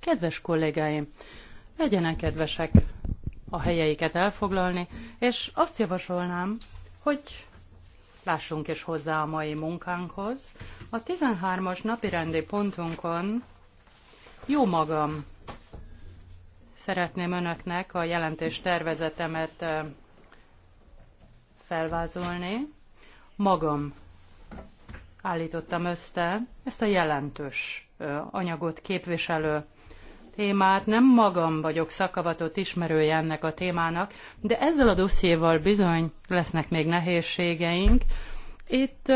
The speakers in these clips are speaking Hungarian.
Kedves kollégáim, legyenek kedvesek a helyeiket elfoglalni, és azt javasolnám, hogy lássunk is hozzá a mai munkánkhoz. A 13-as napirendi pontunkon jó magam szeretném önöknek a jelentés tervezetemet felvázolni. Magam állítottam össze ezt a jelentős anyagot képviselő témát. Nem magam vagyok szakavatott ismerője ennek a témának, de ezzel a dossziéval bizony lesznek még nehézségeink. Itt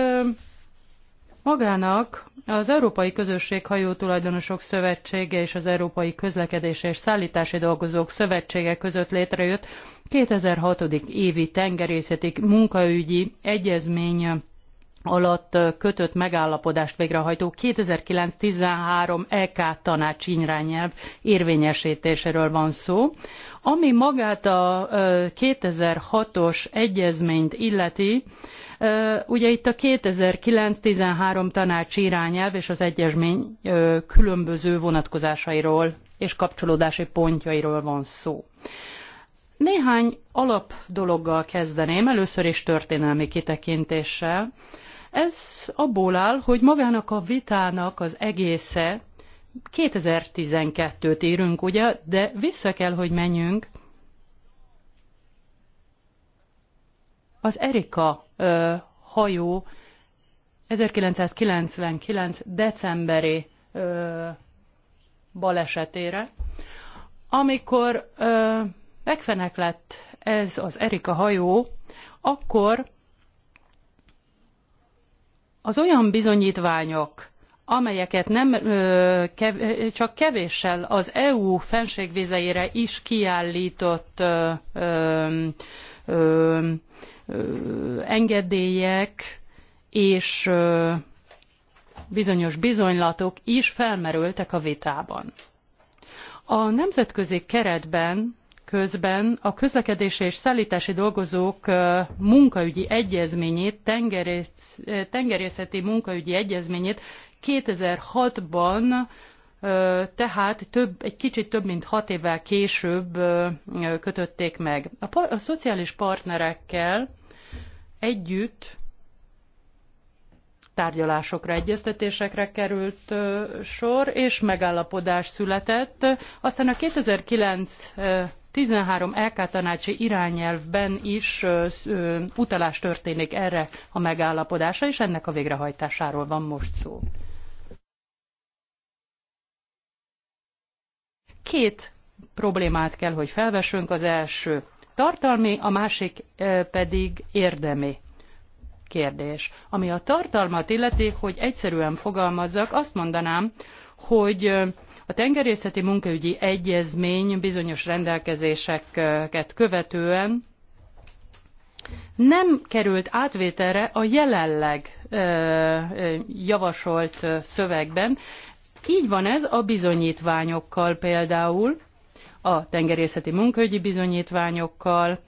magának az Európai Közösség Hajó Tulajdonosok Szövetsége és az Európai Közlekedési és Szállítási Dolgozók Szövetsége között létrejött 2006. évi tengerészeti munkaügyi egyezmény alatt kötött megállapodást végrehajtó 2009-13 EK tanács irányelv érvényesítéséről van szó, ami magát a 2006-os egyezményt illeti, ugye itt a 2009-13 tanács irányelv és az egyezmény különböző vonatkozásairól és kapcsolódási pontjairól van szó. Néhány alap dologgal kezdeném, először is történelmi kitekintéssel. Ez abból áll, hogy magának a vitának az egésze 2012-t írunk, ugye, de vissza kell, hogy menjünk az Erika ö, hajó 1999. decemberi ö, balesetére, amikor ö, megfenek ez az Erika hajó, akkor az olyan bizonyítványok, amelyeket nem ö, kev, csak kevéssel az EU fenségvizeire is kiállított ö, ö, ö, engedélyek és ö, bizonyos bizonylatok is felmerültek a vitában. A nemzetközi keretben Közben a közlekedési és szállítási dolgozók munkaügyi egyezményét, tengerész, tengerészeti munkaügyi egyezményét 2006-ban tehát több, egy kicsit több mint hat évvel később kötötték meg. A, par- a szociális partnerekkel együtt tárgyalásokra, egyeztetésekre került sor, és megállapodás született. Aztán a 2009 13 LK tanácsi irányelvben is utalás történik erre a megállapodásra, és ennek a végrehajtásáról van most szó. Két problémát kell, hogy felvessünk. Az első tartalmi, a másik pedig érdemi kérdés. Ami a tartalmat illeti, hogy egyszerűen fogalmazzak, azt mondanám, hogy a tengerészeti munkaügyi egyezmény bizonyos rendelkezéseket követően nem került átvételre a jelenleg javasolt szövegben. Így van ez a bizonyítványokkal például, a tengerészeti munkaügyi bizonyítványokkal,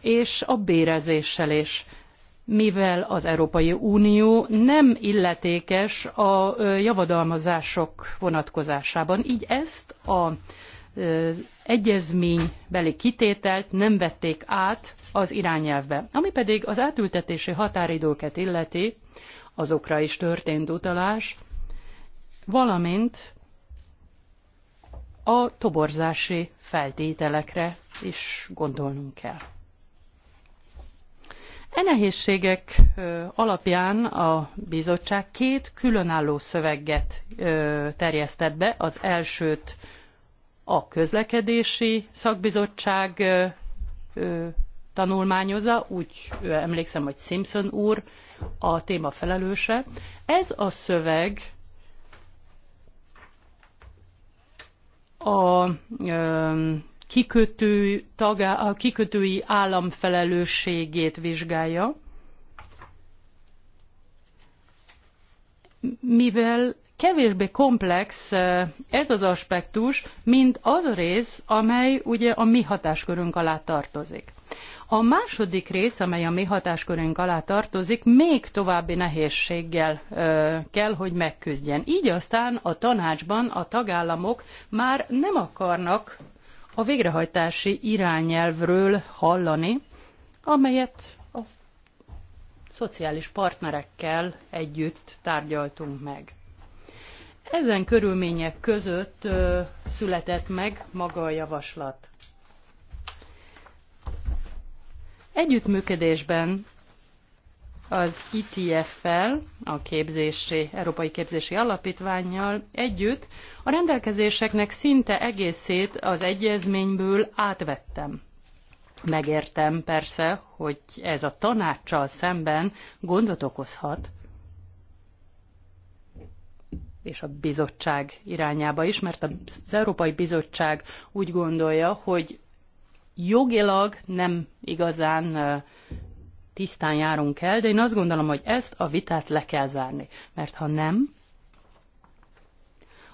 és a bérezéssel is mivel az Európai Unió nem illetékes a javadalmazások vonatkozásában, így ezt a egyezménybeli kitételt nem vették át az irányelvbe. Ami pedig az átültetési határidőket illeti, azokra is történt utalás, valamint a toborzási feltételekre is gondolnunk kell. E nehézségek alapján a bizottság két különálló szöveget terjesztett be. Az elsőt a közlekedési szakbizottság tanulmányozza, úgy emlékszem, hogy Simpson úr a téma felelőse. Ez a szöveg a kikötő tagá, a kikötői állam felelősségét vizsgálja, mivel kevésbé komplex eh, ez az aspektus, mint az a rész, amely ugye a mi hatáskörünk alá tartozik. A második rész, amely a mi hatáskörünk alá tartozik, még további nehézséggel ö, eh, kell, hogy megküzdjen. Így aztán a tanácsban a tagállamok már nem akarnak a végrehajtási irányelvről hallani, amelyet a szociális partnerekkel együtt tárgyaltunk meg. Ezen körülmények között ö, született meg maga a javaslat. Együttműködésben az ITF-fel, e a képzési, Európai Képzési Alapítványjal együtt a rendelkezéseknek szinte egészét az egyezményből átvettem. Megértem persze, hogy ez a tanácssal szemben gondot okozhat, és a bizottság irányába is, mert az Európai Bizottság úgy gondolja, hogy jogilag nem igazán tisztán járunk el, de én azt gondolom, hogy ezt a vitát le kell zárni. Mert ha nem,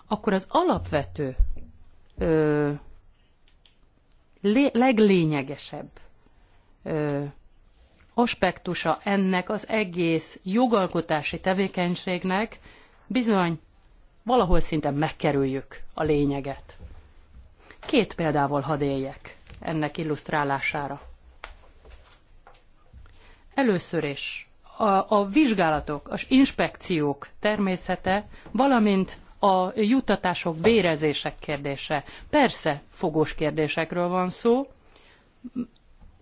akkor az alapvető, ö, lé, leglényegesebb ö, aspektusa ennek az egész jogalkotási tevékenységnek bizony valahol szinte megkerüljük a lényeget. Két példával hadd éljek ennek illusztrálására. Először is a, a vizsgálatok, az inspekciók természete, valamint a juttatások, bérezések kérdése. Persze fogós kérdésekről van szó,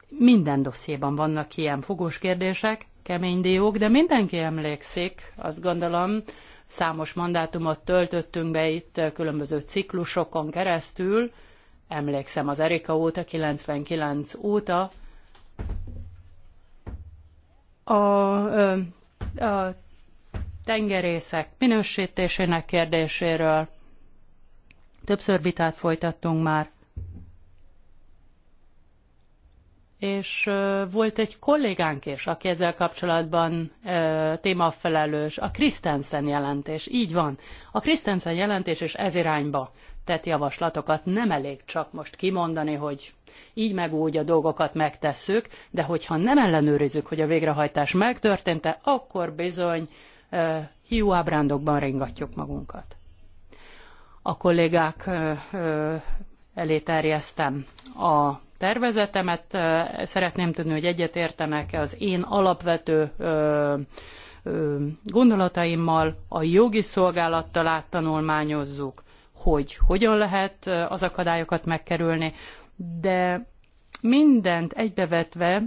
minden dossziéban vannak ilyen fogós kérdések, kemény diók, de mindenki emlékszik, azt gondolom, számos mandátumot töltöttünk be itt különböző ciklusokon keresztül, emlékszem az Erika óta, 99 óta, a, a tengerészek minősítésének kérdéséről többször vitát folytattunk már. és volt egy kollégánk is, aki ezzel kapcsolatban e, témafelelős, a Christensen jelentés, így van. A Christensen jelentés is ez irányba tett javaslatokat. Nem elég csak most kimondani, hogy így meg úgy a dolgokat megtesszük, de hogyha nem ellenőrizzük, hogy a végrehajtás megtörtént-e, akkor bizony uh, hiú ábrándokban ringatjuk magunkat. A kollégák uh, uh, elé terjesztem a tervezetemet. Szeretném tudni, hogy egyetértenek-e az én alapvető gondolataimmal, a jogi szolgálattal áttanulmányozzuk hogy hogyan lehet az akadályokat megkerülni, de mindent egybevetve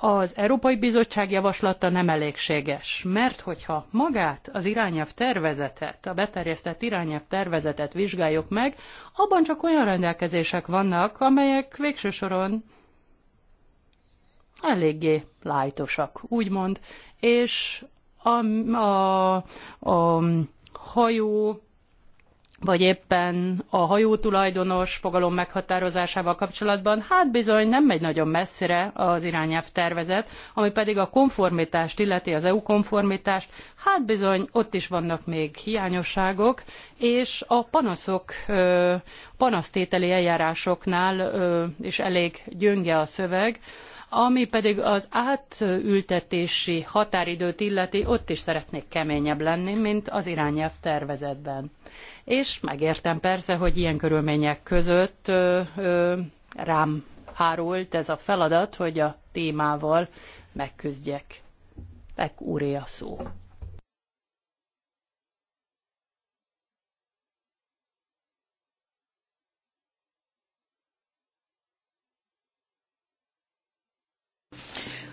az Európai Bizottság javaslata nem elégséges, mert hogyha magát az irányelv tervezetet, a beterjesztett irányelv tervezetet vizsgáljuk meg, abban csak olyan rendelkezések vannak, amelyek végső soron eléggé lájtosak, úgymond, és a, a, a hajó vagy éppen a hajótulajdonos fogalom meghatározásával kapcsolatban, hát bizony nem megy nagyon messzire az irányelv tervezet, ami pedig a konformitást illeti, az EU konformitást, hát bizony ott is vannak még hiányosságok, és a panaszok, panasztételi eljárásoknál is elég gyönge a szöveg, ami pedig az átültetési határidőt illeti, ott is szeretnék keményebb lenni, mint az irányelv tervezetben és megértem persze, hogy ilyen körülmények között ö, ö, rám hárult ez a feladat, hogy a témával megküzdjek. Pek úré a szó.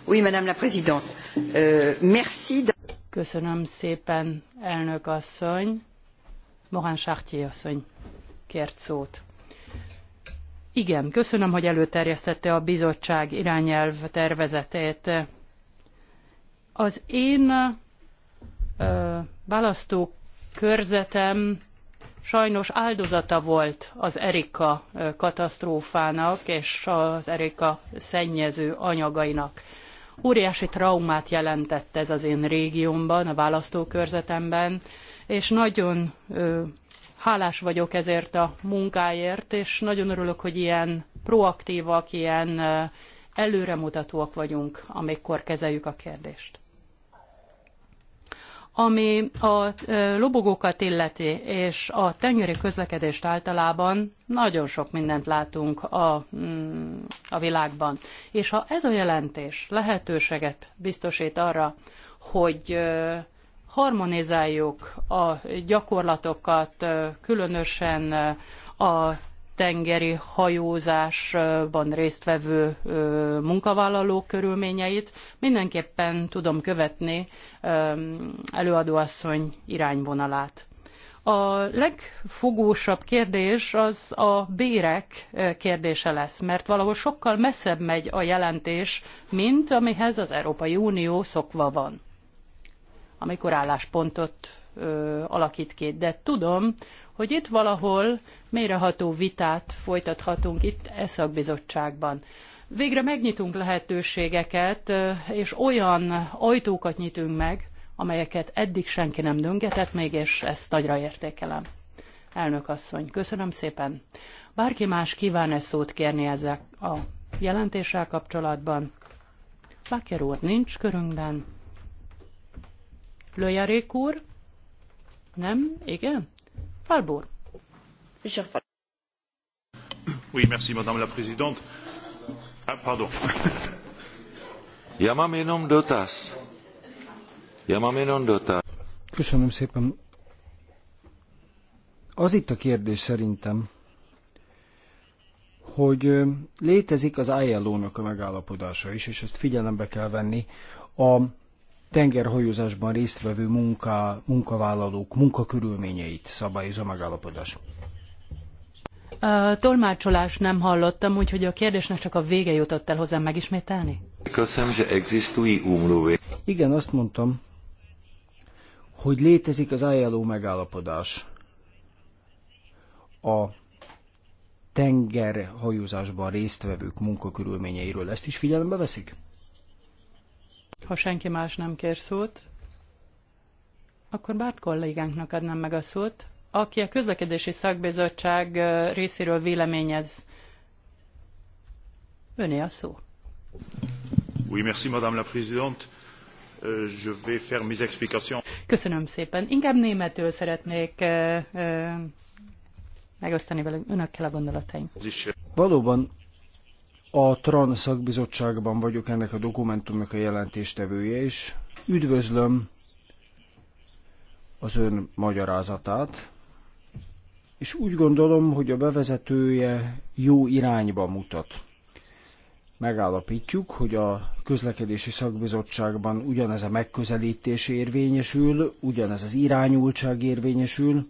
Oui, Madame la Présidente. Euh, merci. De... Köszönöm szépen, elnök asszony Mohan Sártyé asszony kért szót. Igen, köszönöm, hogy előterjesztette a bizottság irányelv tervezetét. Az én ö, választó körzetem sajnos áldozata volt az Erika katasztrófának és az Erika szennyező anyagainak. Óriási traumát jelentett ez az én régiómban, a választókörzetemben. körzetemben és nagyon hálás vagyok ezért a munkáért, és nagyon örülök, hogy ilyen proaktívak, ilyen előremutatóak vagyunk, amikor kezeljük a kérdést. Ami a lobogókat illeti, és a tengeri közlekedést általában nagyon sok mindent látunk a, mm, a világban. És ha ez a jelentés lehetőséget biztosít arra, hogy harmonizáljuk a gyakorlatokat, különösen a tengeri hajózásban résztvevő munkavállalók körülményeit. Mindenképpen tudom követni előadóasszony irányvonalát. A legfogósabb kérdés az a bérek kérdése lesz, mert valahol sokkal messzebb megy a jelentés, mint amihez az Európai Unió szokva van amikor álláspontot ö, alakít ki. De tudom, hogy itt valahol méreható vitát folytathatunk itt e szakbizottságban. Végre megnyitunk lehetőségeket, és olyan ajtókat nyitunk meg, amelyeket eddig senki nem döngetett még, és ezt nagyra értékelem. Elnök asszony, köszönöm szépen. Bárki más kíván-e szót kérni ezzel a jelentéssel kapcsolatban? Baker úr nincs körünkben. Löjarék úr? Nem? Igen? Falbúr. Oui, merci, madame la présidente. Ah, pardon. Ja mám jenom dotaz. Ja mám jenom dotaz. Köszönöm szépen. Az itt a kérdés szerintem, hogy létezik az ILO-nak a megállapodása is, és ezt figyelembe kell venni a tengerhajózásban résztvevő munka munkavállalók munkakörülményeit szabályozó megállapodás. A tolmácsolás nem hallottam, úgyhogy a kérdésnek csak a vége jutott el hozzám megismételni. Köszönöm, hogy existui umlóvé. Igen, azt mondtam, hogy létezik az ILO megállapodás a tengerhajózásban résztvevők munkakörülményeiről. Ezt is figyelembe veszik? Ha senki más nem kér szót, akkor Bárt kollégánknak adnám meg a szót, aki a közlekedési szakbizottság részéről véleményez. Öné a szó. Oui, merci, Madame la Présidente. Euh, je vais faire mes explications. Köszönöm szépen. Inkább németül szeretnék uh, uh, megosztani velük önökkel a gondolataim. Valóban a TRAN szakbizottságban vagyok ennek a dokumentumnak a jelentéstevője, és üdvözlöm az ön magyarázatát, és úgy gondolom, hogy a bevezetője jó irányba mutat. Megállapítjuk, hogy a közlekedési szakbizottságban ugyanez a megközelítés érvényesül, ugyanez az irányultság érvényesül,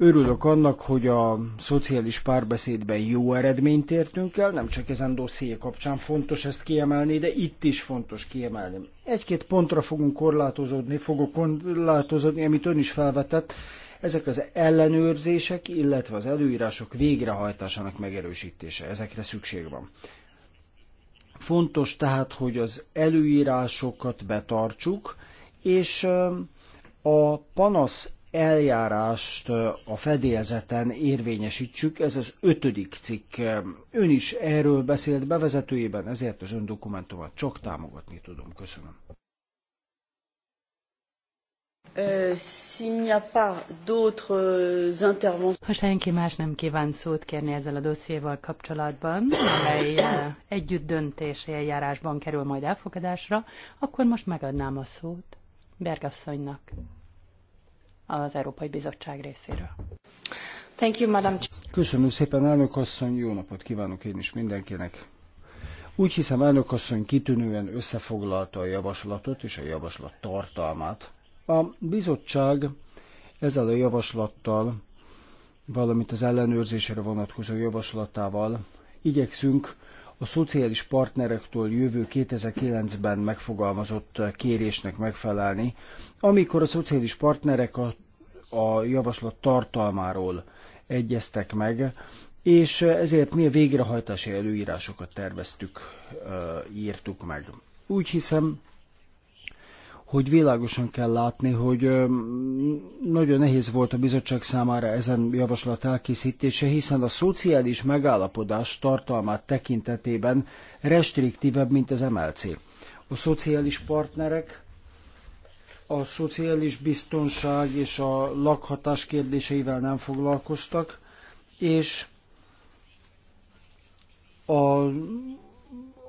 Örülök annak, hogy a szociális párbeszédben jó eredményt értünk el, nem csak ezen dosszié kapcsán fontos ezt kiemelni, de itt is fontos kiemelni. Egy-két pontra fogunk korlátozódni, fogok korlátozódni, amit ön is felvetett, ezek az ellenőrzések, illetve az előírások végrehajtásának megerősítése. Ezekre szükség van. Fontos tehát, hogy az előírásokat betartsuk, és a panasz eljárást a fedélzeten érvényesítsük, ez az ötödik cikk. Ön is erről beszélt bevezetőjében, ezért az ön dokumentumát csak támogatni tudom. Köszönöm. Euh, ha senki más nem kíván szót kérni ezzel a dossziéval kapcsolatban, amely együtt döntési eljárásban kerül majd elfogadásra, akkor most megadnám a szót Bergasszonynak az Európai Bizottság részéről. Thank you, Madam. Köszönöm szépen, elnök asszony, jó napot kívánok én is mindenkinek. Úgy hiszem, elnök asszony kitűnően összefoglalta a javaslatot és a javaslat tartalmát. A bizottság ezzel a javaslattal, valamint az ellenőrzésre vonatkozó javaslatával igyekszünk a szociális partnerektől jövő 2009-ben megfogalmazott kérésnek megfelelni, amikor a szociális partnerek a, a javaslat tartalmáról egyeztek meg, és ezért mi a végrehajtási előírásokat terveztük, írtuk meg. Úgy hiszem, hogy világosan kell látni, hogy nagyon nehéz volt a bizottság számára ezen javaslat elkészítése, hiszen a szociális megállapodás tartalmát tekintetében restriktívebb, mint az MLC. A szociális partnerek a szociális biztonság és a lakhatás kérdéseivel nem foglalkoztak, és a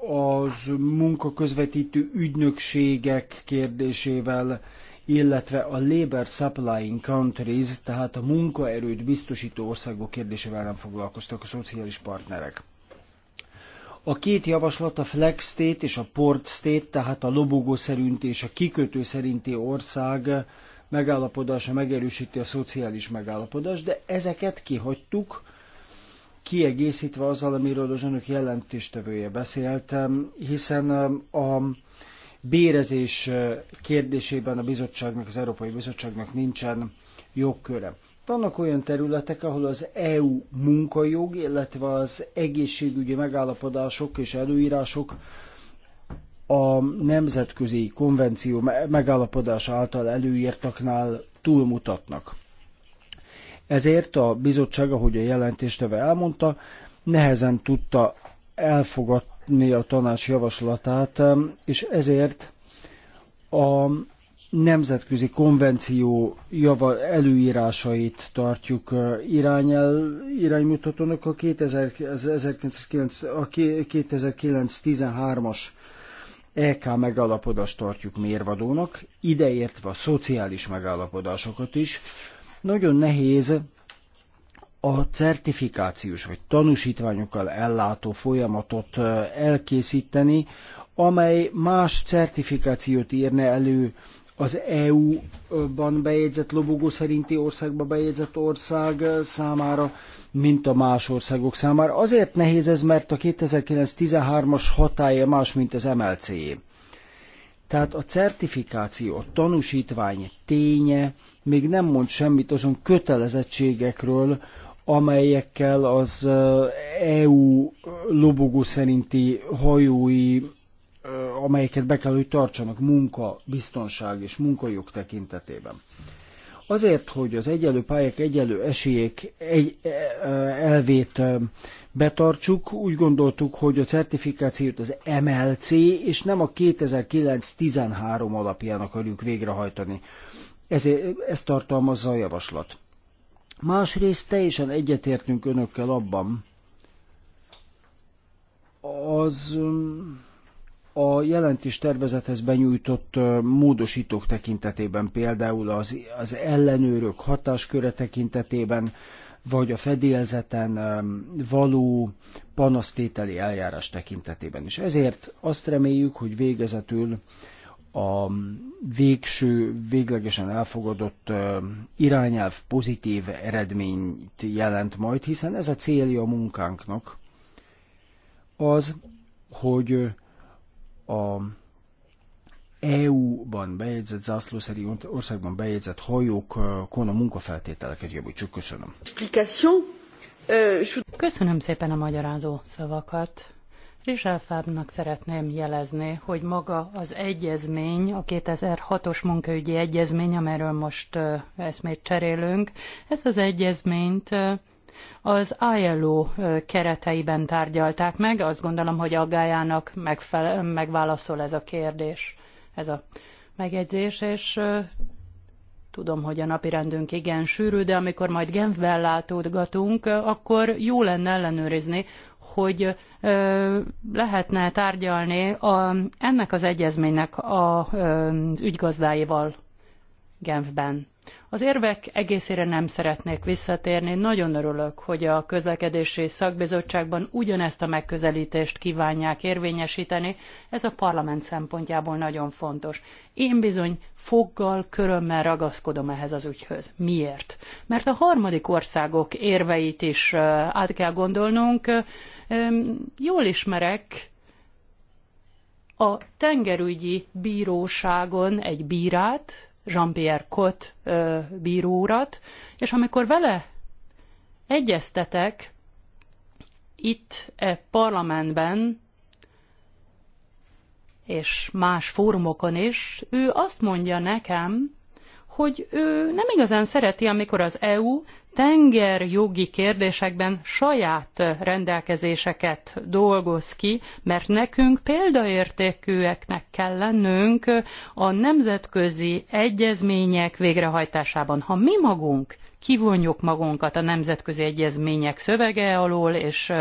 az munkaközvetítő ügynökségek kérdésével, illetve a Labor Supplying Countries, tehát a munkaerőt biztosító országok kérdésével nem foglalkoztak a szociális partnerek. A két javaslat a flex state és a port state, tehát a lobogó szerint és a kikötő szerinti ország megállapodása megerősíti a szociális megállapodást, de ezeket kihagytuk, kiegészítve azzal, amiről az önök jelentéstevője beszéltem, hiszen um, a bérezés uh, kérdésében a bizottságnak, az Európai Bizottságnak nincsen jogköre. Vannak olyan területek, ahol az EU munkajog, illetve az egészségügyi megállapodások és előírások a nemzetközi konvenció megállapodása által előírtaknál túlmutatnak. Ezért a bizottság, ahogy a jelentésteve elmondta, nehezen tudta elfogadni a tanács javaslatát, és ezért a nemzetközi konvenció java előírásait tartjuk irányel, iránymutatónak a, 2000, a 2009-13-as EK megállapodást tartjuk mérvadónak, ideértve a szociális megállapodásokat is, nagyon nehéz a certifikációs vagy tanúsítványokkal ellátó folyamatot elkészíteni, amely más certifikációt írne elő az EU-ban bejegyzett lobogó szerinti országba bejegyzett ország számára, mint a más országok számára. Azért nehéz ez, mert a 2009-13-as hatája más, mint az MLC-é. Tehát a certifikáció, a tanúsítvány ténye még nem mond semmit azon kötelezettségekről, amelyekkel az EU lobogó szerinti hajói, amelyeket be kell, hogy tartsanak munka, biztonság és munkajog tekintetében. Azért, hogy az egyenlő pályák, egyenlő esélyek egy, e, e, elvét betartsuk. Úgy gondoltuk, hogy a certifikációt az MLC és nem a 2009-13 alapján akarjuk végrehajtani. Ezért, ezt tartalmazza a javaslat. Másrészt teljesen egyetértünk önökkel abban, az a jelentés tervezethez benyújtott módosítók tekintetében, például az, az ellenőrök hatásköre tekintetében, vagy a fedélzeten való panasztételi eljárás tekintetében is. Ezért azt reméljük, hogy végezetül a végső, véglegesen elfogadott irányelv pozitív eredményt jelent majd, hiszen ez a célja a munkánknak, az, hogy a EU-ban bejegyzett, zászlószerű országban bejegyzett hajókon a munkafeltételeket javítsuk. Köszönöm. Euh, Köszönöm szépen a magyarázó szavakat. Rizsel Fábnak szeretném jelezni, hogy maga az egyezmény, a 2006-os munkaügyi egyezmény, amelyről most eszmét cserélünk, ezt az egyezményt az ILO kereteiben tárgyalták meg, azt gondolom, hogy aggájának megfele- megválaszol ez a kérdés ez a megjegyzés, és tudom, hogy a napi rendünk igen sűrű, de amikor majd Genfben látogatunk, akkor jó lenne ellenőrizni, hogy lehetne tárgyalni a, ennek az egyezménynek a, az ügygazdáival Genfben. Az érvek egészére nem szeretnék visszatérni. Nagyon örülök, hogy a közlekedési szakbizottságban ugyanezt a megközelítést kívánják érvényesíteni. Ez a parlament szempontjából nagyon fontos. Én bizony foggal, körömmel ragaszkodom ehhez az ügyhöz. Miért? Mert a harmadik országok érveit is át kell gondolnunk. Jól ismerek a tengerügyi bíróságon egy bírát, Jean-Pierre Cot bíró urat, és amikor vele egyeztetek itt e parlamentben, és más fórumokon is, ő azt mondja nekem, hogy ő nem igazán szereti, amikor az EU tengerjogi kérdésekben saját rendelkezéseket dolgoz ki, mert nekünk példaértékűeknek kell lennünk a nemzetközi egyezmények végrehajtásában. Ha mi magunk kivonjuk magunkat a nemzetközi egyezmények szövege alól és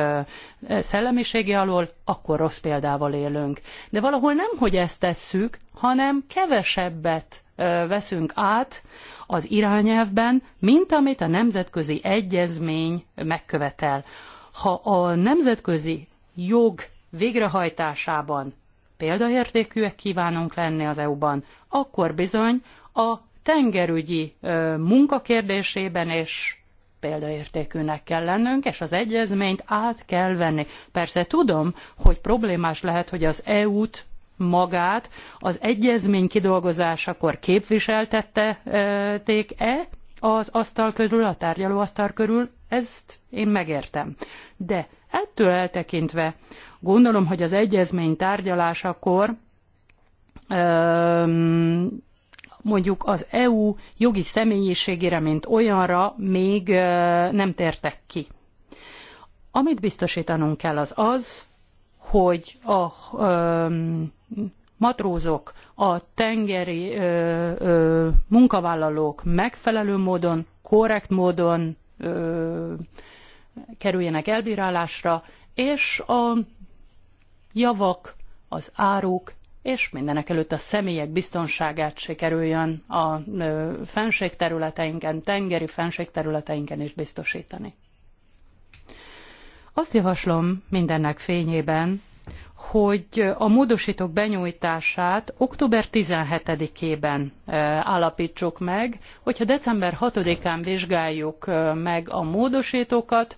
szellemisége alól, akkor rossz példával élünk. De valahol nem, hogy ezt tesszük, hanem kevesebbet veszünk át az irányelvben, mint amit a nemzetközi egyezmény megkövetel. Ha a nemzetközi jog végrehajtásában példaértékűek kívánunk lenni az EU-ban, akkor bizony a tengerügyi munkakérdésében és példaértékűnek kell lennünk, és az egyezményt át kell venni. Persze tudom, hogy problémás lehet, hogy az EU-t magát az egyezmény kidolgozásakor képviseltették-e az asztal körül, a tárgyalóasztal körül, ezt én megértem. De ettől eltekintve gondolom, hogy az egyezmény tárgyalásakor mondjuk az EU jogi személyiségére, mint olyanra még nem tértek ki. Amit biztosítanunk kell az az, hogy a matrózok, a tengeri ö, ö, munkavállalók megfelelő módon, korrekt módon ö, kerüljenek elbírálásra, és a javak, az áruk és mindenek előtt a személyek biztonságát sikerüljön a fenségterületeinken, tengeri fenségterületeinken is biztosítani. Azt javaslom mindennek fényében, hogy a módosítók benyújtását október 17-ében eh, állapítsuk meg, hogyha december 6-án vizsgáljuk eh, meg a módosítókat,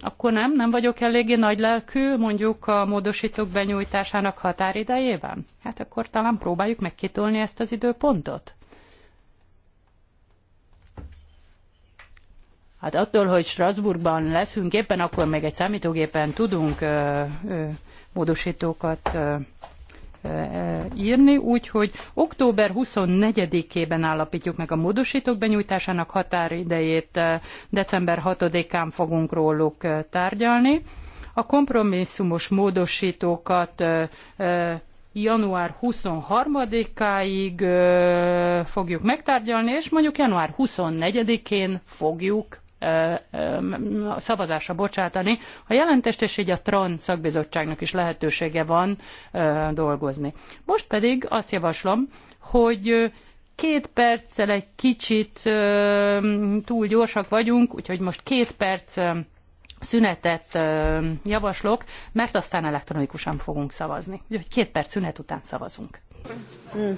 akkor nem, nem vagyok eléggé nagylelkű, mondjuk a módosítók benyújtásának határidejében? Hát akkor talán próbáljuk megkitolni ezt az időpontot. Hát attól, hogy Strasbourgban leszünk éppen, akkor még egy számítógépen tudunk ö, ö, módosítókat írni, úgyhogy október 24-ében állapítjuk meg a módosítók benyújtásának határidejét, december 6-án fogunk róluk tárgyalni. A kompromisszumos módosítókat január 23-áig fogjuk megtárgyalni, és mondjuk január 24-én fogjuk szavazásra bocsátani. A jelentést és így a TRAN szakbizottságnak is lehetősége van dolgozni. Most pedig azt javaslom, hogy két perccel egy kicsit túl gyorsak vagyunk, úgyhogy most két perc szünetet javaslok, mert aztán elektronikusan fogunk szavazni. Úgyhogy két perc szünet után szavazunk. Mm.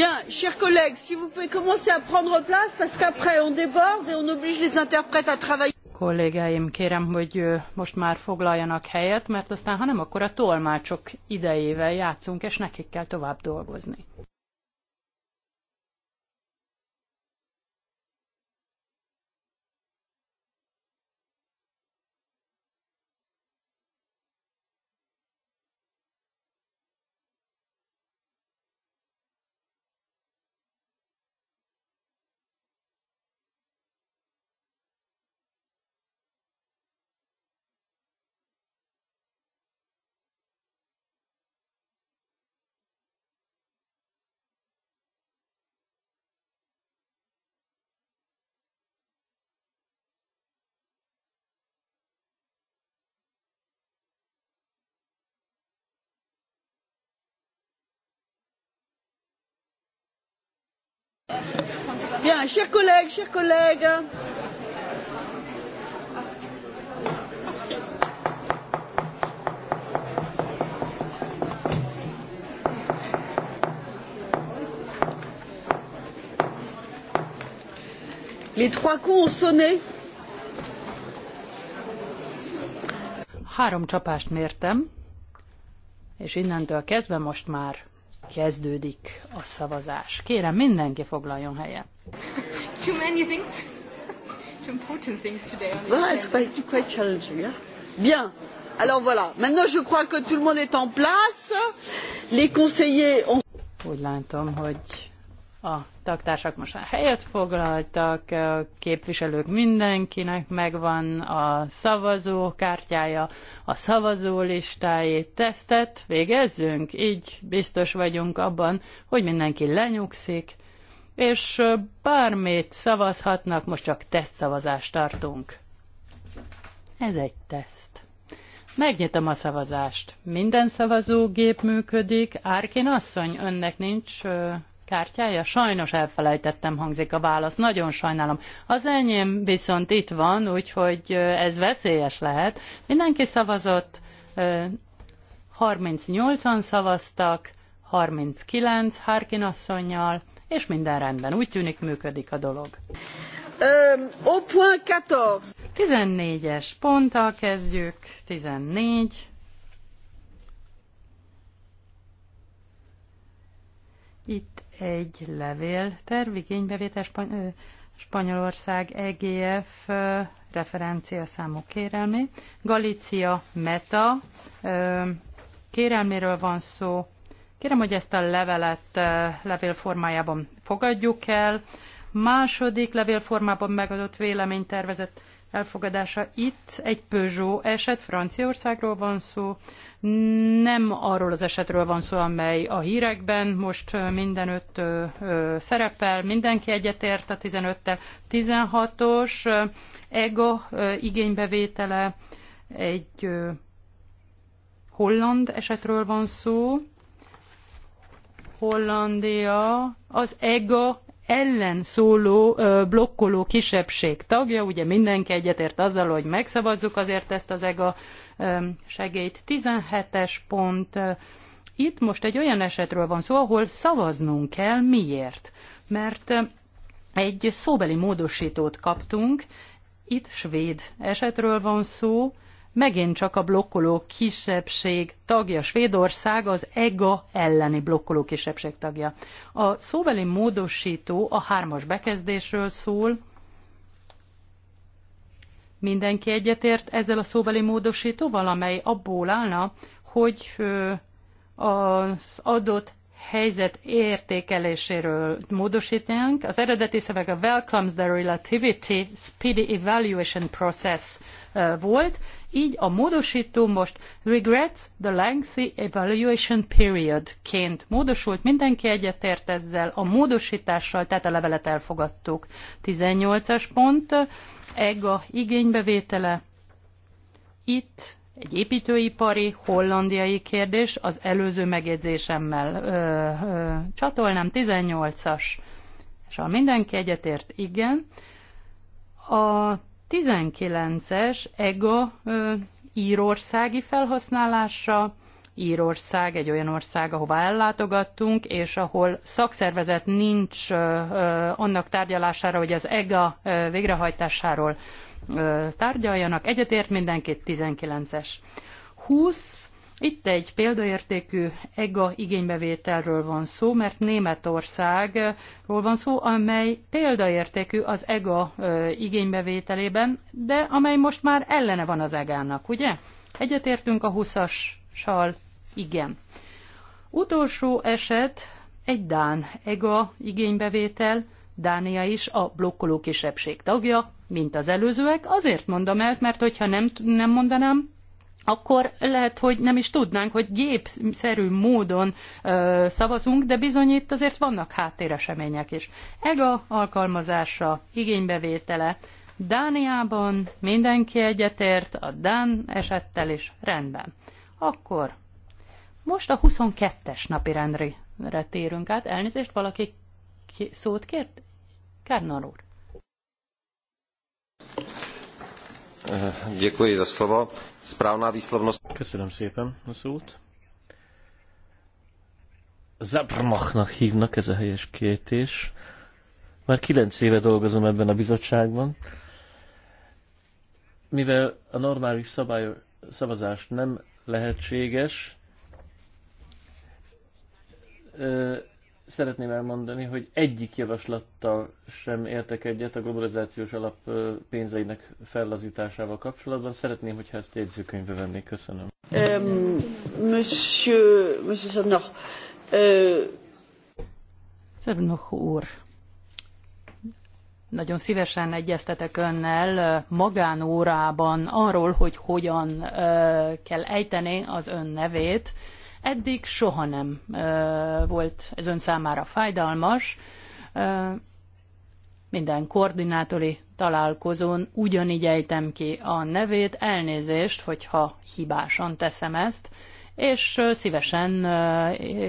Bien, chers collègues, si vous pouvez commencer à prendre place, parce qu'après on déborde et on oblige les interprètes à travailler. Kollégáim, kérem, hogy most már foglaljanak helyet, mert aztán, ha nem, akkor a tolmácsok idejével játszunk, és nekik kell tovább dolgozni. Bien, chers collègues, chers collègues. Les trois coups ont sonné. Három csapást mértem, és innentől kezdve most már Kezdődik a szavazás. Kérem, mindenki foglaljon helyet. Too many things. Too important things today. Well, it's quite, quite challenging, yeah? Bien. Alors voilà, maintenant je crois que tout le monde est en place. Les conseillers ont... Úgy látom, hogy a tagtársak most már helyet foglaltak, a képviselők mindenkinek megvan a szavazó kártyája, a szavazó tesztet végezzünk, így biztos vagyunk abban, hogy mindenki lenyugszik, és bármit szavazhatnak, most csak tesztszavazást tartunk. Ez egy teszt. Megnyitom a szavazást. Minden szavazógép működik. Árkin asszony, önnek nincs kártyája? Sajnos elfelejtettem, hangzik a válasz. Nagyon sajnálom. Az enyém viszont itt van, úgyhogy ez veszélyes lehet. Mindenki szavazott, 38-an szavaztak, 39 Harkin asszonynal, és minden rendben. Úgy tűnik, működik a dolog. Um, 14. 14-es ponttal kezdjük. 14. Itt egy levél tervigénybevétel Spany- Spanyolország EGF referencia számok kérelmé. Galícia Meta kérelméről van szó. Kérem, hogy ezt a levelet levél formájában fogadjuk el. Második levélformában megadott véleménytervezet elfogadása. Itt egy Peugeot eset, Franciaországról van szó, nem arról az esetről van szó, amely a hírekben most mindenütt szerepel, mindenki egyetért a 15-tel. 16-os EGA igénybevétele egy holland esetről van szó, Hollandia az EGA ellen szóló blokkoló kisebbség tagja, ugye mindenki egyetért azzal, hogy megszavazzuk azért ezt az EGA segélyt. 17-es pont. Itt most egy olyan esetről van szó, ahol szavaznunk kell. Miért? Mert egy szóbeli módosítót kaptunk, itt svéd esetről van szó, megint csak a blokkoló kisebbség tagja. Svédország az EGA elleni blokkoló kisebbség tagja. A szóbeli módosító a hármas bekezdésről szól. Mindenki egyetért ezzel a szóbeli módosítóval, amely abból állna, hogy az adott helyzet értékeléséről módosítanánk. Az eredeti szöveg a Welcomes the Relativity Speedy Evaluation Process volt, így a módosító most regrets the lengthy evaluation period-ként módosult, mindenki egyetért ezzel, a módosítással, tehát a levelet elfogadtuk. 18-as pont, a igénybevétele. Itt egy építőipari, hollandiai kérdés, az előző megjegyzésemmel ö, ö, csatolnám, 18-as. És ha mindenki egyetért, igen. A 19-es EGA ö, írországi felhasználása, Írország egy olyan ország, ahová ellátogattunk, és ahol szakszervezet nincs annak tárgyalására, hogy az EGA végrehajtásáról tárgyaljanak. Egyetért mindenkit 19-es. 20 itt egy példaértékű EGA igénybevételről van szó, mert Németországról van szó, amely példaértékű az EGA igénybevételében, de amely most már ellene van az EGA-nak, ugye? Egyetértünk a 20-assal, igen. Utolsó eset egy Dán EGA igénybevétel, Dánia is a blokkoló kisebbség tagja, mint az előzőek. Azért mondom el, mert hogyha nem, nem mondanám, akkor lehet, hogy nem is tudnánk, hogy gépszerű módon ö, szavazunk, de bizony itt azért vannak háttéresemények is. EGA alkalmazása, igénybevétele. Dániában mindenki egyetért, a Dán esettel is rendben. Akkor most a 22-es napi rendre térünk át. Elnézést, valaki szót kért? Kárnal úr. Děkuji za slovo. Správná výslovnost. Köszönöm szépen a szót. Zabrmachnak hívnak, ez a helyes kiejtés. Már kilenc éve dolgozom ebben a bizottságban. Mivel a normális szabály, szavazás nem lehetséges, szeretném elmondani, hogy egyik javaslattal sem értek egyet a globalizációs alap pénzeinek fellazításával kapcsolatban. Szeretném, hogyha ezt jegyzőkönyvbe vennék. Köszönöm. Um, monsieur, monsieur Szabnoch. Uh... Szabnoch úr. Nagyon szívesen egyeztetek önnel magánórában arról, hogy hogyan kell ejteni az ön nevét Eddig soha nem volt ez ön számára fájdalmas. Minden koordinátori találkozón ugyanígy ejtem ki a nevét, elnézést, hogyha hibásan teszem ezt, és szívesen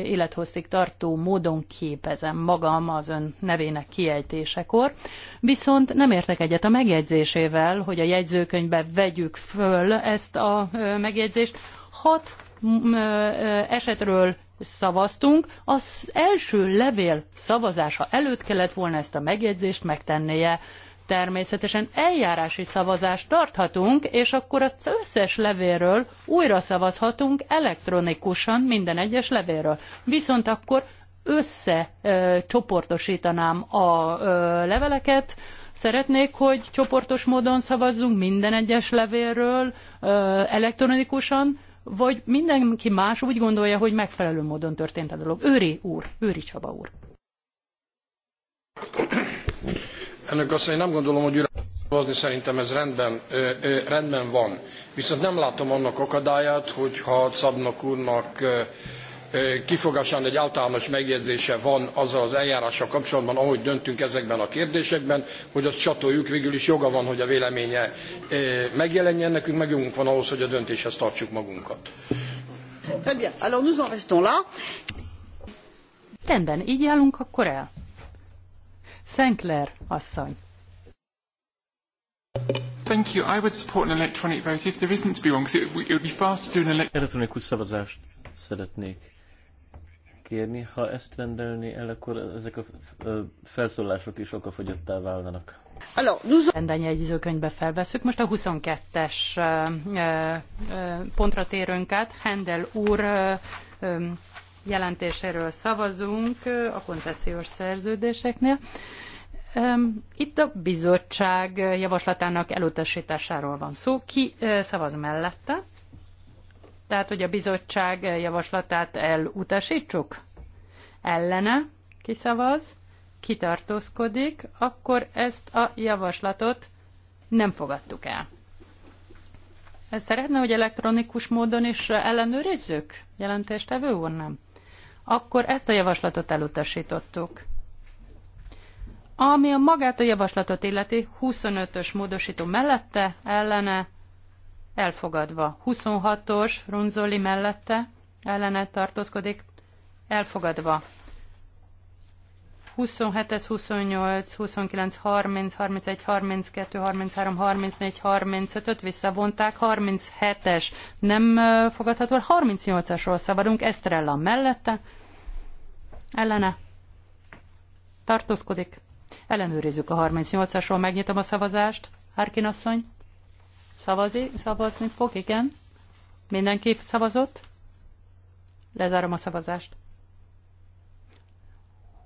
élethosszig tartó módon képezem magam az ön nevének kiejtésekor. Viszont nem értek egyet a megjegyzésével, hogy a jegyzőkönyvbe vegyük föl ezt a megjegyzést. Hat esetről szavaztunk, az első levél szavazása előtt kellett volna ezt a megjegyzést megtennie. Természetesen eljárási szavazást tarthatunk, és akkor az összes levélről újra szavazhatunk elektronikusan minden egyes levélről. Viszont akkor összecsoportosítanám a ö, leveleket, Szeretnék, hogy csoportos módon szavazzunk minden egyes levélről ö, elektronikusan, vagy mindenki más úgy gondolja, hogy megfelelő módon történt a dolog. Őri úr, Őri Csaba úr. Ennek azt, hogy nem gondolom, hogy szavazni, szerintem ez rendben, ö, ö, rendben van. Viszont nem látom annak akadályát, hogyha Czabnak úrnak ö, kifogásának egy általános megjegyzése van azzal az eljárással kapcsolatban, ahogy döntünk ezekben a kérdésekben, hogy azt csatoljuk, végül is joga van, hogy a véleménye megjelenjen, nekünk meg jogunk van ahhoz, hogy a döntéshez tartsuk magunkat. Très bien. Alors nous en restons là. Rendben, így állunk akkor el. Sinclair asszony. Thank you. I would support an electronic vote if there isn't to be one, because it, it would be faster to do an electronic... Elektronikus szavazást szeretnék kérni. Ha ezt rendelni el, akkor ezek a felszólások is okafogyottá válnának. egy jegyzőkönyvbe felveszük. Most a 22-es pontra térünk át. Hendel úr jelentéséről szavazunk a koncesziós szerződéseknél. Itt a bizottság javaslatának elutasításáról van szó. Ki szavaz mellette? Tehát, hogy a bizottság javaslatát elutasítsuk? Ellene kiszavaz, kitartózkodik, akkor ezt a javaslatot nem fogadtuk el. Ezt szeretne, hogy elektronikus módon is ellenőrizzük? Jelentéstevő úr nem? Akkor ezt a javaslatot elutasítottuk. Ami a magát a javaslatot illeti, 25-ös módosító mellette, ellene elfogadva. 26-os Runzoli mellette ellene tartózkodik, elfogadva. 27-es, 28, 29, 30, 31, 32, 33, 34, 35-öt visszavonták, 37-es nem fogadható, 38-asról szabadunk, Estrella mellette, ellene tartózkodik. Ellenőrizzük a 38-asról, megnyitom a szavazást. Árkin asszony? Szavazi, szavazni fog, igen. Mindenki szavazott? Lezárom a szavazást.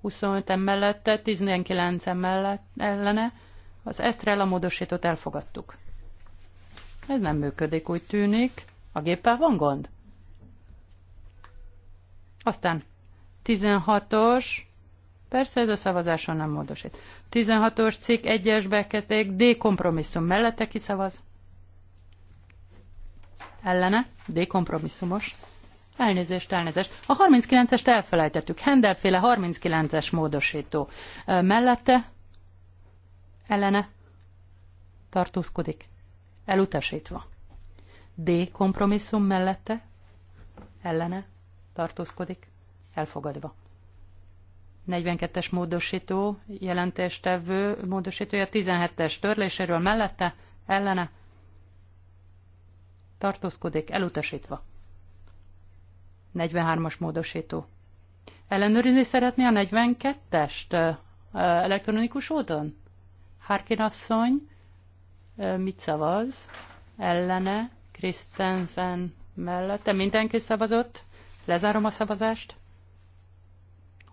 25 mellette, 19 mellett ellene. Az Estrella módosítót elfogadtuk. Ez nem működik, úgy tűnik. A géppel van gond? Aztán 16-os, persze ez a szavazáson nem módosít. 16-os cikk 1-es bekezdék, D kompromisszum mellette kiszavaz, ellene, de kompromisszumos. Elnézést, elnézést. A 39-est elfelejtettük. Hendelféle 39-es módosító. Mellette ellene tartózkodik. Elutasítva. D kompromisszum mellette ellene tartózkodik. Elfogadva. 42-es módosító, jelentéstevő módosítója 17-es törléséről mellette ellene tartózkodik, elutasítva. 43-as módosító. Ellenőrizni szeretné a 42-est elektronikus úton? Harkin asszony mit szavaz? Ellene, Kristensen mellette. Mindenki szavazott? Lezárom a szavazást.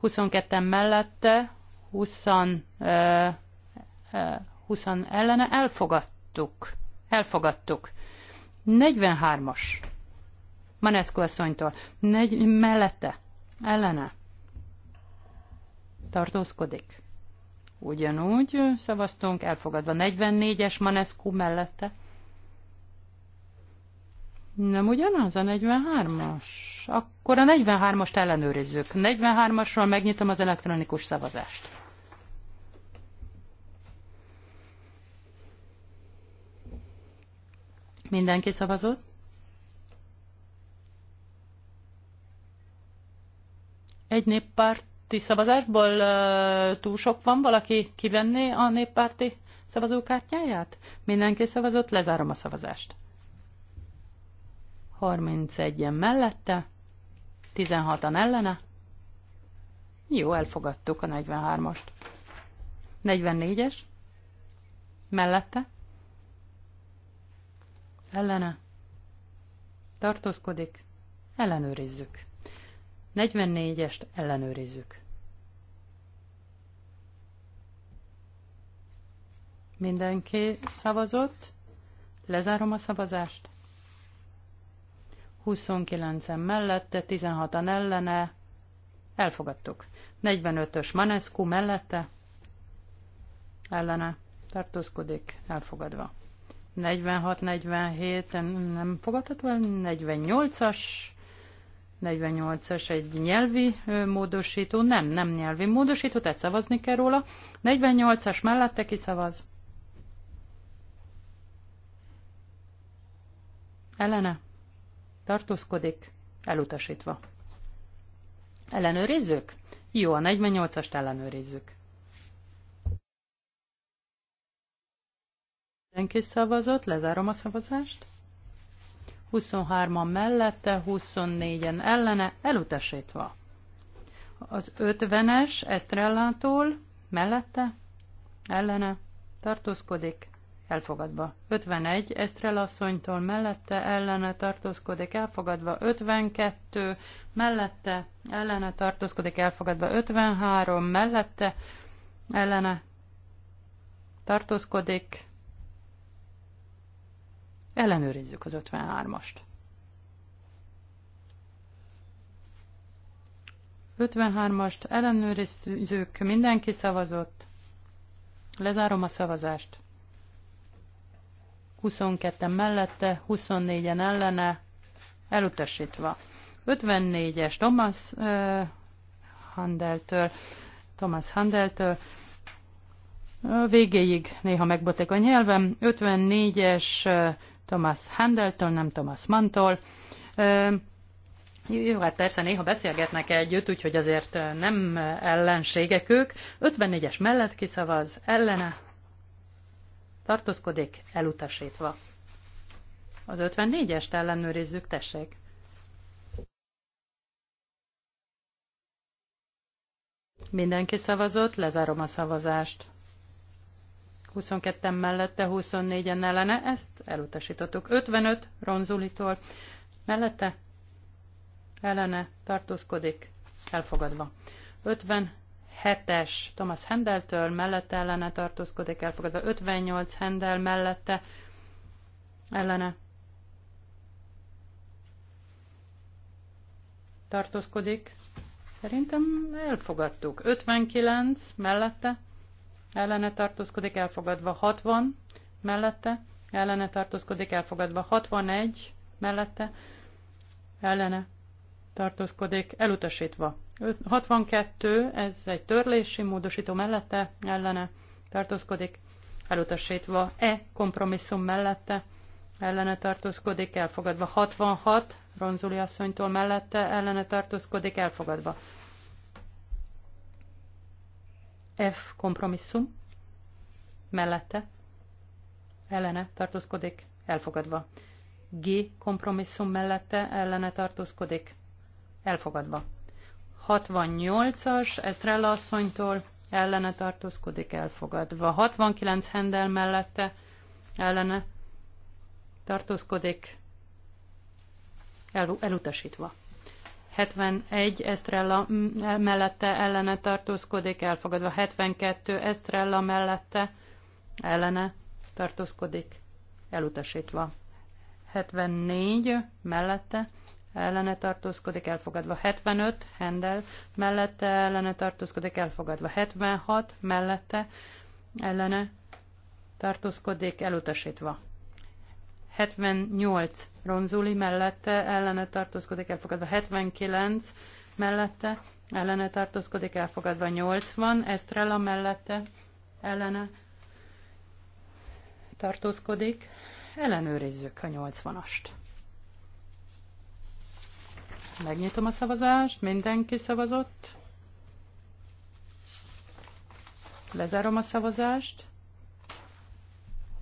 22-en mellette, 20, 20 ellene elfogadtuk. Elfogadtuk. 43-as. Manescu asszonytól. Negy, mellette. Ellene. Tartózkodik. Ugyanúgy szavaztunk, elfogadva 44-es Manescu mellette. Nem ugyanaz a 43-as? Akkor a 43-ast ellenőrizzük. 43-asról megnyitom az elektronikus szavazást. Mindenki szavazott? Egy néppárti szavazásból uh, túl sok van, valaki kivenné a néppárti szavazókártyáját? Mindenki szavazott, lezárom a szavazást. 31-en mellette, 16-an ellene. Jó, elfogadtuk a 43-ast. 44-es. Mellette ellene, tartózkodik, ellenőrizzük. 44-est ellenőrizzük. Mindenki szavazott, lezárom a szavazást. 29-en mellette, 16-an ellene, elfogadtuk. 45-ös Manescu mellette, ellene, tartózkodik, elfogadva. 46-47 nem fogadható el, 48-as, 48-as egy nyelvi módosító, nem, nem nyelvi módosító, tehát szavazni kell róla. 48-as mellette szavaz. Ellene. Tartózkodik. Elutasítva. Ellenőrizzük? Jó, a 48-ast ellenőrizzük. Senki szavazott, lezárom a szavazást. 23-an mellette, 24-en ellene, elutasítva. Az 50-es Estrellától mellette, ellene, tartózkodik, elfogadva. 51 Estrelasszonytól mellette, ellene, tartózkodik, elfogadva. 52 mellette, ellene, tartózkodik, elfogadva. 53 mellette, ellene, tartózkodik, Ellenőrizzük az 53-ast. 53-ast ellenőrizzük, mindenki szavazott. Lezárom a szavazást. 22-en mellette, 24-en ellene, elutasítva. 54-es Thomas uh, Handeltől, Thomas Handeltől, végéig néha megbotek a nyelvem, 54-es Thomas Handeltől, nem Thomas Mantól. Jó, hát persze néha beszélgetnek együtt, úgyhogy azért nem ellenségek ők. 54-es mellett kiszavaz, ellene tartózkodik, elutasítva. Az 54-est ellenőrizzük, tessék. Mindenki szavazott, lezárom a szavazást. 22-en mellette, 24-en ellene, ezt elutasítottuk. 55 Ronzulitól mellette, ellene tartózkodik, elfogadva. 57-es Thomas Hendeltől mellette ellene tartózkodik, elfogadva. 58 Hendel mellette ellene tartózkodik. Szerintem elfogadtuk. 59 mellette ellene tartózkodik elfogadva 60 mellette, ellene tartózkodik elfogadva 61 mellette, ellene tartózkodik elutasítva. 62, ez egy törlési módosító mellette, ellene tartózkodik elutasítva. E kompromisszum mellette, ellene tartózkodik elfogadva. 66, Ronzuli asszonytól mellette, ellene tartózkodik elfogadva. F kompromisszum mellette ellene tartózkodik, elfogadva. G kompromisszum mellette ellene tartózkodik, elfogadva. 68-as Estrella asszonytól ellene tartózkodik, elfogadva. 69 Hendel mellette ellene tartózkodik, el, elutasítva. 71 Estrella mellette ellene tartózkodik, elfogadva 72 Estrella mellette ellene tartózkodik, elutasítva. 74 mellette ellene tartózkodik, elfogadva 75, Hendel mellette ellene tartózkodik, elfogadva 76, mellette ellene tartózkodik, elutasítva. 78 Ronzuli mellette ellene tartózkodik elfogadva, 79 mellette ellene tartózkodik elfogadva, 80 Estrella mellette ellene tartózkodik. Ellenőrizzük a 80-ast. Megnyitom a szavazást, mindenki szavazott. Lezárom a szavazást.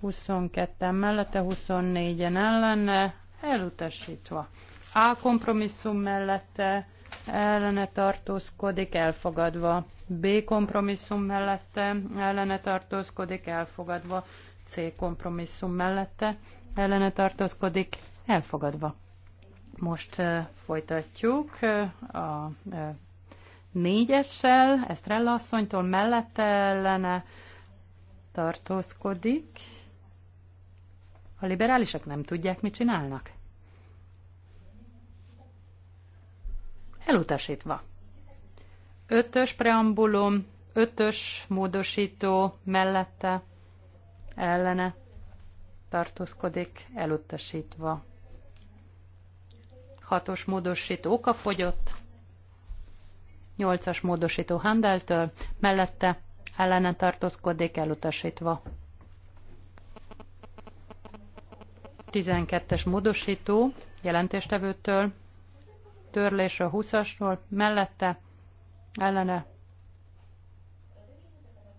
22-en mellette, 24-en ellene, elutasítva. A kompromisszum mellette, ellene tartózkodik, elfogadva. B kompromisszum mellette, ellene tartózkodik, elfogadva. C kompromisszum mellette, ellene tartózkodik, elfogadva. Most uh, folytatjuk uh, a uh, négyessel, Esztrella asszonytól mellette ellene tartózkodik, a liberálisok nem tudják, mit csinálnak. Elutasítva. Ötös preambulum, ötös módosító mellette, ellene tartózkodik, elutasítva. Hatos módosító okafogyott, nyolcas módosító Handeltől, mellette ellene tartózkodik, elutasítva. 12-es módosító jelentéstevőtől, törlés a 20-asról, mellette, ellene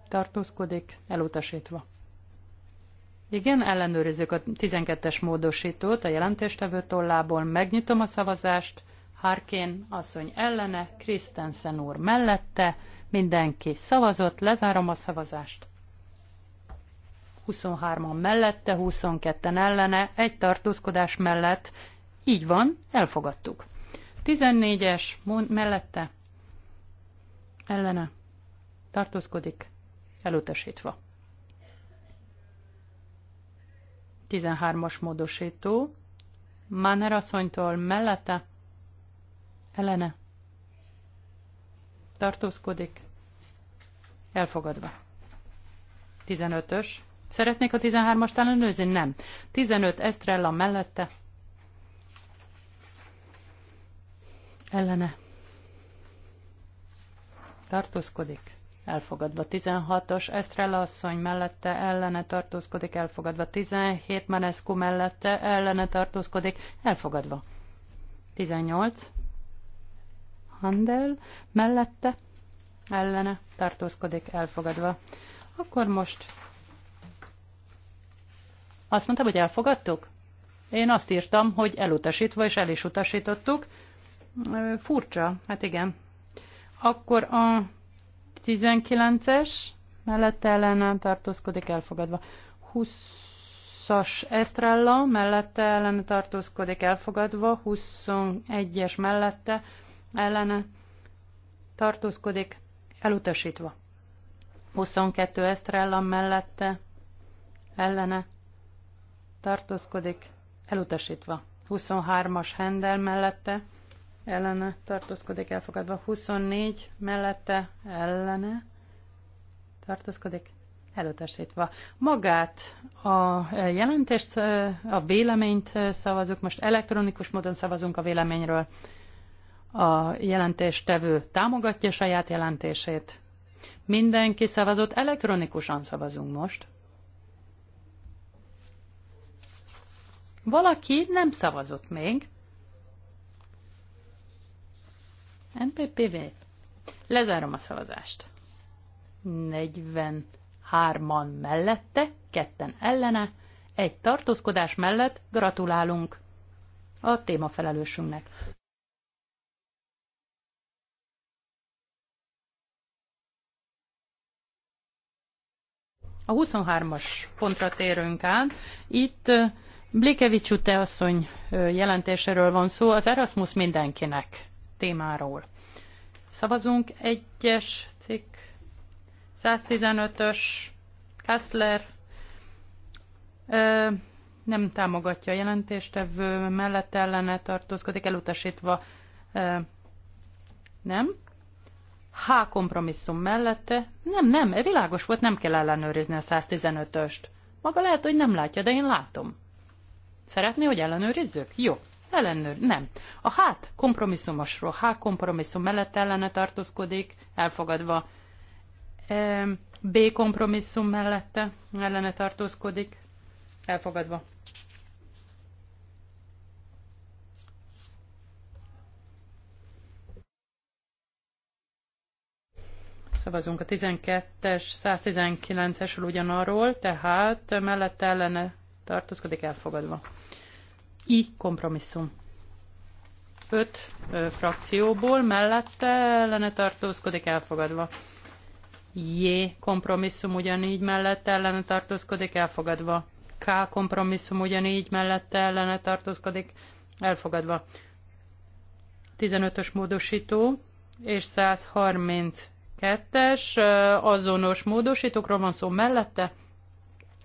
tartózkodik, elutasítva. Igen, ellenőrizzük a 12-es módosítót a jelentéstevő tollából, megnyitom a szavazást, Harkin asszony ellene, Krisztensen úr mellette, mindenki szavazott, lezárom a szavazást. 23-an mellette, 22-en ellene, egy tartózkodás mellett. Így van, elfogadtuk. 14-es mellette, ellene, tartózkodik, elutasítva. 13-as módosító, Manner asszonytól mellette, ellene, tartózkodik, elfogadva. 15-ös Szeretnék a 13-ast ellenőrizni? Nem. 15 Estrella mellette. Ellene. Tartózkodik. Elfogadva 16-os Estrella asszony mellette ellene tartózkodik, elfogadva 17 Manescu mellette ellene tartózkodik, elfogadva 18 Handel mellette ellene tartózkodik, elfogadva. Akkor most azt mondtam, hogy elfogadtuk? Én azt írtam, hogy elutasítva, és el is utasítottuk. Furcsa, hát igen. Akkor a 19-es mellette ellene tartózkodik elfogadva. 20-as Estrella mellette ellen tartózkodik elfogadva. 21-es mellette ellene tartózkodik elutasítva. 22 Estrella mellette ellene tartózkodik, elutasítva. 23-as Hendel mellette, ellene tartózkodik, elfogadva. 24 mellette, ellene tartózkodik, elutasítva. Magát a jelentést, a véleményt szavazunk, most elektronikus módon szavazunk a véleményről. A jelentéstevő támogatja saját jelentését. Mindenki szavazott, elektronikusan szavazunk most. Valaki nem szavazott még. NPPV. Lezárom a szavazást. 43-an mellette, ketten ellene, egy tartózkodás mellett gratulálunk a témafelelősünknek. A 23-as pontra térünk át. Itt Blikevics Ute asszony jelentéséről van szó, az Erasmus mindenkinek témáról. Szavazunk egyes cikk, 115-ös, Kessler, ö, nem támogatja a jelentéstevő, mellett ellene tartózkodik, elutasítva ö, nem. H kompromisszum mellette, nem, nem, világos volt, nem kell ellenőrizni a 115-öst. Maga lehet, hogy nem látja, de én látom. Szeretné, hogy ellenőrizzük? Jó. Ellenőr, nem. A hát kompromisszumosról, hát kompromisszum mellett ellene tartózkodik, elfogadva. B kompromisszum mellette ellene tartózkodik, elfogadva. Szavazunk a 12-es, 119-esről ugyanarról, tehát mellette ellene tartózkodik elfogadva. I kompromisszum. Öt ö, frakcióból mellette ellene tartózkodik elfogadva. J kompromisszum ugyanígy mellette ellene tartózkodik elfogadva. K kompromisszum ugyanígy mellette ellene tartózkodik elfogadva. 15-ös módosító és 132-es azonos módosítókról van szó mellette,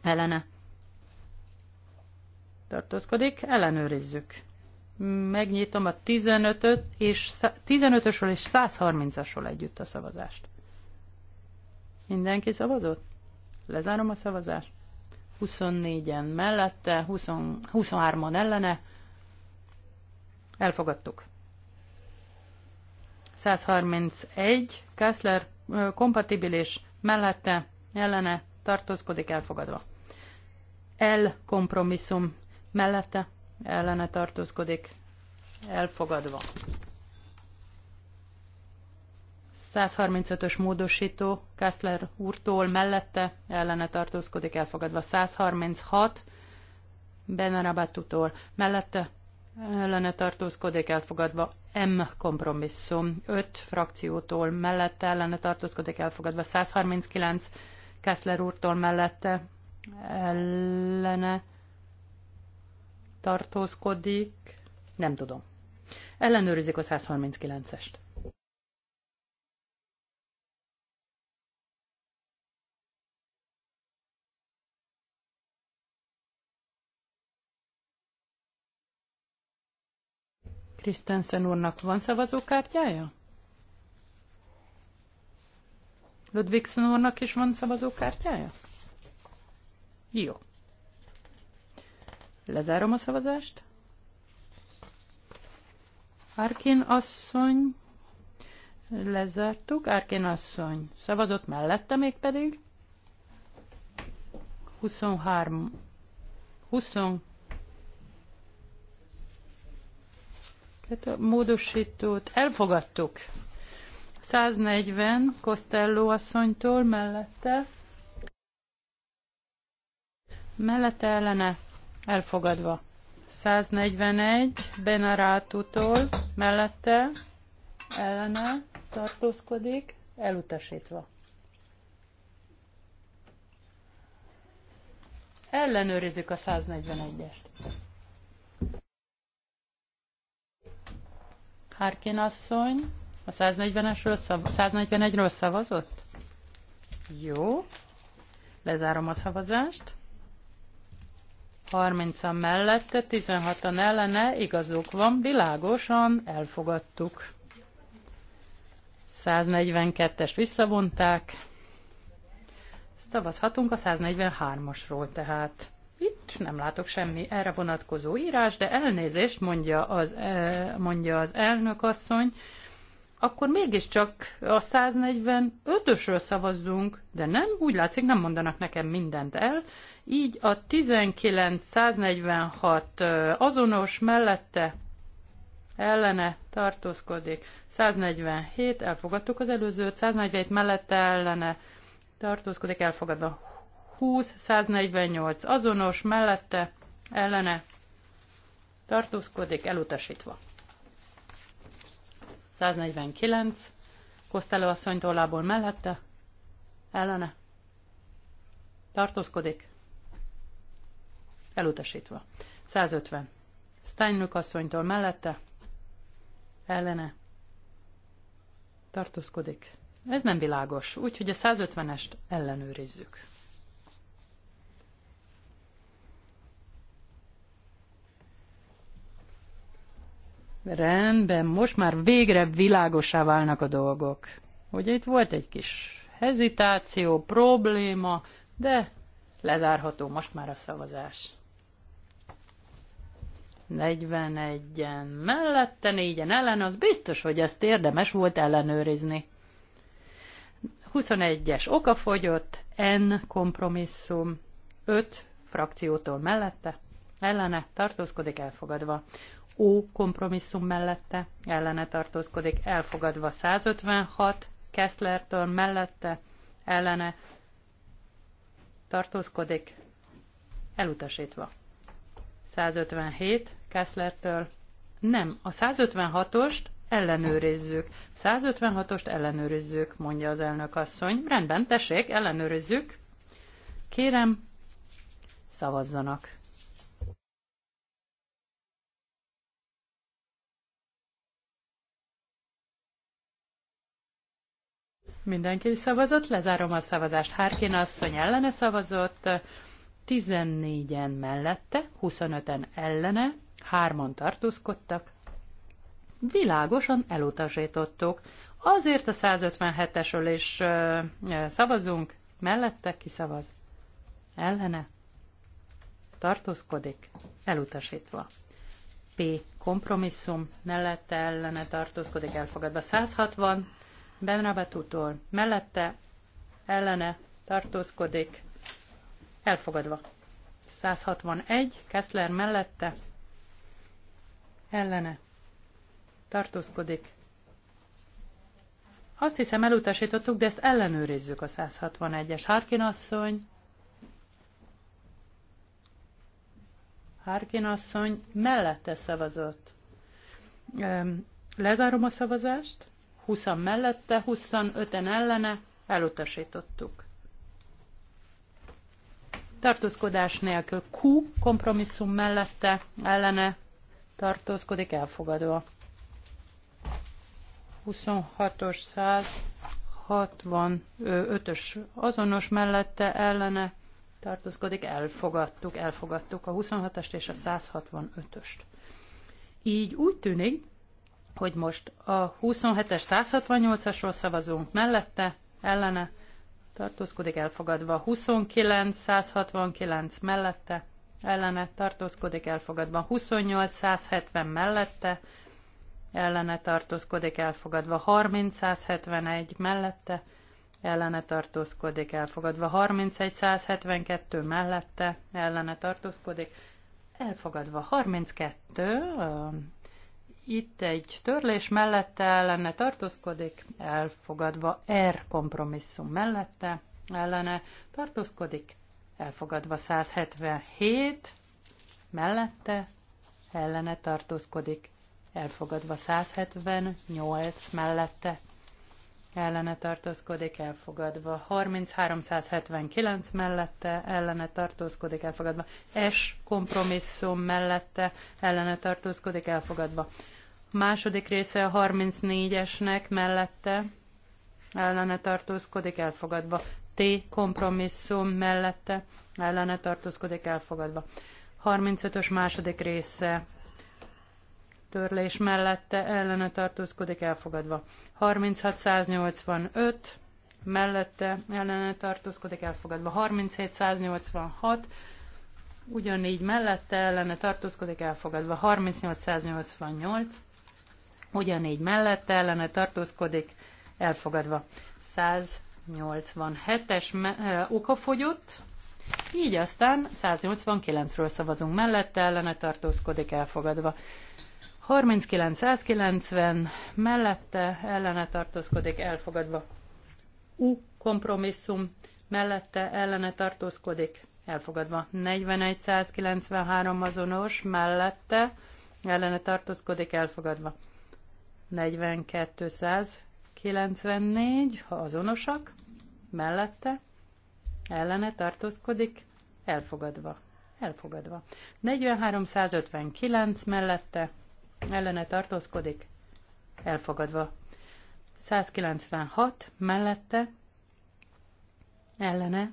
ellene tartózkodik, ellenőrizzük. Megnyitom a 15-öt és 15-ösről és 130-asról együtt a szavazást. Mindenki szavazott? Lezárom a szavazást. 24-en mellette, 20, 23-an ellene. Elfogadtuk. 131, Kessler kompatibilis mellette, ellene, tartózkodik elfogadva. L kompromisszum mellette ellene tartózkodik, elfogadva. 135-ös módosító Kessler úrtól mellette ellene tartózkodik, elfogadva. 136 Benarabatutól mellette ellene tartózkodik, elfogadva. M kompromisszum 5 frakciótól mellette ellene tartózkodik, elfogadva. 139 Kessler úrtól mellette ellene tartózkodik, nem tudom. Ellenőrizik a 139-est. Krisztensen úrnak van szavazókártyája? Ludvigsen úrnak is van szavazókártyája? Jó. Lezárom a szavazást. Árkén asszony, lezártuk. Árkén asszony szavazott mellette még pedig. 23, 20. a módosítót elfogadtuk. 140 Costello asszonytól mellette. Mellette ellene Elfogadva. 141 Benarátútól mellette ellene tartózkodik, elutasítva. Ellenőrizzük a 141-est. Harkin asszony a 140-esről szav- 141-ről szavazott? Jó. Lezárom a szavazást. 30-an mellette, 16-an ellene, igazuk van, világosan elfogadtuk. 142-est visszavonták. Szavazhatunk a 143-asról tehát. Itt nem látok semmi erre vonatkozó írás, de elnézést mondja az, eh, mondja az elnök asszony, akkor mégiscsak a 145-ösről szavazzunk, de nem, úgy látszik, nem mondanak nekem mindent el. Így a 1946 azonos mellette ellene tartózkodik. 147, elfogadtuk az előzőt, 147 mellette ellene tartózkodik, elfogadva. 20, 148 azonos mellette ellene tartózkodik, elutasítva. 149. Kosztelő asszony tollából mellette. Ellene. Tartózkodik. Elutasítva. 150. Steinlück asszonytól mellette. Ellene. Tartózkodik. Ez nem világos, úgyhogy a 150-est ellenőrizzük. Rendben, most már végre világosá válnak a dolgok. Ugye itt volt egy kis hezitáció, probléma, de lezárható most már a szavazás. 41-en mellette, 4-en ellen, az biztos, hogy ezt érdemes volt ellenőrizni. 21-es okafogyott, N kompromisszum, 5 frakciótól mellette, ellene tartózkodik elfogadva. O kompromisszum mellette ellene tartózkodik, elfogadva 156 Kesslertől mellette ellene tartózkodik, elutasítva. 157 Kesslertől nem, a 156-ost ellenőrizzük. 156-ost ellenőrizzük, mondja az elnök asszony. Rendben, tessék, ellenőrizzük. Kérem, szavazzanak. Mindenki szavazott, lezárom a szavazást. Harkin asszony ellene szavazott, 14-en mellette, 25-en ellene, hárman tartózkodtak. Világosan elutasítottuk. Azért a 157-esről is ö, ö, szavazunk, mellette kiszavaz. Ellene tartózkodik, elutasítva. P. Kompromisszum, mellette ellene tartózkodik, elfogadva. 160, Benrabatútól mellette ellene tartózkodik, elfogadva. 161, Kessler mellette ellene tartózkodik. Azt hiszem elutasítottuk, de ezt ellenőrizzük a 161-es. Harkin asszony, Harkin asszony mellette szavazott. Lezárom a szavazást. 20 mellette, 25-en ellene, elutasítottuk. Tartózkodás nélkül Q kompromisszum mellette, ellene, tartózkodik elfogadva. 26-os 165-ös azonos mellette, ellene, tartózkodik, elfogadtuk, elfogadtuk a 26-est és a 165-öst. Így úgy tűnik, hogy most a 27-es 168-asról szavazunk mellette, ellene, tartózkodik elfogadva. 29, 169 mellette, ellene, tartózkodik elfogadva. 28, 170 mellette, ellene tartózkodik elfogadva 30-171 mellette, ellene tartózkodik elfogadva 31-172 mellette, ellene tartózkodik elfogadva 32, itt egy törlés mellette ellene tartózkodik, elfogadva R kompromisszum mellette ellene tartózkodik, elfogadva 177 mellette ellene tartózkodik, elfogadva 178 mellette ellene tartózkodik, elfogadva 3379 mellette ellene tartózkodik, elfogadva S kompromisszum mellette ellene tartózkodik, elfogadva Második része a 34-esnek mellette ellene tartózkodik elfogadva. T kompromisszum mellette ellene tartózkodik elfogadva. 35-ös második része törlés mellette ellene tartózkodik elfogadva. 36185 mellette ellene tartózkodik elfogadva. 37186 ugyanígy mellette ellene tartózkodik elfogadva. 38188 ugyanígy mellette ellene tartózkodik, elfogadva. 187-es okafogyott, így aztán 189-ről szavazunk mellette, ellene tartózkodik, elfogadva. 39-190 mellette, ellene tartózkodik, elfogadva. U kompromisszum mellette, ellene tartózkodik, elfogadva. 41-193 azonos mellette, ellene tartózkodik, elfogadva. 4294, ha azonosak, mellette, ellene tartózkodik, elfogadva. Elfogadva. 4359 mellette, ellene tartózkodik, elfogadva. 196 mellette, ellene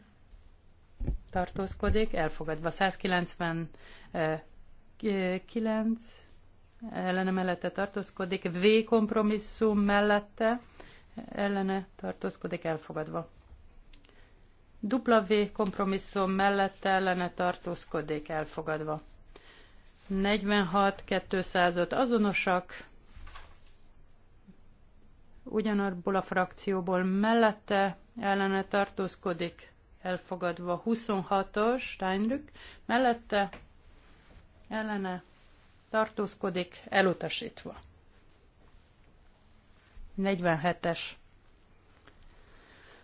tartózkodik, elfogadva. 199 ellene mellette tartózkodik, V kompromisszum mellette ellene tartózkodik elfogadva. W kompromisszum mellette ellene tartózkodik elfogadva. 46 205 azonosak, ugyanabból a frakcióból mellette ellene tartózkodik elfogadva. 26-os Steinrück mellette ellene tartózkodik, elutasítva. 47-es.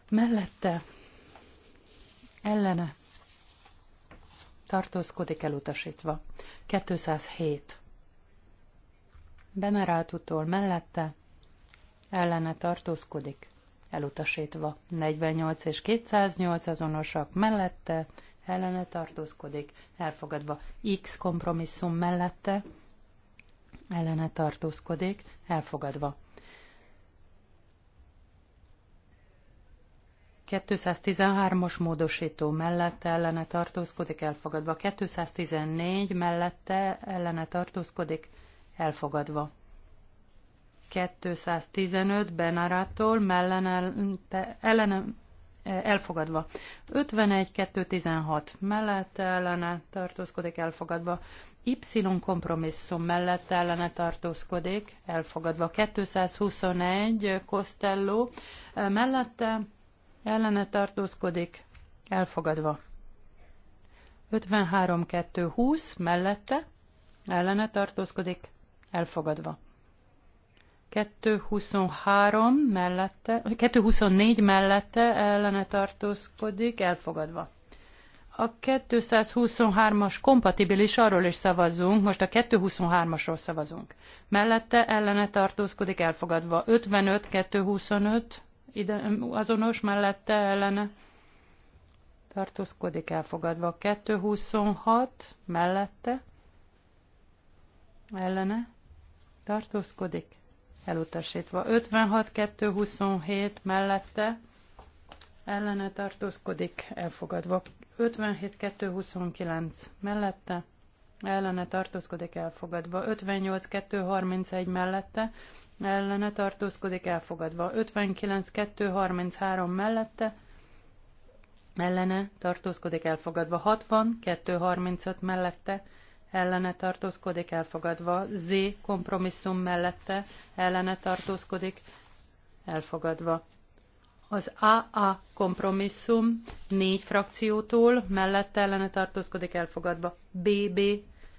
Mellette, ellene, tartózkodik elutasítva. 207. Benerátutól mellette, ellene tartózkodik, elutasítva. 48 és 208 azonosak mellette, ellene tartózkodik, elfogadva. X kompromisszum mellette ellene tartózkodik, elfogadva. 213 os módosító mellette ellene tartózkodik, elfogadva. 214 mellette ellene tartózkodik, elfogadva. 215 Benarától mellene, ellene elfogadva. 51-216 mellett ellene tartózkodik, elfogadva. Y kompromisszum mellett ellene tartózkodik, elfogadva. 221 Costello mellette ellene tartózkodik, elfogadva. 53-220 mellette ellene tartózkodik, elfogadva. 223 mellette, 224 mellette ellene tartózkodik, elfogadva. A 223-as kompatibilis, arról is szavazunk, most a 223-asról szavazunk. Mellette ellene tartózkodik, elfogadva. 55, 225, ide, azonos mellette ellene tartózkodik, elfogadva. 226 mellette ellene tartózkodik, elutasítva. 56-227 mellette ellene tartózkodik, elfogadva. 57-229 mellette ellene tartózkodik, elfogadva. 58-231 mellette ellene tartózkodik, elfogadva. 59-233 mellette ellene tartózkodik, elfogadva. 60-235 mellette ellene tartózkodik, elfogadva. Z kompromisszum mellette ellene tartózkodik, elfogadva. Az AA kompromisszum négy frakciótól mellette ellene tartózkodik, elfogadva. BB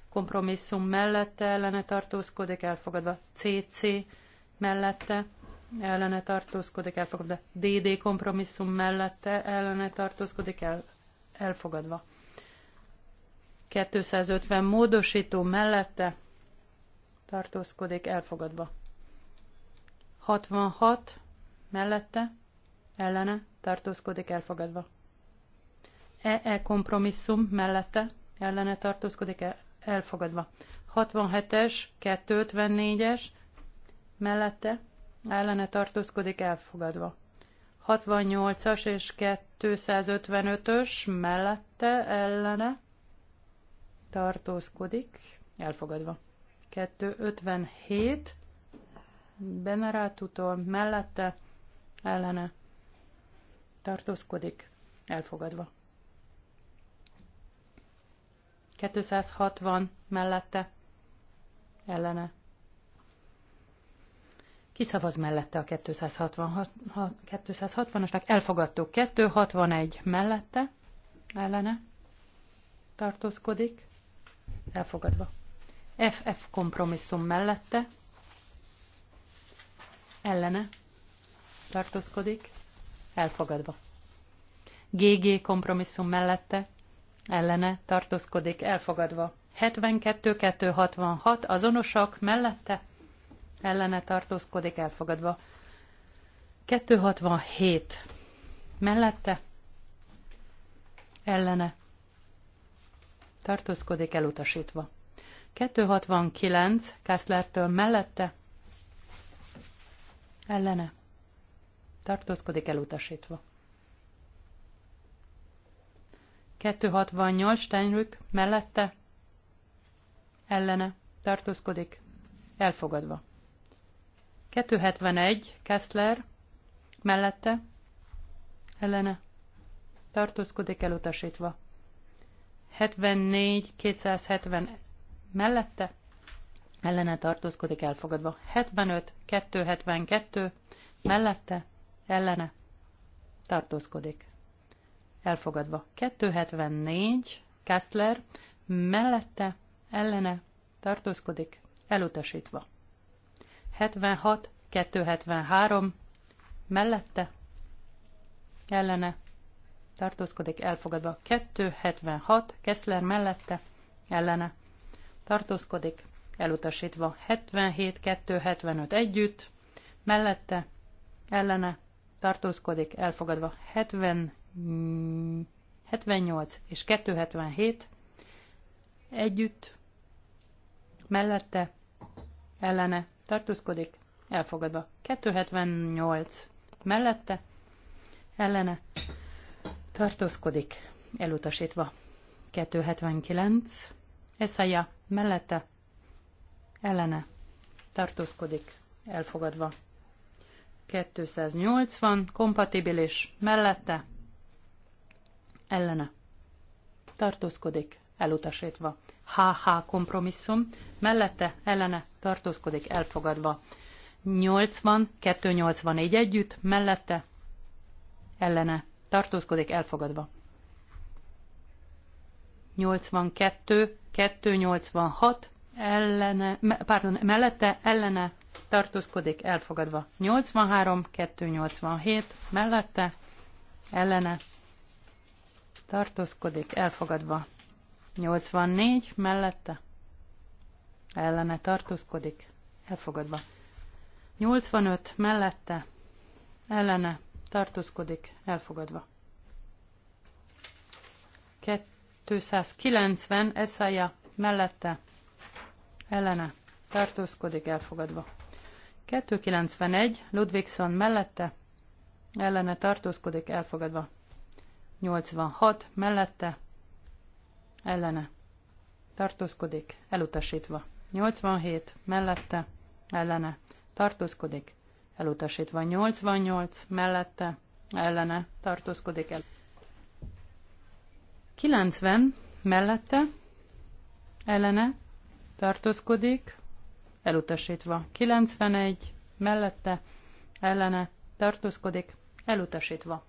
kompromisszum mellette ellene tartózkodik, elfogadva. CC mellette ellene tartózkodik, elfogadva. DD kompromisszum mellette ellene tartózkodik, el, elfogadva. 250 módosító mellette tartózkodik elfogadva. 66 mellette ellene tartózkodik elfogadva. EE e kompromisszum mellette ellene tartózkodik elfogadva. 67-es, 254-es mellette ellene tartózkodik elfogadva. 68-as és 255-ös mellette ellene tartózkodik, elfogadva. 257 Benerátútól mellette ellene tartózkodik, elfogadva. 260 mellette ellene. Kiszavaz mellette a 260. 260-asnak, elfogadtuk 261 mellette ellene tartózkodik, elfogadva. FF kompromisszum mellette, ellene, tartózkodik, elfogadva. GG kompromisszum mellette, ellene, tartózkodik, elfogadva. 72266. azonosak mellette, ellene tartózkodik, elfogadva. 267 mellette, ellene tartózkodik elutasítva. 269 Kesslertől mellette ellene tartózkodik elutasítva. 268 Steinrück mellette ellene tartózkodik elfogadva. 271 Kessler mellette ellene tartózkodik elutasítva. 74, 270 mellette, ellene tartózkodik elfogadva. 75, 272 mellette, ellene tartózkodik elfogadva. 274 Kastler mellette, ellene tartózkodik elutasítva. 76, 273 mellette, ellene tartózkodik elfogadva. 276 Kessler mellette ellene tartózkodik elutasítva. 77 275 együtt mellette ellene tartózkodik elfogadva. 70 78 és 277 együtt mellette ellene tartózkodik elfogadva. 278 mellette ellene tartózkodik, elutasítva. 279, Eszája mellette, ellene, tartózkodik, elfogadva. 280, kompatibilis, mellette, ellene, tartózkodik, elutasítva. HH kompromisszum, mellette, ellene, tartózkodik, elfogadva. 80, 284 együtt, mellette, ellene, tartózkodik elfogadva. 82, 286 ellene, me, pardon, mellette ellene tartózkodik elfogadva. 83, 287 mellette ellene tartózkodik elfogadva. 84 mellette ellene tartózkodik elfogadva. 85 mellette ellene tartózkodik, elfogadva. 290 eszája mellette, ellene, tartózkodik, elfogadva. 291 Ludvigson mellette, ellene tartózkodik, elfogadva. 86 mellette, ellene, tartózkodik, elutasítva. 87 mellette, ellene, tartózkodik, elutasítva 88 mellette ellene tartózkodik el. 90 mellette ellene tartózkodik, elutasítva 91 mellette ellene tartózkodik, elutasítva.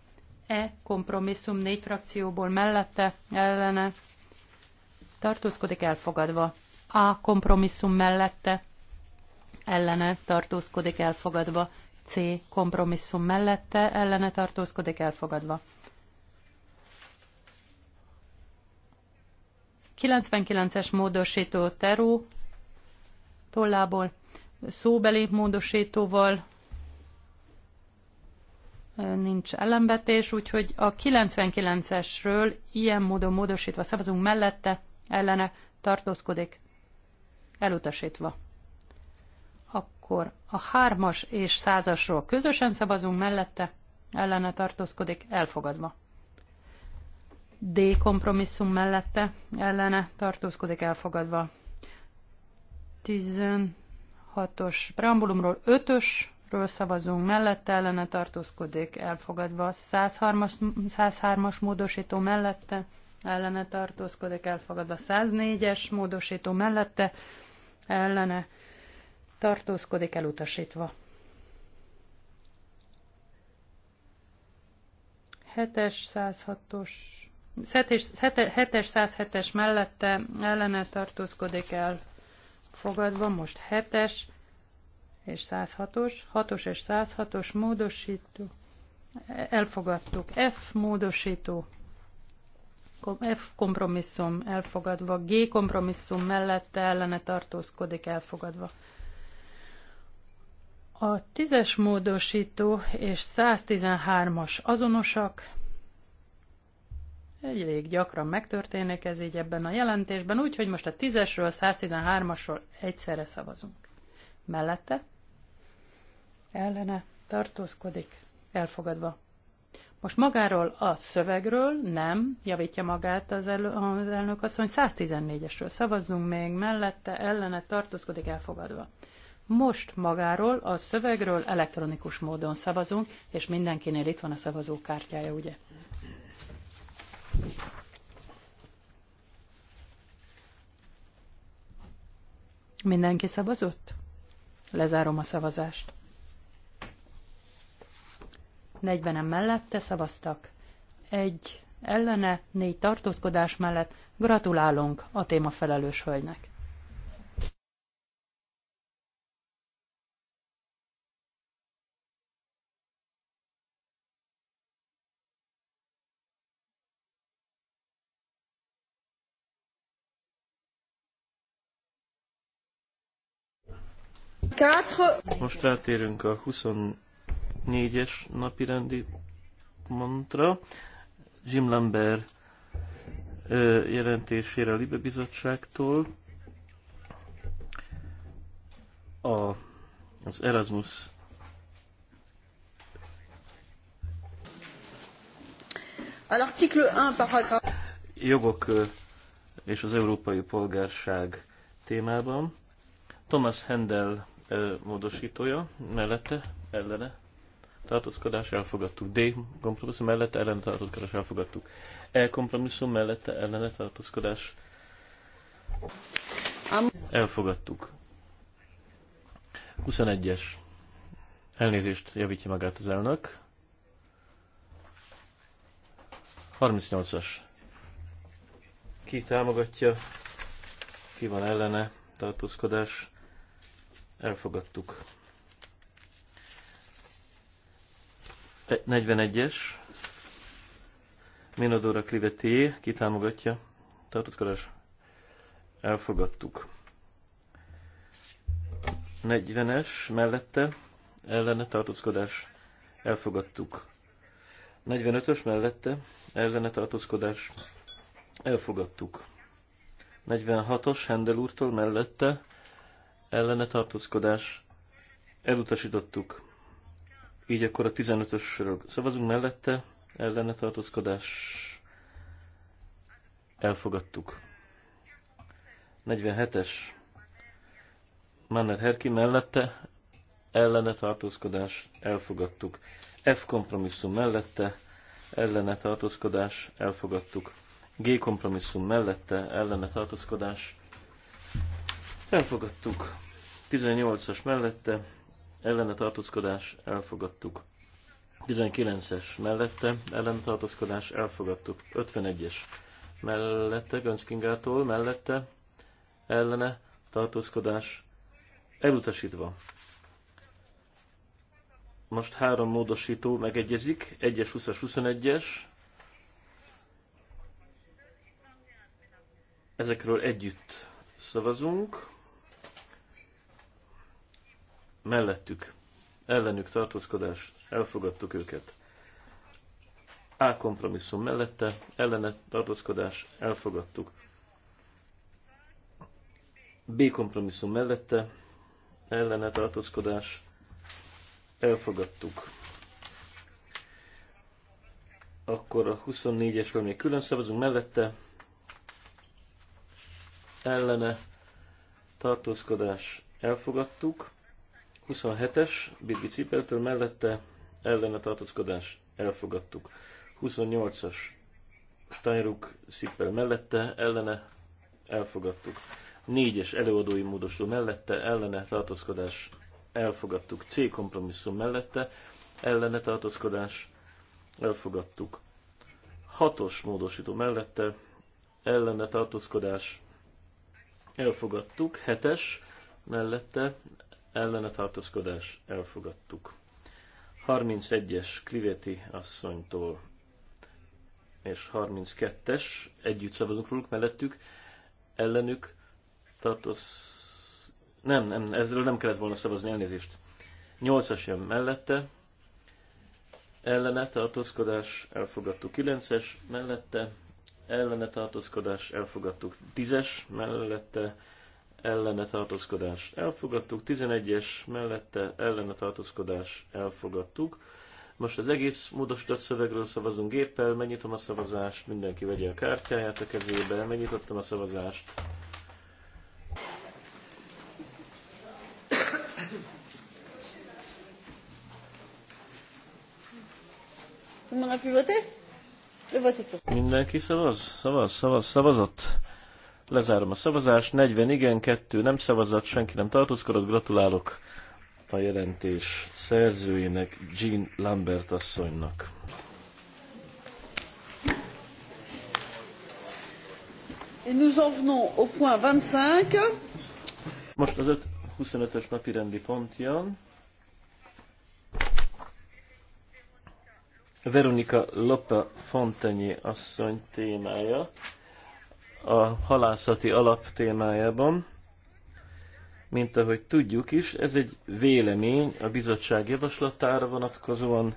E kompromisszum négy frakcióból mellette ellene tartózkodik elfogadva. A kompromisszum mellette ellene tartózkodik elfogadva. C kompromisszum mellette ellene tartózkodik elfogadva. 99-es módosító teró tollából szóbeli módosítóval nincs ellenbetés, úgyhogy a 99-esről ilyen módon módosítva szavazunk mellette, ellene tartózkodik, elutasítva akkor a hármas és százasról közösen szavazunk mellette, ellene tartózkodik, elfogadva. D kompromisszum mellette, ellene tartózkodik, elfogadva. 16-os preambulumról 5-ösről szavazunk, mellette ellene tartózkodik, elfogadva. 103-as, 103-as módosító mellette, ellene tartózkodik, elfogadva. 104-es módosító mellette, ellene tartózkodik elutasítva. Hetes, 106-os, 7-es, 107-es mellette ellene tartózkodik el fogadva, most 7-es és 106-os, 6-os és 106-os módosító, elfogadtuk, F módosító, F kompromisszum elfogadva, G kompromisszum mellette ellene tartózkodik elfogadva. A tízes módosító és 113-as azonosak. Elég gyakran megtörténik ez így ebben a jelentésben, úgyhogy most a tízesről, 113-asról egyszerre szavazunk. Mellette? Ellene tartózkodik. Elfogadva. Most magáról a szövegről nem, javítja magát az, elő, az elnök asszony, 114-esről szavazzunk még mellette, ellene tartózkodik elfogadva. Most magáról, a szövegről elektronikus módon szavazunk, és mindenkinél itt van a szavazókártyája, ugye? Mindenki szavazott? Lezárom a szavazást. 40 mellette szavaztak. Egy ellene, négy tartózkodás mellett gratulálunk a felelős hölgynek. Most rátérünk a 24-es napi rendi mantra. Jim Lambert jelentésére a Libe Bizottságtól. A, az Erasmus A l'article 1, paragraf Jogok és az európai polgárság témában. Thomas Hendel módosítója, mellette, ellene, tartózkodás elfogadtuk. D kompromisszum mellette, ellene tartózkodás elfogadtuk. E kompromisszum mellette, ellene tartózkodás elfogadtuk. 21-es. Elnézést javítja magát az elnök. 38-as. Ki támogatja? Ki van ellene? Tartózkodás Elfogadtuk. 41-es. E, Minodora Kliveté, ki támogatja? Tartózkodás. Elfogadtuk. 40-es mellette ellene tartózkodás. Elfogadtuk. 45-ös mellette ellene tartózkodás. Elfogadtuk. 46-os Hendel úrtól mellette ellene tartózkodás elutasítottuk. Így akkor a 15-ösről szavazunk mellette, ellene tartózkodás elfogadtuk. 47-es Manner Herki mellette, ellene tartózkodás elfogadtuk. F kompromisszum mellette, ellene tartózkodás elfogadtuk. G kompromisszum mellette, ellene tartózkodás elfogadtuk Elfogadtuk. 18-as mellette, ellene tartózkodás, elfogadtuk. 19-es mellette, ellene tartózkodás, elfogadtuk. 51-es mellette, Gönckingától, mellette, ellene tartózkodás, elutasítva. Most három módosító megegyezik, 1-es, 20-as, 21-es. Ezekről együtt szavazunk mellettük, ellenük tartózkodás, elfogadtuk őket. A kompromisszum mellette, ellene tartózkodás, elfogadtuk. B kompromisszum mellette, ellene tartózkodás, elfogadtuk. Akkor a 24-esről még külön szavazunk mellette, ellene tartózkodás, elfogadtuk. 27-es Bibi Cipertől mellette ellene tartózkodás elfogadtuk. 28-as Steinruck cipel mellette ellene elfogadtuk. 4-es előadói módosító mellette ellene tartózkodás elfogadtuk. C kompromisszum mellette ellene tartózkodás elfogadtuk. 6-os módosító mellette ellene tartózkodás elfogadtuk. 7-es mellette ellene tartózkodás elfogadtuk. 31-es Kliveti asszonytól és 32-es együtt szavazunk róluk mellettük, ellenük tartoz... Nem, nem, ezzel nem kellett volna szavazni, elnézést. 8-as jön mellette, ellene tartózkodás, elfogadtuk 9-es, mellette, ellene tartózkodás, elfogadtuk 10-es, mellette, ellene tartózkodás elfogadtuk, 11-es mellette ellene tartózkodás elfogadtuk. Most az egész módosított szövegről szavazunk géppel, megnyitom a szavazást, mindenki vegye a kártyáját a kezébe, megnyitottam a szavazást. Mindenki szavaz? Szavaz, szavaz, szavazott? Lezárom a szavazást. 40 igen, 2 nem szavazat, senki nem tartózkodott. Gratulálok a jelentés szerzőjének, Jean Lambert asszonynak. Et nous en venons au point 25. Most az 25-ös napi rendi pont jön. Veronika Lopa Fontenyi asszony témája a halászati alap témájában. Mint ahogy tudjuk is, ez egy vélemény a bizottság javaslatára vonatkozóan.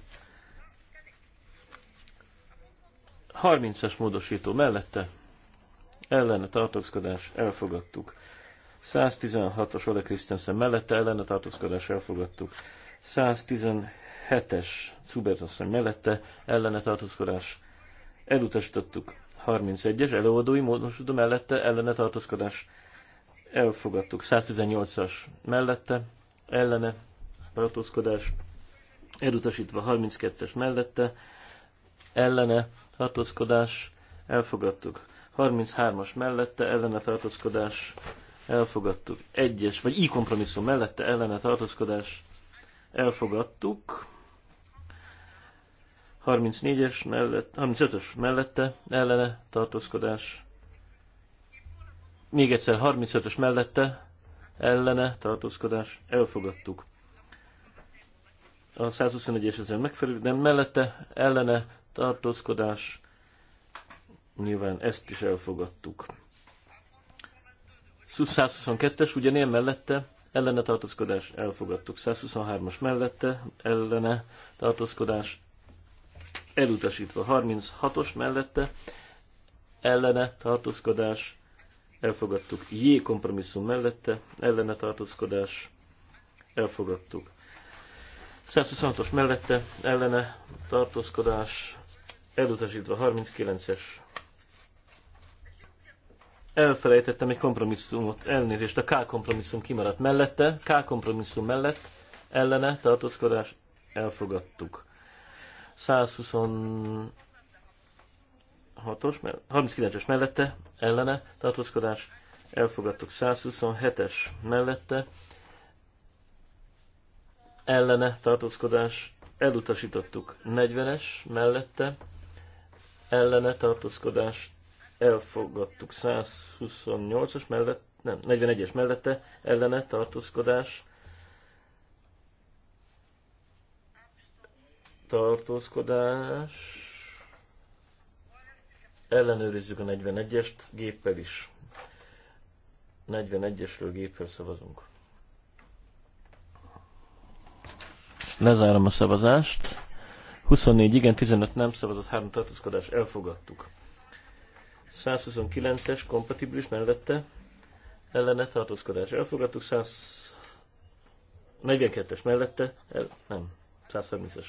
30-as módosító mellette ellene tartózkodás elfogadtuk. 116-os Ole Krisztenszen mellette ellene tartózkodás elfogadtuk. 117-es Cubert mellette ellene tartózkodás elutasítottuk. 31-es előadói módosító mellette ellene tartózkodás elfogadtuk. 118-as mellette ellene tartózkodás elutasítva. 32-es mellette ellene tartózkodás elfogadtuk. 33-as mellette ellene tartózkodás elfogadtuk. 1-es vagy i kompromisszum mellette ellene tartózkodás elfogadtuk. 34-es mellett, 35-ös mellette, ellene tartózkodás. Még egyszer 35-ös mellette, ellene tartózkodás. Elfogadtuk. A 121-es ezen megfelelő, de mellette, ellene tartózkodás. Nyilván ezt is elfogadtuk. 122-es ugyanilyen mellette, ellene tartózkodás elfogadtuk. 123-as mellette ellene tartózkodás elutasítva. 36-os mellette ellene tartózkodás, elfogadtuk. J kompromisszum mellette ellene tartózkodás, elfogadtuk. 126-os mellette ellene tartózkodás, elutasítva 39-es. Elfelejtettem egy kompromisszumot, elnézést, a K kompromisszum kimaradt mellette, K kompromisszum mellett ellene tartózkodás elfogadtuk. 126-os, 39-es mellette, ellene, tartózkodás, elfogadtuk 127-es mellette, ellene, tartózkodás, elutasítottuk 40-es mellette, ellene, tartózkodás, elfogadtuk 128-as mellette, nem, 41-es mellette, ellene, tartózkodás, tartózkodás. Ellenőrizzük a 41-est géppel is. 41-esről géppel szavazunk. Lezárom a szavazást. 24 igen, 15 nem szavazott, 3 tartózkodás, elfogadtuk. 129-es kompatibilis mellette ellene tartózkodás, elfogadtuk. 142-es mellette, el, nem, 130-es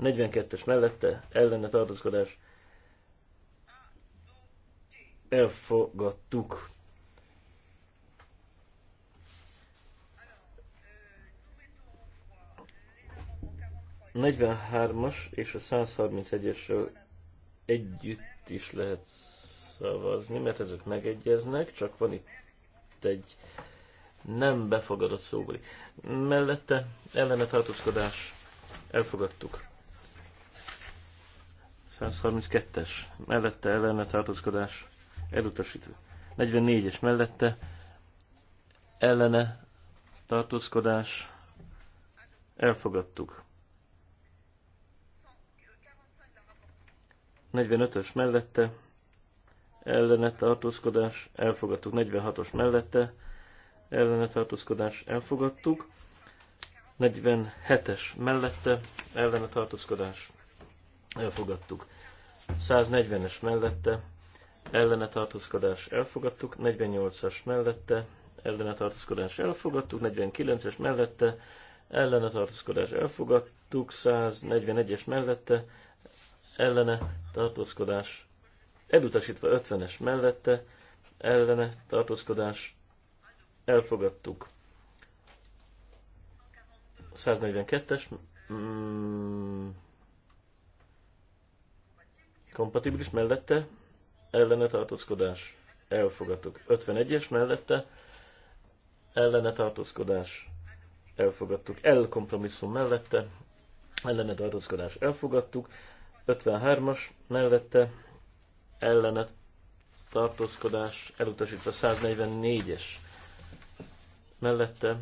42-es mellette ellene tartózkodás elfogadtuk. A 43-as és a 131-esről együtt is lehet szavazni, mert ezek megegyeznek, csak van itt egy nem befogadott szóbeli. Mellette ellene tartózkodás elfogadtuk. 132-es mellette ellene tartózkodás elutasítva. 44-es mellette ellene tartózkodás elfogadtuk. 45-ös mellette ellene tartózkodás elfogadtuk. 46-os mellette ellene tartózkodás elfogadtuk. 47-es mellette ellene tartózkodás elfogadtuk. 140-es mellette ellene tartózkodás elfogadtuk, 48-as mellette ellene tartózkodás elfogadtuk, 49-es mellette ellene tartózkodás elfogadtuk, 141-es mellette ellene tartózkodás elutasítva 50-es mellette ellene tartózkodás elfogadtuk. 142-es kompatibilis mellette, ellene tartózkodás, elfogadtuk. 51-es mellette, ellene tartózkodás, elfogadtuk. El kompromisszum mellette, ellene tartózkodás, elfogadtuk. 53-as mellette, ellene tartózkodás, elutasítva 144-es mellette,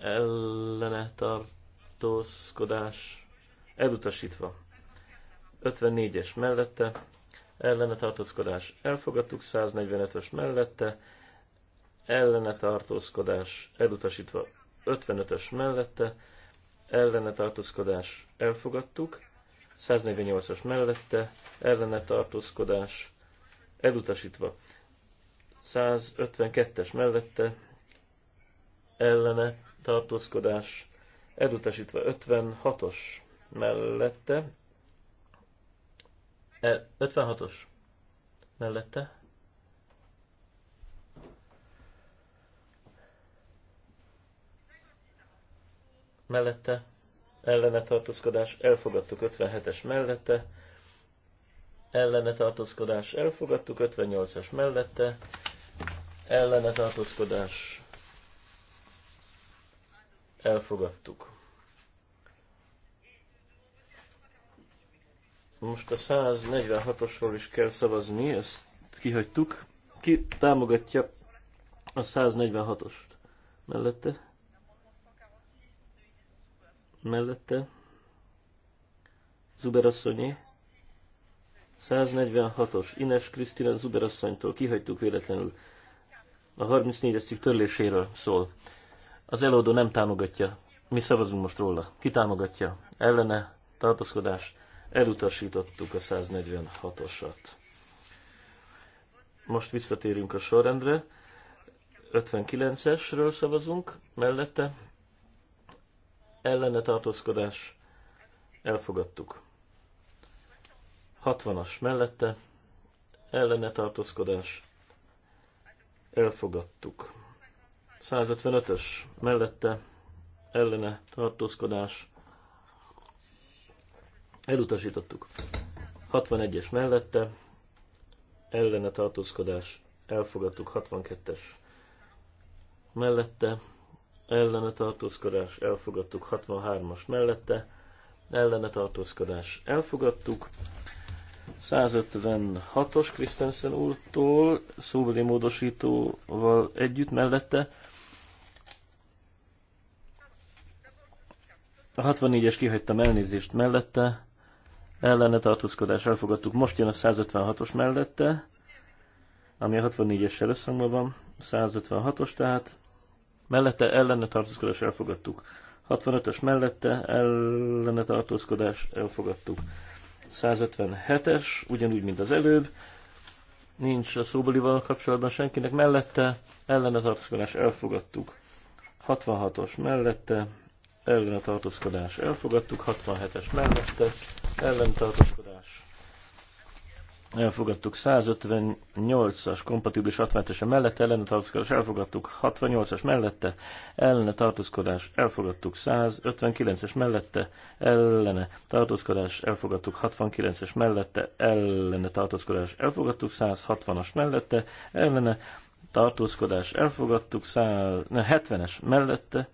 ellene tartózkodás, elutasítva 54-es mellette, ellene tartózkodás elfogadtuk, 145-ös mellette, ellene tartózkodás elutasítva 55-ös mellette, ellene tartózkodás elfogadtuk, 148-as mellette, ellene tartózkodás elutasítva 152-es mellette, ellene tartózkodás elutasítva 56-os mellette, 56-os mellette. Mellette ellene tartózkodás, elfogadtuk 57-es mellette, ellene tartózkodás, elfogadtuk 58-as mellette, ellene tartózkodás, elfogadtuk. Most a 146-osról is kell szavazni, ezt kihagytuk. Ki támogatja a 146-ost? Mellette? Mellette? Zuberasszonyi? 146-os. Ines Krisztina Zuberasszonytól kihagytuk véletlenül. A 34-es cikk törléséről szól. Az előadó nem támogatja. Mi szavazunk most róla. Ki támogatja? Ellene? Tartózkodás? Elutasítottuk a 146-osat. Most visszatérünk a sorrendre. 59-esről szavazunk, mellette ellene tartózkodás elfogadtuk. 60-as mellette ellene tartózkodás elfogadtuk. 155-ös mellette ellene tartózkodás Elutasítottuk. 61-es mellette, ellene tartózkodás, elfogadtuk 62-es mellette, ellene tartózkodás, elfogadtuk 63-as mellette, ellene tartózkodás, elfogadtuk. 156-os Christensen úrtól szóbeli módosítóval együtt mellette. A 64-es kihagytam elnézést mellette, ellene tartózkodás elfogadtuk. Most jön a 156-os mellette, ami a 64-essel összhangban van, 156-os tehát, mellette ellene tartózkodás elfogadtuk. 65-ös mellette ellene tartózkodás elfogadtuk. 157-es, ugyanúgy, mint az előbb, nincs a szóbelival kapcsolatban senkinek mellette, ellene tartózkodás elfogadtuk. 66-os mellette, ellen tartózkodás elfogadtuk, 67-es mellette ellen tartózkodás elfogadtuk, 158-as kompatibilis 67-es mellette ellen tartózkodás elfogadtuk, 68-as mellette ellen tartózkodás elfogadtuk, 159-es mellette ellen tartózkodás elfogadtuk, 69-es mellette ellen tartózkodás elfogadtuk, 160-as mellette ellen tartózkodás elfogadtuk, 170-es mellette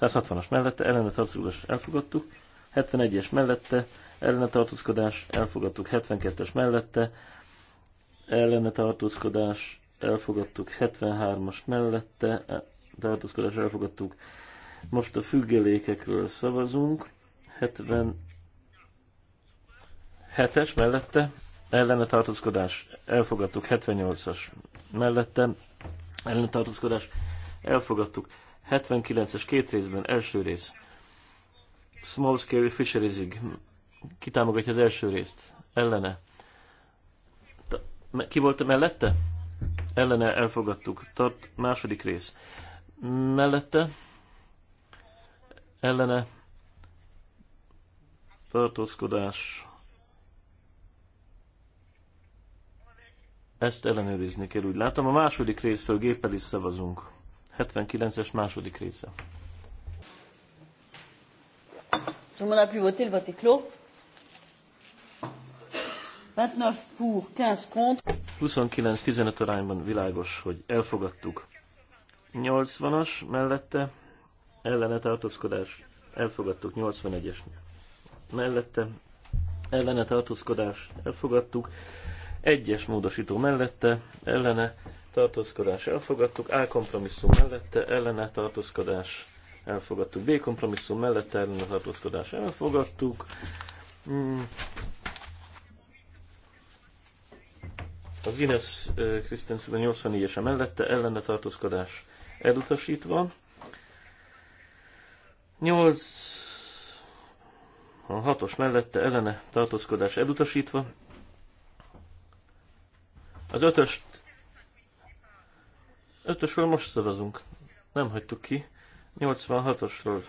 160-as mellette ellene tartózkodás elfogadtuk, 71-es mellette ellene tartózkodás elfogadtuk, 72-es mellette ellene tartózkodás elfogadtuk, 73-as mellette e, tartózkodás elfogadtuk. Most a függelékekről szavazunk, 77-es mellette ellene tartózkodás elfogadtuk, 78-as mellette ellene tartózkodás elfogadtuk. 79-es két részben, első rész. Small scale fisherizig. támogatja az első részt. Ellene. Ki volt a mellette? Ellene elfogadtuk. Tart második rész. Mellette. Ellene. Tartózkodás. Ezt ellenőrizni kell, úgy látom. A második részről géppel is szavazunk. 79-es második része. Tout le monde a pu voter, le vote est clos. 29 pour, 15 contre. 29-15 arányban világos, hogy elfogadtuk. 80-as mellette ellene tartózkodás, elfogadtuk 81-es mellette, ellene tartózkodás, elfogadtuk, egyes módosító mellette, ellene tartózkodás elfogadtuk, A kompromisszum mellette ellene tartózkodás elfogadtuk, B kompromisszum mellette ellene tartózkodás elfogadtuk. Hmm. Az Ines eh, Krisztenszűben 84-ese mellette ellene tartózkodás elutasítva. 8 a hatos mellette ellene tartózkodás elutasítva. Az ötöst Ötösről most szavazunk. Nem hagytuk ki. 86-osról.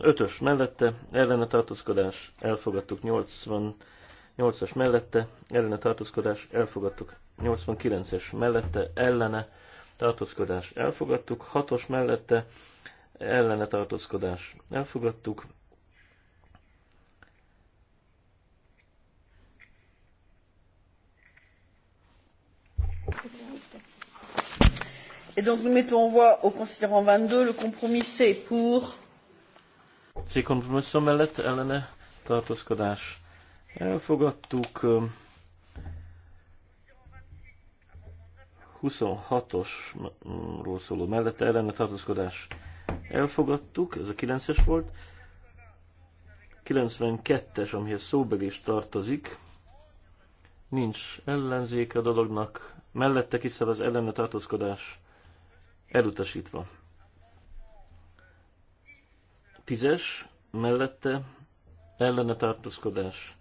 Ötös mellette, ellene tartózkodás, elfogadtuk. 88-as mellette, ellene tartózkodás, elfogadtuk. 89-es mellette, ellene tartózkodás, elfogadtuk. 6-os mellette, ellene tartózkodás, elfogadtuk. Et donc nous mettons en voix au considérant 22 le compromis C pour. C kompromisszum mellett ellene tartózkodás. Elfogadtuk 26-osról szóló mellette ellene tartózkodás. Elfogadtuk, ez a 9-es volt. 92-es, amihez szóbeli is tartozik. Nincs ellenzéke a dolognak. Mellette kiszáll az ellene tartózkodás Elutasítva. Tízes, mellette ellene tartózkodás.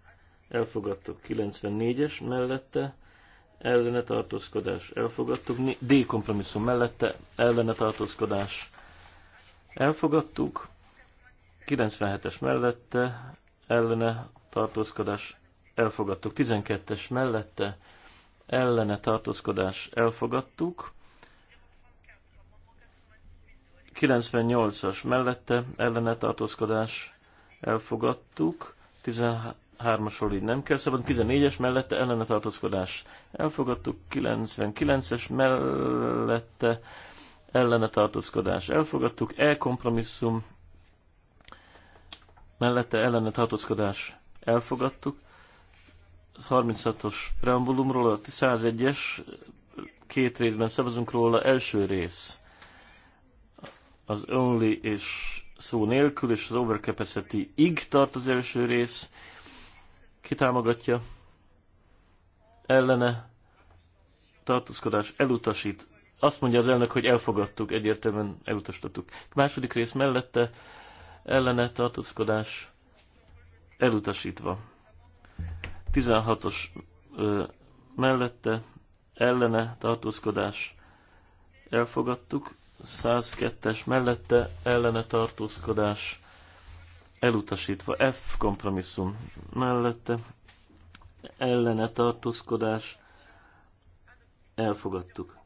Elfogadtuk. 94-es mellette ellene tartózkodás. Elfogadtuk. D kompromisszum mellette ellene tartózkodás. Elfogadtuk. 97-es mellette ellene tartózkodás. Elfogadtuk. 12-es mellette ellene tartózkodás. Elfogadtuk. 98-as mellette ellene tartózkodás elfogadtuk, 13-asról így nem kell szabad, 14-es mellette ellene tartózkodás elfogadtuk, 99-es mellette ellene tartózkodás elfogadtuk, elkompromisszum mellette ellene tartózkodás elfogadtuk, 36-os preambulumról, a 101-es, két részben szavazunk róla, első rész az only és szó nélkül, és az overcapacity-ig tart az első rész. támogatja? ellene, tartózkodás elutasít. Azt mondja az elnök, hogy elfogadtuk, egyértelműen elutasítottuk. A második rész mellette ellene tartózkodás elutasítva. 16-os mellette ellene tartózkodás elfogadtuk. 102-es mellette ellene tartózkodás elutasítva. F kompromisszum mellette ellene tartózkodás elfogadtuk.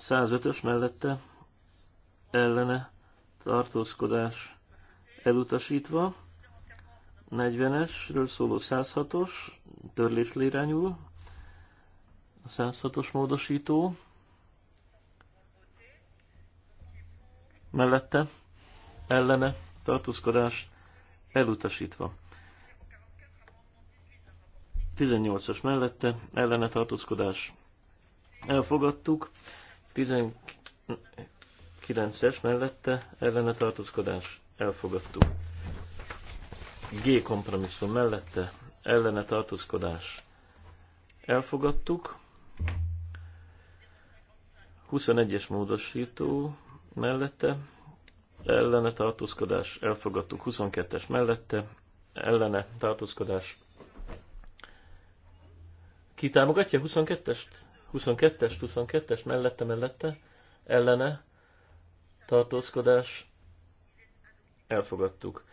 105-ös mellette ellene tartózkodás elutasítva. 40-esről szóló 106-os törlésre irányul. 106-os módosító mellette, ellene, tartózkodás elutasítva. 18-as mellette, ellene tartózkodás elfogadtuk, 19-es mellette, ellene tartózkodás elfogadtuk. G kompromisszum mellette, ellene tartózkodás elfogadtuk. 21-es módosító mellette, ellene tartózkodás, elfogadtuk 22-es mellette, ellene tartózkodás. Ki támogatja 22-est? 22 es 22-es, mellette, mellette, ellene tartózkodás, elfogadtuk.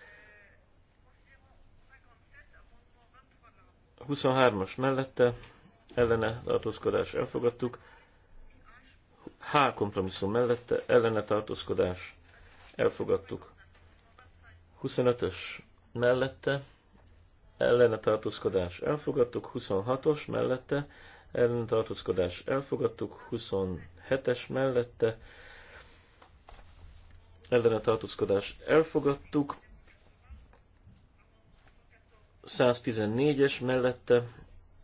23-as mellette, ellene tartózkodás, elfogadtuk. H kompromisszum mellette ellene tartózkodás elfogadtuk. 25-ös mellette ellene tartózkodás elfogadtuk, 26-os mellette ellene tartózkodás elfogadtuk, 27-es mellette ellene tartózkodás elfogadtuk, 114-es mellette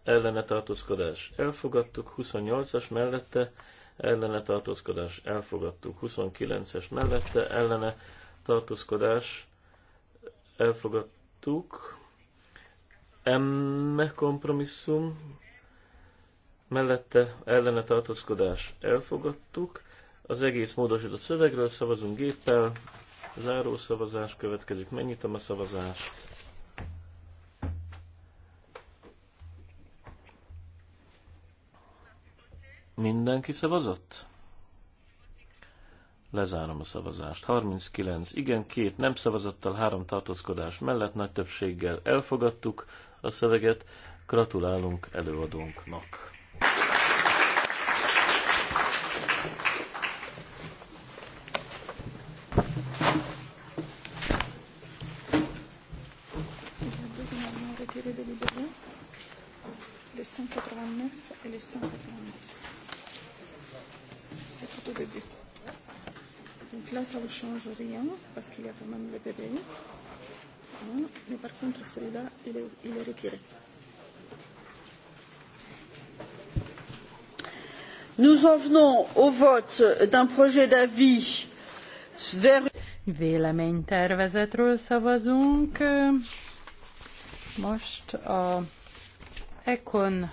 ellene tartózkodás elfogadtuk, 28-as mellette ellene tartózkodás elfogadtuk. 29-es mellette ellene tartózkodás elfogadtuk. M kompromisszum mellette ellene tartózkodás elfogadtuk. Az egész módosított szövegről szavazunk géppel. Záró szavazás következik. Megnyitom a szavazást. Mindenki szavazott? Lezárom a szavazást. 39 igen, két nem szavazattal, három tartózkodás mellett nagy többséggel elfogadtuk a szöveget. Gratulálunk előadónknak! parce qu'il y a quand même le bébé. mais par contre, celui-là, il est, il est retiré. Nous en venons au vote d'un projet d'avis vers... Véleménytervezetről szavazunk. Most a Econ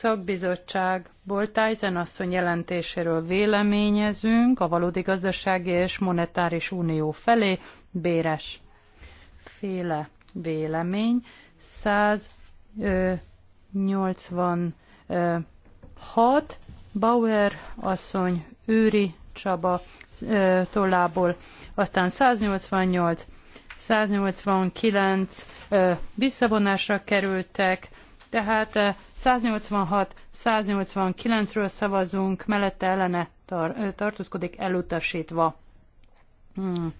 szakbizottság Boltájzen asszony jelentéséről véleményezünk a valódi gazdasági és monetáris unió felé, béres féle vélemény, 186 Bauer asszony, Őri Csaba tollából, aztán 188, 189 visszavonásra kerültek, tehát 186-189-ről szavazunk, mellette ellene tar- tartózkodik elutasítva. Hmm.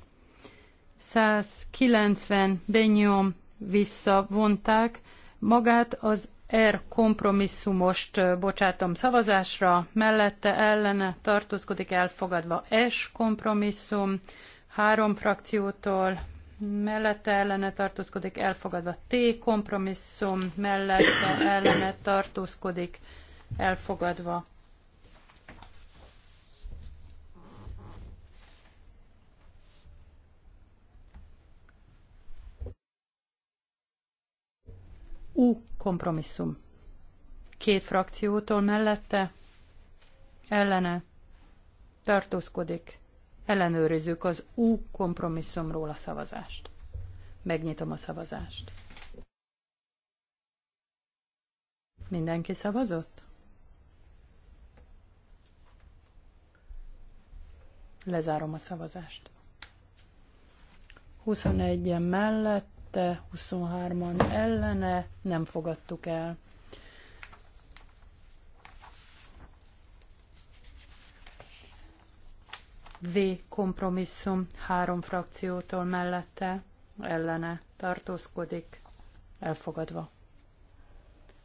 190 Benyom visszavonták, magát az R kompromisszumost bocsátom szavazásra, mellette ellene tartózkodik elfogadva S kompromisszum, három frakciótól mellette ellene tartózkodik, elfogadva. T kompromisszum mellette ellene tartózkodik, elfogadva. U kompromisszum. Két frakciótól mellette ellene tartózkodik, Ellenőrizzük az U kompromisszumról a szavazást. Megnyitom a szavazást. Mindenki szavazott? Lezárom a szavazást. 21-en mellette, 23-an ellene nem fogadtuk el. V kompromisszum három frakciótól mellette ellene tartózkodik, elfogadva.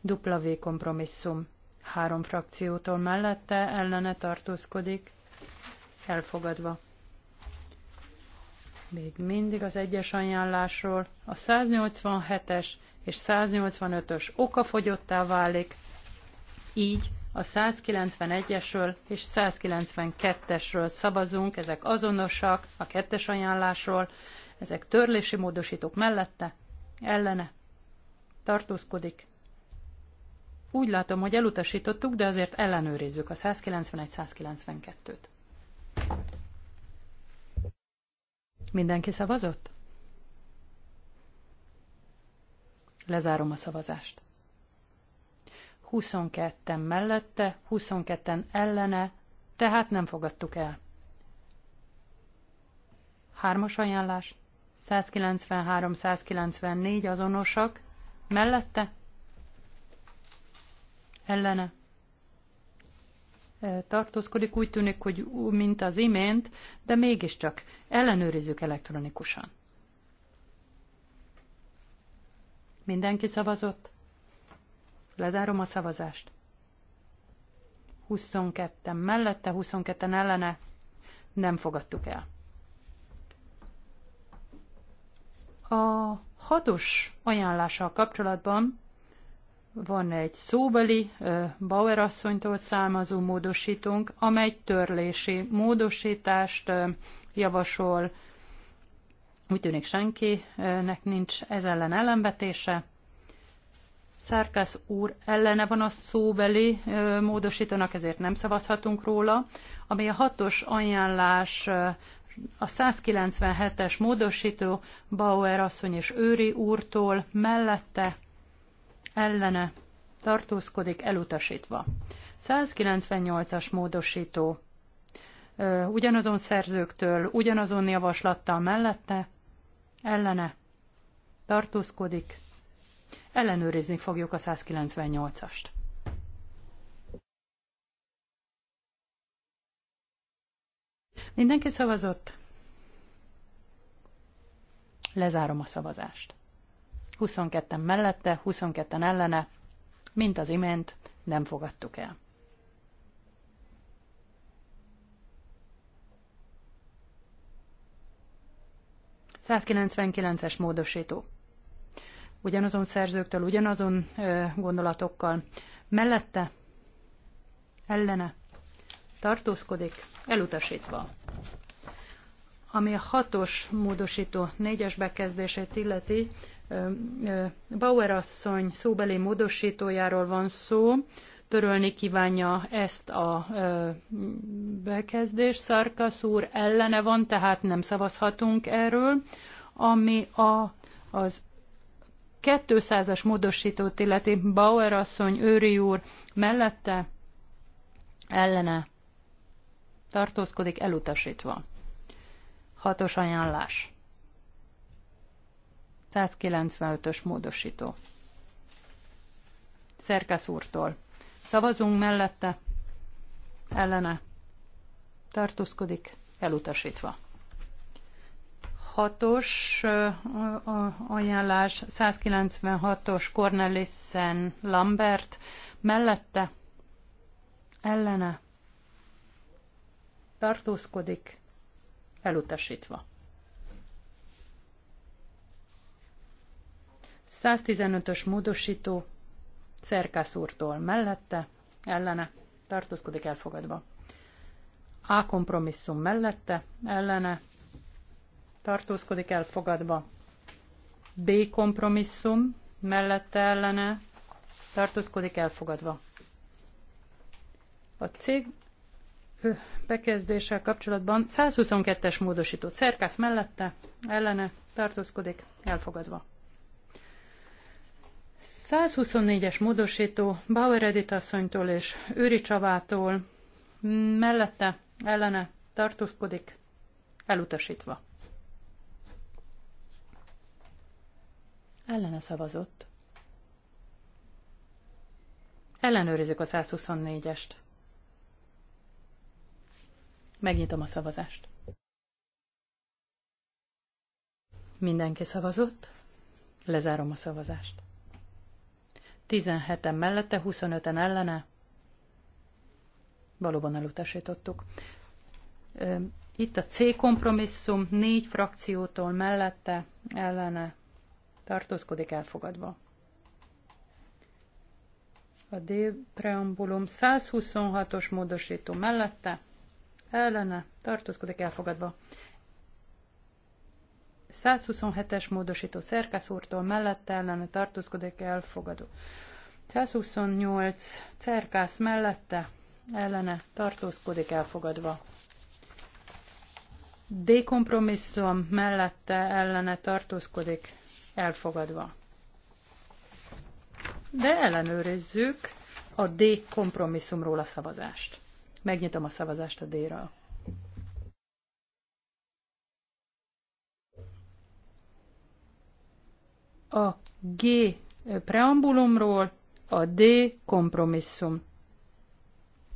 W kompromisszum három frakciótól mellette ellene tartózkodik, elfogadva. Még mindig az egyes ajánlásról a 187-es és 185-ös okafogyottá válik, így a 191-esről és 192-esről szavazunk, ezek azonosak, a kettes ajánlásról, ezek törlési módosítók mellette, ellene, tartózkodik. Úgy látom, hogy elutasítottuk, de azért ellenőrizzük a 191-192-t. Mindenki szavazott? Lezárom a szavazást. 22-en mellette, 22-en ellene, tehát nem fogadtuk el. Hármas ajánlás, 193-194 azonosak, mellette, ellene. E, tartózkodik, úgy tűnik, hogy mint az imént, de mégiscsak ellenőrizzük elektronikusan. Mindenki szavazott? Lezárom a szavazást. 22 mellette, 22 ellene nem fogadtuk el. A hatos ajánlással kapcsolatban van egy szóbeli Bauer asszonytól származó módosítónk, amely törlési módosítást javasol. Úgy tűnik senkinek nincs ez ellen ellenvetése. Szárkász úr ellene van a szóbeli módosítónak, ezért nem szavazhatunk róla, ami a hatos ajánlás a 197-es módosító Bauer asszony és Őri úrtól mellette ellene tartózkodik elutasítva. 198-as módosító ugyanazon szerzőktől, ugyanazon javaslattal mellette ellene tartózkodik Ellenőrizni fogjuk a 198-ast. Mindenki szavazott? Lezárom a szavazást. 22-en mellette, 22-en ellene, mint az imént, nem fogadtuk el. 199-es módosító ugyanazon szerzőktől, ugyanazon gondolatokkal. Mellette, ellene tartózkodik, elutasítva. Ami a hatos módosító négyes bekezdését illeti, Bauer asszony szóbeli módosítójáról van szó, törölni kívánja ezt a bekezdést. Szarkasz úr ellene van, tehát nem szavazhatunk erről. Ami a, az 200-as módosítót illeti Bauer asszony, Őri úr mellette ellene tartózkodik elutasítva. Hatos ajánlás. 195-ös módosító. Szerkesz úrtól. Szavazunk mellette, ellene tartózkodik elutasítva. 196-os ajánlás, 196-os Cornelissen Lambert mellette ellene tartózkodik, elutasítva. 115-ös módosító Szerkász úrtól mellette, ellene, tartózkodik elfogadva. A kompromisszum mellette, ellene, tartózkodik elfogadva. B kompromisszum mellette ellene tartózkodik elfogadva. A cég bekezdéssel kapcsolatban 122-es módosító szerkász mellette ellene tartózkodik elfogadva. 124-es módosító Bauer Edith asszonytól és Őri Csavától mellette ellene tartózkodik elutasítva. Ellene szavazott. Ellenőrizzük a 124-est. Megnyitom a szavazást. Mindenki szavazott. Lezárom a szavazást. 17-en mellette, 25-en ellene. Valóban elutasítottuk. Itt a C kompromisszum négy frakciótól mellette, ellene tartózkodik elfogadva. A D preambulum 126-os módosító mellette ellene tartózkodik elfogadva. 127-es módosító szerkeszúrtól mellette ellene tartózkodik elfogadó. 128 cerkász mellette ellene tartózkodik elfogadva. D kompromisszum mellette ellene tartózkodik elfogadva. De ellenőrizzük a D kompromisszumról a szavazást. Megnyitom a szavazást a D-ről. A G preambulumról a D kompromisszum.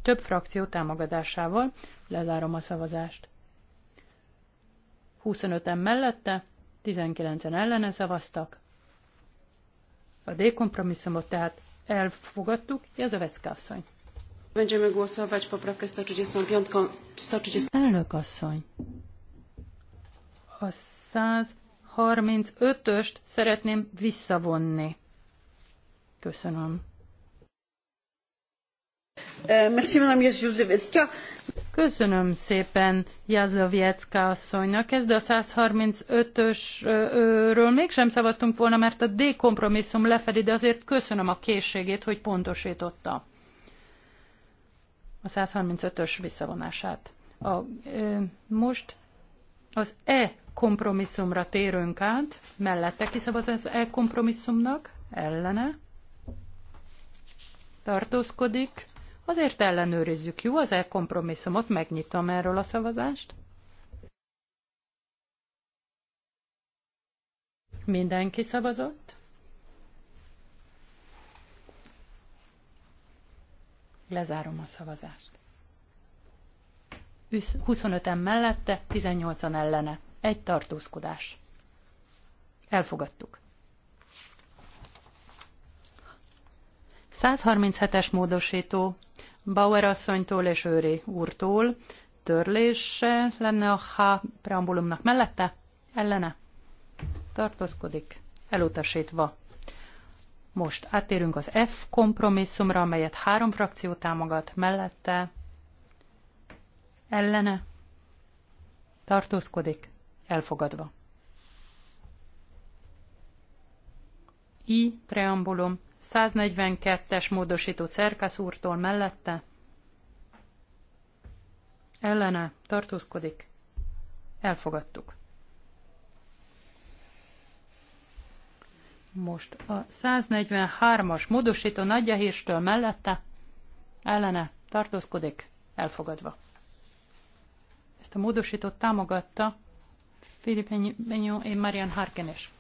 Több frakció támogatásával lezárom a szavazást. 25-en mellette, 19-en ellene szavaztak. A D kompromisszumot tehát elfogadtuk, ez a Vecka asszony. Będziemy głosować poprawkę 135. 130... Elnök asszony. A 135-öst szeretném visszavonni. Köszönöm. E, merci, Madame Köszönöm szépen Jazlovjecka asszonynak. Ez de a 135-ösről mégsem szavaztunk volna, mert a D kompromisszum lefedi, de azért köszönöm a készségét, hogy pontosította a 135-ös visszavonását. A, ö, most az E kompromisszumra térünk át, mellette kiszavaz az E kompromisszumnak, ellene, tartózkodik, Azért ellenőrizzük, jó az elkompromisszumot, megnyitom erről a szavazást. Mindenki szavazott? Lezárom a szavazást. 25-en mellette, 18-an ellene. Egy tartózkodás. Elfogadtuk. 137-es módosító Bauer asszonytól és Őri úrtól törlése lenne a H preambulumnak mellette? Ellene? Tartózkodik. Elutasítva. Most áttérünk az F kompromisszumra, amelyet három frakció támogat mellette. Ellene? Tartózkodik. Elfogadva. I preambulum 142-es módosító Cerkasz úrtól mellette. Ellene tartózkodik. Elfogadtuk. Most a 143-as módosító nagyjahírstől mellette. Ellene tartózkodik. Elfogadva. Ezt a módosítót támogatta Filipe Benyó és Marian Harken is.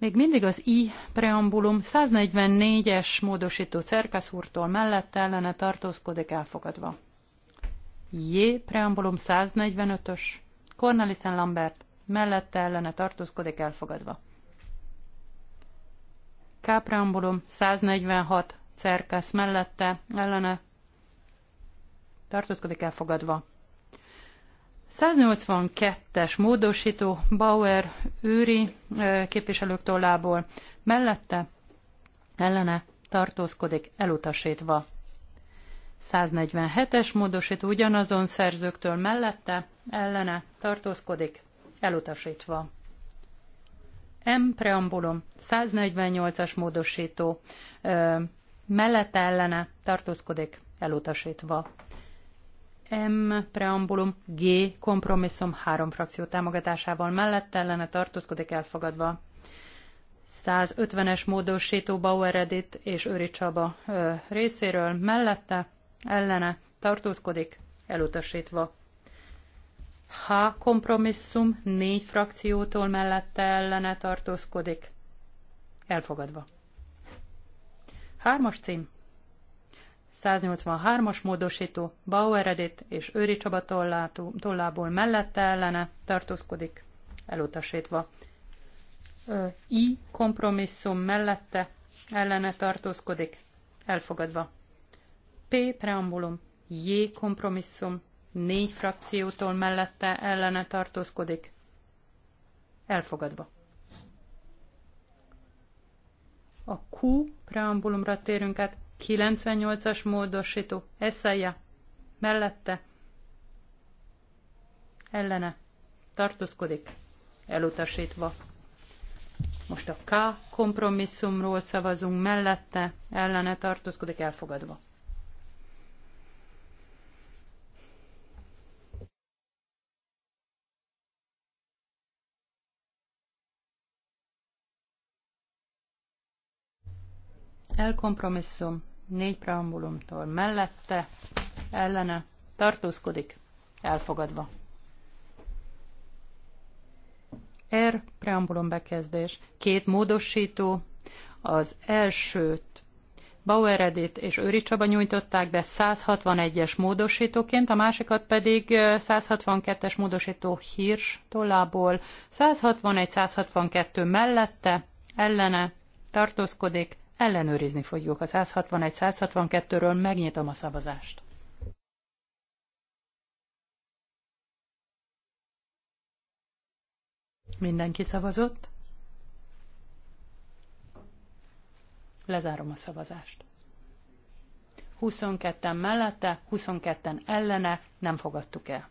Még mindig az I preambulum 144-es módosító cerkaszúrtól mellett ellene tartózkodik elfogadva. J preambulum 145-ös Cornelissen Lambert mellette ellene tartózkodik elfogadva. K preambulum 146 Cerkasz mellette ellene tartózkodik elfogadva. 182-es módosító Bauer őri képviselők tollából mellette ellene tartózkodik elutasítva. 147-es módosító ugyanazon szerzőktől mellette ellene tartózkodik elutasítva. M. Preambulum 148-as módosító mellette ellene tartózkodik elutasítva. M preambulum G kompromisszum három frakció támogatásával mellett ellene tartózkodik elfogadva. 150-es módosító Bauer Edith és Őri Csaba ö, részéről mellette ellene tartózkodik elutasítva. H kompromisszum négy frakciótól mellette ellene tartózkodik elfogadva. Hármas cím 183-as módosító Bauer Edith és Őri Csaba tollátó, tollából mellette ellene tartózkodik, elutasítva. I kompromisszum mellette ellene tartózkodik, elfogadva. P preambulum, J kompromisszum, négy frakciótól mellette ellene tartózkodik, elfogadva. A Q preambulumra térünk át, 98-as módosító. Eszelje. Mellette. Ellene. Tartózkodik. Elutasítva. Most a K kompromisszumról szavazunk mellette, ellene tartózkodik elfogadva. elkompromisszum négy preambulumtól mellette, ellene, tartózkodik, elfogadva. R preambulum bekezdés, két módosító, az elsőt Bauer Edith és Őri Csaba nyújtották be 161-es módosítóként, a másikat pedig 162-es módosító Hirsch tollából 161-162 mellette, ellene, tartózkodik, Ellenőrizni fogjuk a 161-162-ről, megnyitom a szavazást. Mindenki szavazott? Lezárom a szavazást. 22-en mellette, 22-en ellene nem fogadtuk el.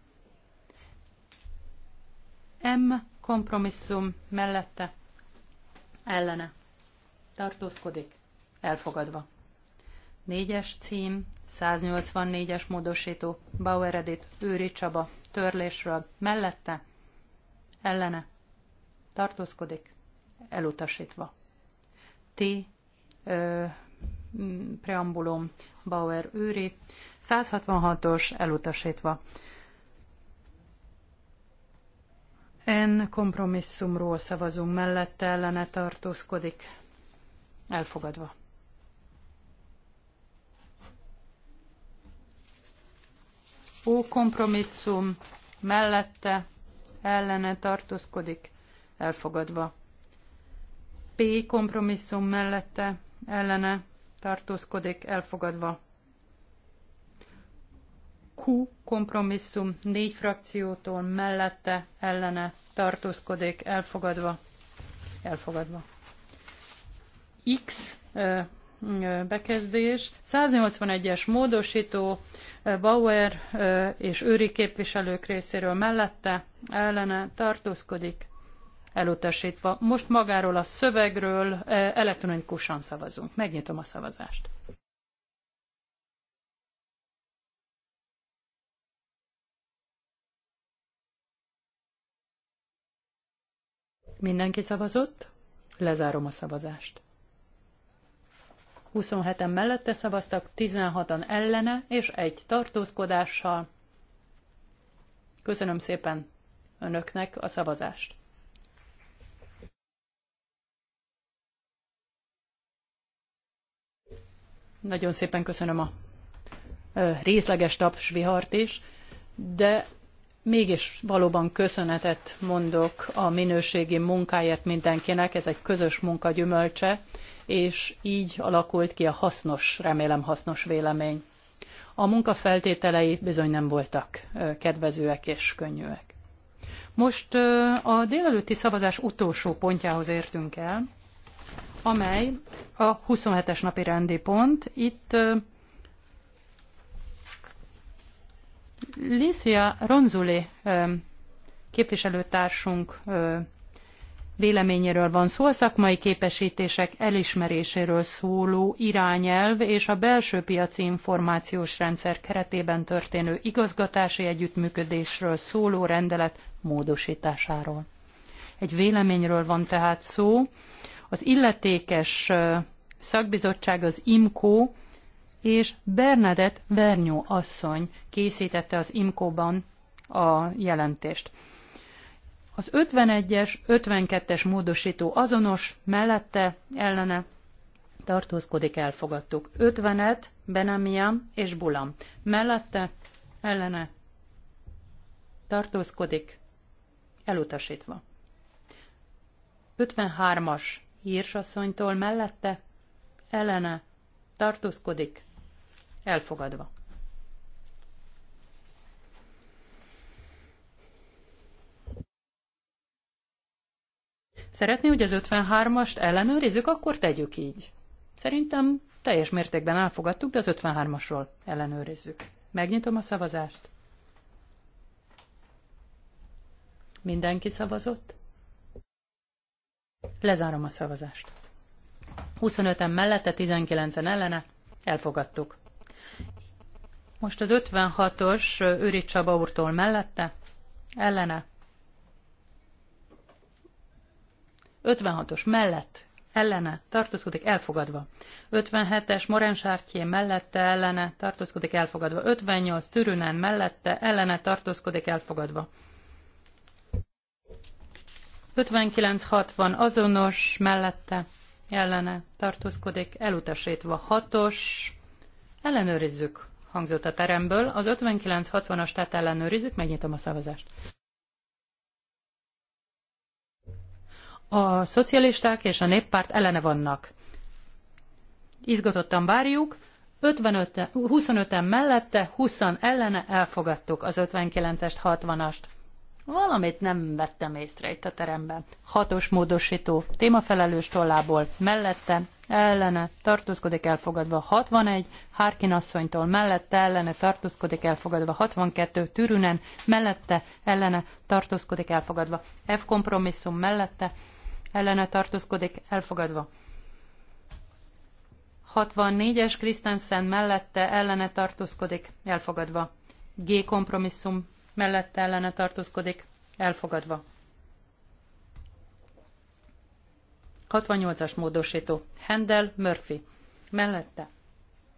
M kompromisszum mellette, ellene. Tartózkodik. Elfogadva. Négyes cím, 184-es módosító, Bauer Edith, Őri Csaba, törlésről, mellette, ellene, tartózkodik, elutasítva. T. Ö, preambulum, Bauer Őri, 166-os, elutasítva. En kompromisszumról szavazunk mellette, ellene tartózkodik, elfogadva. Ó kompromisszum mellette ellene tartózkodik, elfogadva. P kompromisszum mellette ellene tartózkodik, elfogadva. Q kompromisszum négy frakciótól mellette ellene tartózkodik, elfogadva. Elfogadva. X bekezdés. 181-es módosító Bauer és őri képviselők részéről mellette ellene tartózkodik elutasítva. Most magáról a szövegről elektronikusan szavazunk. Megnyitom a szavazást. Mindenki szavazott? Lezárom a szavazást. 27-en mellette szavaztak, 16-an ellene, és egy tartózkodással. Köszönöm szépen önöknek a szavazást. Nagyon szépen köszönöm a részleges tapsvihart is, de mégis valóban köszönetet mondok a minőségi munkáért mindenkinek, ez egy közös munka gyümölcse, és így alakult ki a hasznos, remélem hasznos vélemény. A munka feltételei bizony nem voltak kedvezőek és könnyűek. Most a délelőtti szavazás utolsó pontjához értünk el, amely a 27-es napi rendi pont. Itt Lícia Ronzuli képviselőtársunk véleményéről van szó, a szakmai képesítések elismeréséről szóló irányelv és a belső piaci információs rendszer keretében történő igazgatási együttműködésről szóló rendelet módosításáról. Egy véleményről van tehát szó. Az illetékes szakbizottság az IMCO és Bernadett Vernyó asszony készítette az IMCO-ban a jelentést. Az 51-es, 52-es módosító azonos, mellette, ellene tartózkodik, elfogadtuk. 50-et, Benamiam és Bulam. Mellette, ellene tartózkodik, elutasítva. 53-as, hírsasszonytól mellette, ellene tartózkodik, elfogadva. Szeretné, hogy az 53-ast ellenőrizzük, akkor tegyük így. Szerintem teljes mértékben elfogadtuk, de az 53-asról ellenőrizzük. Megnyitom a szavazást. Mindenki szavazott? Lezárom a szavazást. 25-en mellette, 19-en ellene. Elfogadtuk. Most az 56-os Őri Csaba úrtól mellette, ellene 56-os mellett ellene tartózkodik elfogadva. 57-es Morán Sártyé mellette ellene tartózkodik elfogadva. 58 Türünen mellette ellene tartózkodik elfogadva. 59-60 azonos mellette ellene tartózkodik elutasítva. 6-os ellenőrizzük hangzott a teremből. Az 59-60-as tehát ellenőrizzük, megnyitom a szavazást. A szocialisták és a néppárt ellene vannak. Izgatottan várjuk. 55 25-en mellette, 20 ellene elfogadtuk az 59-est, 60-ast. Valamit nem vettem észre itt a teremben. Hatos módosító, témafelelős tollából, mellette, ellene, tartózkodik elfogadva 61, Harkin asszonytól mellette, ellene, tartózkodik elfogadva 62, türünen mellette, ellene, tartózkodik elfogadva. F kompromisszum mellette, ellene tartózkodik, elfogadva. 64-es Krisztenszen mellette ellene tartózkodik, elfogadva. G kompromisszum mellette ellene tartózkodik, elfogadva. 68-as módosító. Hendel Murphy. Mellette.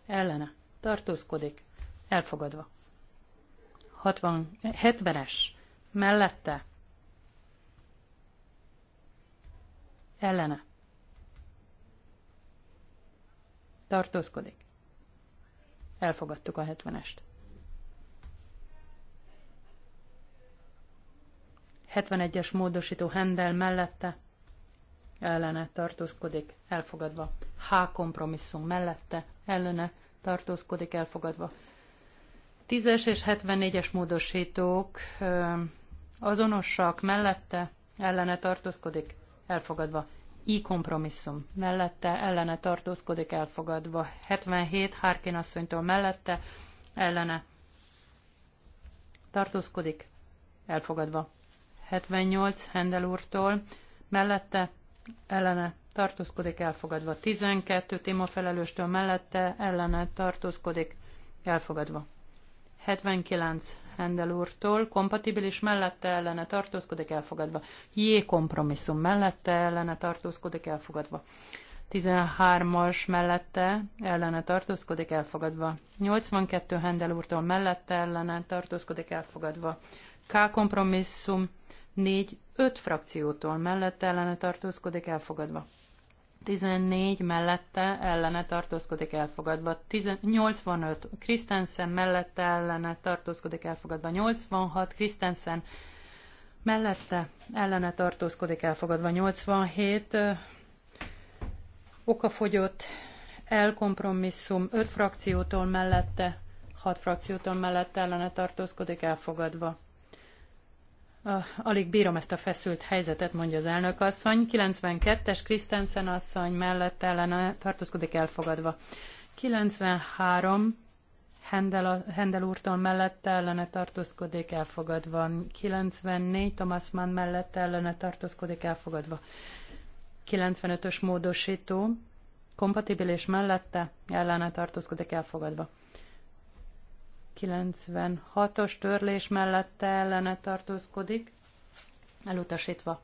Ellene. Tartózkodik. Elfogadva. 60, 70-es. Mellette. Ellene. Tartózkodik. Elfogadtuk a 70-est. 71-es módosító Hendel mellette ellene tartózkodik, elfogadva. H kompromisszum mellette ellene tartózkodik, elfogadva. 10-es és 74-es módosítók azonosak mellette ellene tartózkodik, elfogadva. I kompromisszum. Mellette ellene tartózkodik elfogadva. 77 Harkin asszonytól mellette ellene tartózkodik elfogadva. 78 Hendel úrtól mellette ellene tartózkodik elfogadva. 12 Timo felelőstől mellette ellene tartózkodik elfogadva. 79 Hendel úrtól, kompatibilis mellette ellene tartózkodik elfogadva. J kompromisszum mellette ellene tartózkodik elfogadva. 13-as mellette ellene tartózkodik elfogadva. 82 Hendel úrtól mellette ellene tartózkodik elfogadva. K kompromisszum 4-5 frakciótól mellette ellene tartózkodik elfogadva. 14 mellette ellene tartózkodik elfogadva. 85 Krisztensen mellette ellene tartózkodik elfogadva. 86 Krisztensen mellette ellene tartózkodik elfogadva. 87 okafogyott elkompromisszum 5 frakciótól mellette, 6 frakciótól mellette ellene tartózkodik elfogadva. Alig bírom ezt a feszült helyzetet, mondja az elnök asszony. 92-es Krisztensen asszony mellett ellene tartózkodik elfogadva. 93 Hendel, Hendel úrtól mellette ellene tartózkodik elfogadva. 94 Thomas Mann mellette ellene tartózkodik elfogadva. 95-ös módosító kompatibilis mellette ellene tartózkodik elfogadva. 96-os törlés mellette ellene tartózkodik, elutasítva.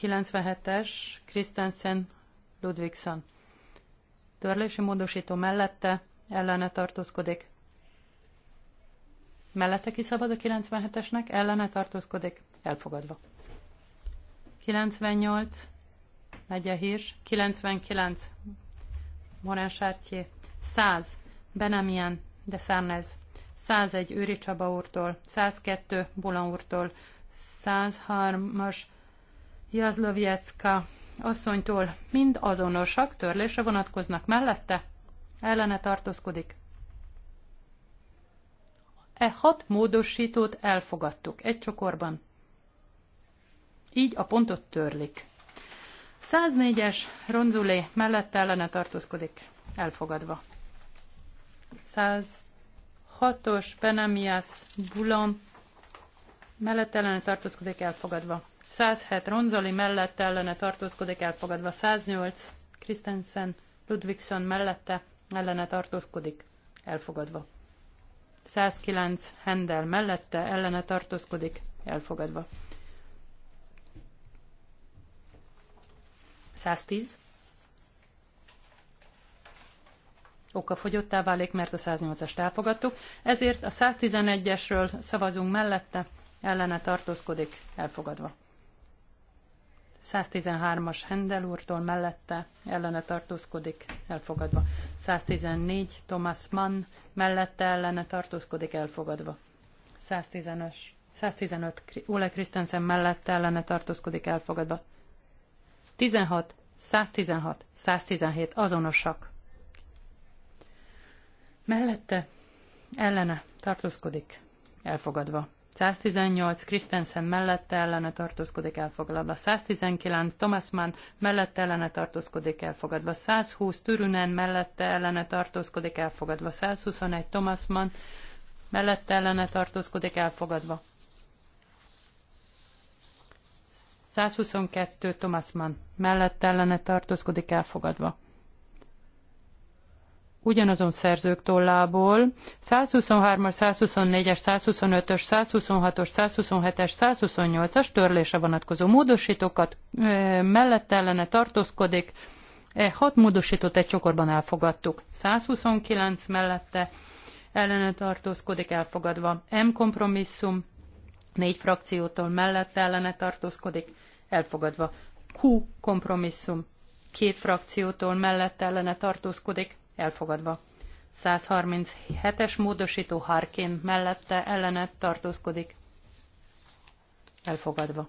97-es Christensen Ludvigson. Törlési módosító mellette ellene tartózkodik. Mellette kiszabad a 97-esnek, ellene tartózkodik, elfogadva. 98, Megye Hírs, 99, Morán Sártyé, 100, Benemien, de Szárnez 101 Őri Csaba úrtól, 102 Bula úrtól, 103-as Jazlovjecka asszonytól mind azonosak, törlésre vonatkoznak mellette, ellene tartózkodik. E hat módosítót elfogadtuk egy csokorban. Így a pontot törlik. 104-es Ronzulé mellette ellene tartózkodik, elfogadva. 106-os Benemias Bulon mellett ellene tartózkodik elfogadva. 107 Ronzoli mellett ellene tartózkodik elfogadva. 108 Christensen Ludvigson mellette ellene tartózkodik elfogadva. 109 Hendel mellette ellene tartózkodik elfogadva. 110 Oka fogyottá válik, mert a 108 est elfogadtuk, ezért a 111-esről szavazunk mellette, ellene tartózkodik, elfogadva. 113-as Hendel úrtól mellette, ellene tartózkodik, elfogadva. 114 Thomas Mann mellette, ellene tartózkodik, elfogadva. 115 es 115 Ole Christensen mellette, ellene tartózkodik, elfogadva. 16, 116, 117 azonosak Mellette ellene tartózkodik, elfogadva. 118 Christensen mellette ellene tartózkodik elfogadva, 119 Thomas Mann mellette ellene tartózkodik elfogadva, 120 Türünen mellette ellene tartózkodik elfogadva, 121 Thomas Mann mellette ellene tartózkodik elfogadva. 122 Thomas Mann mellette ellene tartózkodik elfogadva ugyanazon szerzők tollából 123-as, 124-es, 125-ös, 126-os, 127-es, 128-as törlése vonatkozó módosítókat mellett ellene tartózkodik. E hat módosítót egy csokorban elfogadtuk. 129 mellette ellene tartózkodik elfogadva. M kompromisszum négy frakciótól mellette ellene tartózkodik elfogadva. Q kompromisszum két frakciótól mellette ellene tartózkodik elfogadva. 137-es módosító Harkin mellette ellene tartózkodik. Elfogadva.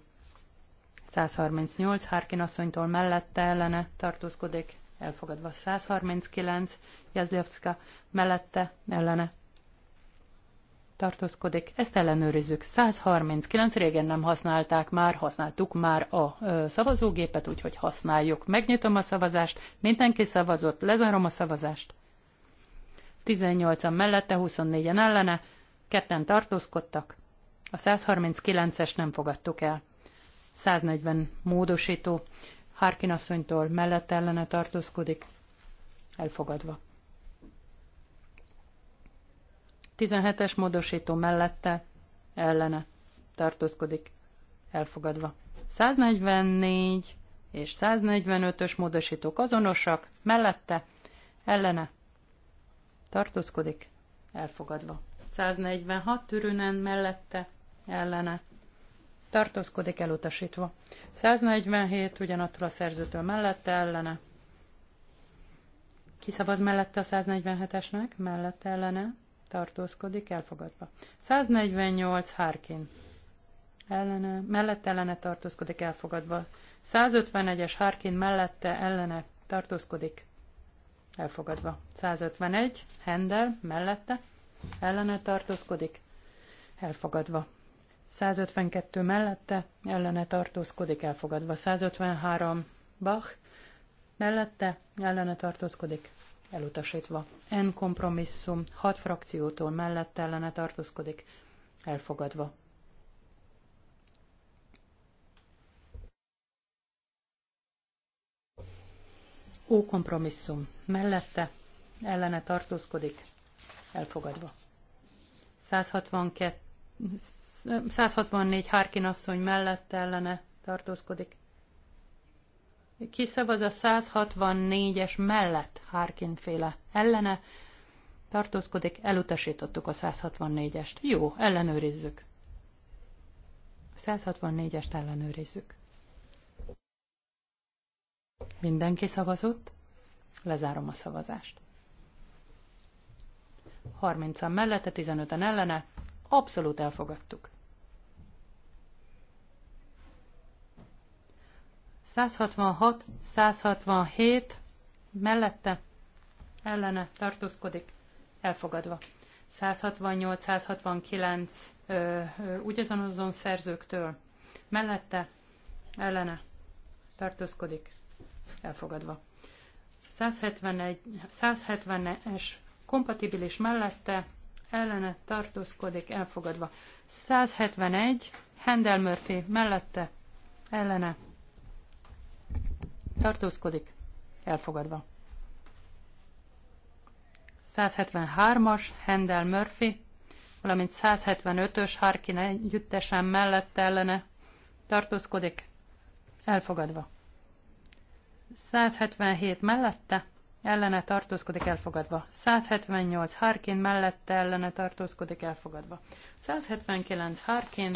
138 Harkin asszonytól mellette ellene tartózkodik. Elfogadva. 139 Jazlevska mellette ellene tartózkodik. Ezt ellenőrizzük. 139 régen nem használták már, használtuk már a ö, szavazógépet, úgyhogy használjuk. Megnyitom a szavazást, mindenki szavazott, lezárom a szavazást. 18-an mellette, 24-en ellene, ketten tartózkodtak. A 139-es nem fogadtuk el. 140 módosító, Harkin asszonytól mellette ellene tartózkodik, elfogadva. 17-es módosító mellette ellene tartózkodik elfogadva. 144 és 145-ös módosítók azonosak, mellette ellene tartózkodik elfogadva. 146 törőnen mellette ellene tartózkodik elutasítva. 147 ugyanattól a szerzőtől mellette ellene. Kiszavaz mellette a 147-esnek, mellette ellene tartózkodik, elfogadva. 148 Harkin ellene, mellette ellene tartózkodik, elfogadva. 151-es Harkin mellette ellene tartózkodik, elfogadva. 151 Hendel mellette ellene tartózkodik, elfogadva. 152 mellette ellene tartózkodik, elfogadva. 153 Bach mellette ellene tartózkodik, elutasítva. En kompromisszum, hat frakciótól mellett ellene tartózkodik, elfogadva. Ó kompromisszum, mellette ellene tartózkodik, elfogadva. 162, 164 Harkin asszony mellette ellene tartózkodik, ki szavaz a 164-es mellett Harkin féle ellene? Tartózkodik, elutasítottuk a 164-est. Jó, ellenőrizzük. 164-est ellenőrizzük. Mindenki szavazott? Lezárom a szavazást. 30-an mellette, 15-en ellene. Abszolút elfogadtuk. 166, 167 mellette ellene tartózkodik, elfogadva. 168-169 ugyanazon szerzőktől mellette ellene tartózkodik, elfogadva. 171, 170-es kompatibilis mellette ellene tartózkodik, elfogadva. 171 Handel Murphy mellette ellene tartózkodik, elfogadva. 173-as Hendel Murphy, valamint 175-ös Harkin együttesen mellett ellene tartózkodik, elfogadva. 177 mellette, ellene tartózkodik elfogadva. 178 Harkin mellette ellene tartózkodik elfogadva. 179 Harkin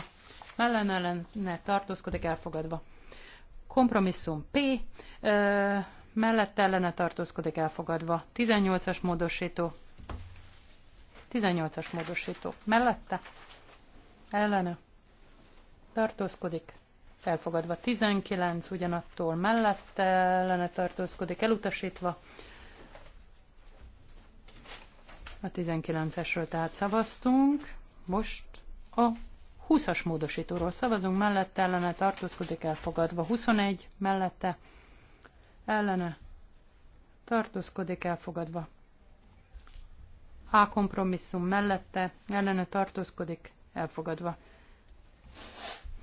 mellene ellene tartózkodik elfogadva. Kompromisszum P mellette ellene tartózkodik elfogadva. 18-as módosító. 18-as módosító. Mellette? Ellene. Tartózkodik. Elfogadva. 19 ugyanattól mellette ellene tartózkodik. Elutasítva. A 19-esről tehát szavaztunk. Most a 20-as módosítóról szavazunk, mellette ellene tartózkodik elfogadva. 21 mellette ellene tartózkodik elfogadva. A kompromisszum mellette ellene tartózkodik elfogadva.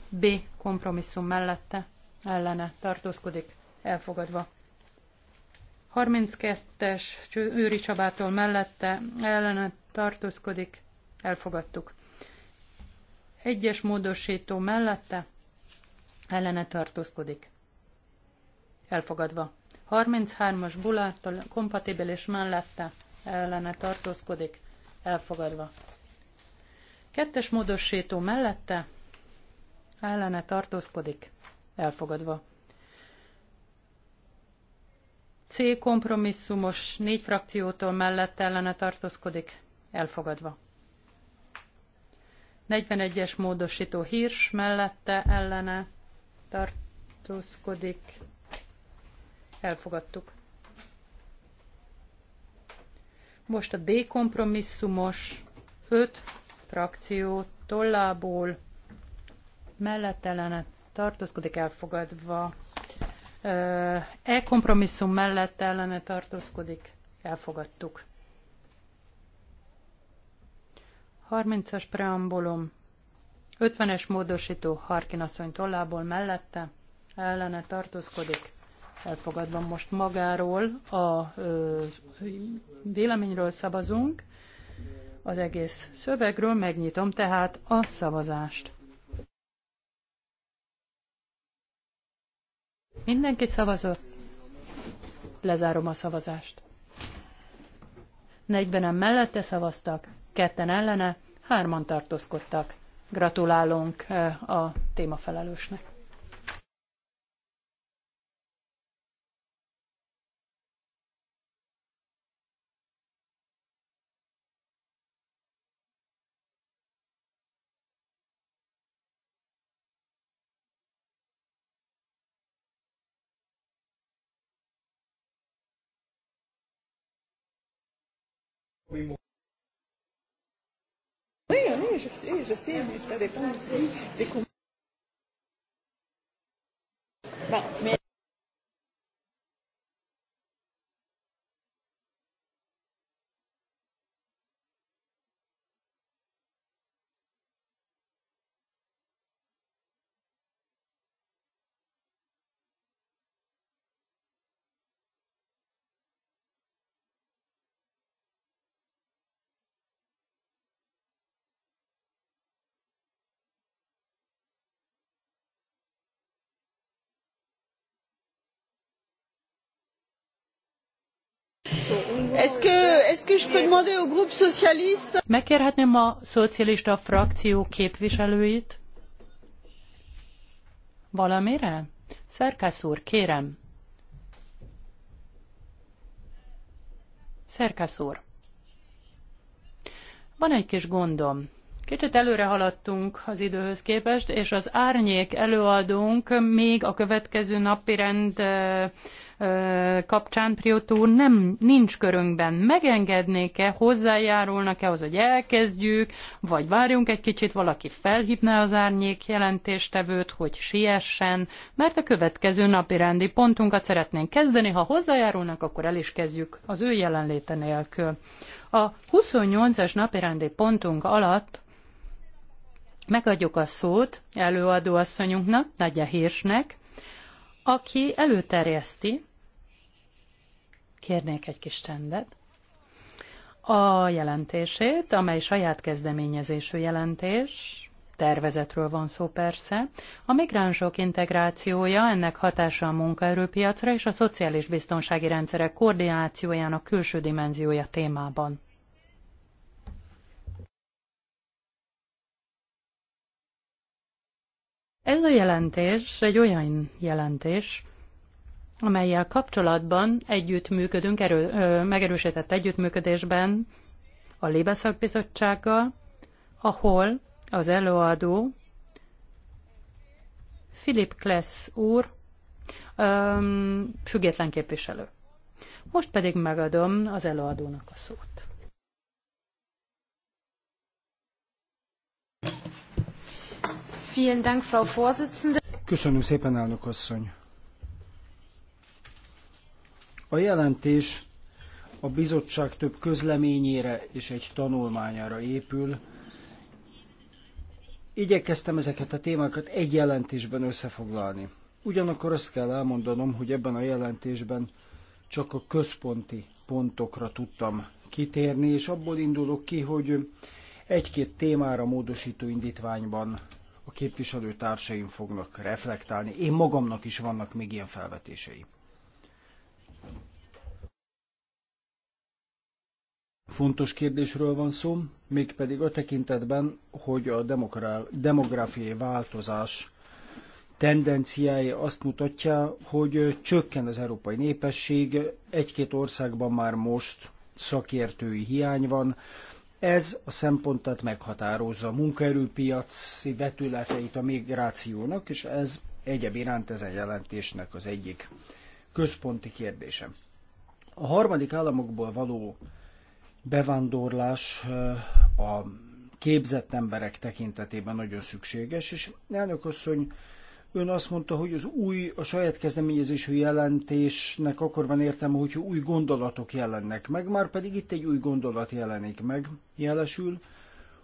B kompromisszum mellette ellene tartózkodik elfogadva. 32-es Őri Csabától mellette ellene tartózkodik elfogadtuk. Egyes módosító mellette ellene tartózkodik. Elfogadva. 33-as bulártól kompatibilis mellette ellene tartózkodik. Elfogadva. Kettes módosító mellette ellene tartózkodik. Elfogadva. C kompromisszumos négy frakciótól mellette ellene tartózkodik. Elfogadva. 41-es módosító hírs mellette ellene tartózkodik. Elfogadtuk. Most a D kompromisszumos 5 frakció tollából ellene tartózkodik elfogadva. E kompromisszum mellett ellene tartózkodik, elfogadtuk. 30-as preambulum, 50-es módosító Harkin asszony tollából mellette, ellene tartózkodik, elfogadva most magáról a ö, véleményről szavazunk, az egész szövegről megnyitom tehát a szavazást. Mindenki szavazott? Lezárom a szavazást. 40-en mellette szavaztak, ketten ellene, hárman tartózkodtak. Gratulálunk eh, a témafelelősnek. je sais, mais ça dépend aussi des Megkérhetném a szocialista frakció képviselőit valamire? Szerkász úr, kérem. Szerkász úr, van egy kis gondom. Kicsit előre haladtunk az időhöz képest, és az árnyék előadónk még a következő napi rend kapcsán Priotó nem, nincs körünkben. Megengednék-e, hozzájárulnak-e az, hogy elkezdjük, vagy várjunk egy kicsit, valaki felhívne az árnyék jelentéstevőt, hogy siessen, mert a következő napi rendi pontunkat szeretnénk kezdeni. Ha hozzájárulnak, akkor el is kezdjük az ő jelenléte nélkül. A 28-as rendi pontunk alatt megadjuk a szót előadóasszonyunknak, Nagyja Hírsnek, aki előterjeszti kérnék egy kis csendet. A jelentését, amely saját kezdeményezésű jelentés, tervezetről van szó persze, a migránsok integrációja, ennek hatása a munkaerőpiacra és a szociális biztonsági rendszerek koordinációjának külső dimenziója témában. Ez a jelentés egy olyan jelentés, amelyel kapcsolatban együttműködünk, erő, ö, megerősített együttműködésben a Libe szakbizottsággal, ahol az előadó Philip Kless úr ö, független képviselő. Most pedig megadom az előadónak a szót. Köszönöm szépen, elnök asszony. A jelentés a bizottság több közleményére és egy tanulmányára épül. Igyekeztem ezeket a témákat egy jelentésben összefoglalni. Ugyanakkor azt kell elmondanom, hogy ebben a jelentésben csak a központi pontokra tudtam kitérni, és abból indulok ki, hogy egy-két témára módosító indítványban a képviselőtársaim fognak reflektálni. Én magamnak is vannak még ilyen felvetései. Fontos kérdésről van szó, mégpedig a tekintetben, hogy a demográfiai változás tendenciája azt mutatja, hogy csökken az európai népesség, egy-két országban már most szakértői hiány van, ez a szempontot meghatározza a munkaerőpiaci vetületeit a migrációnak, és ez egyéb iránt ezen jelentésnek az egyik központi kérdése. A harmadik államokból való bevándorlás a képzett emberek tekintetében nagyon szükséges, és elnök asszony, Ön azt mondta, hogy az új, a saját kezdeményezésű jelentésnek akkor van értelme, hogyha új gondolatok jelennek meg, már pedig itt egy új gondolat jelenik meg, jelesül,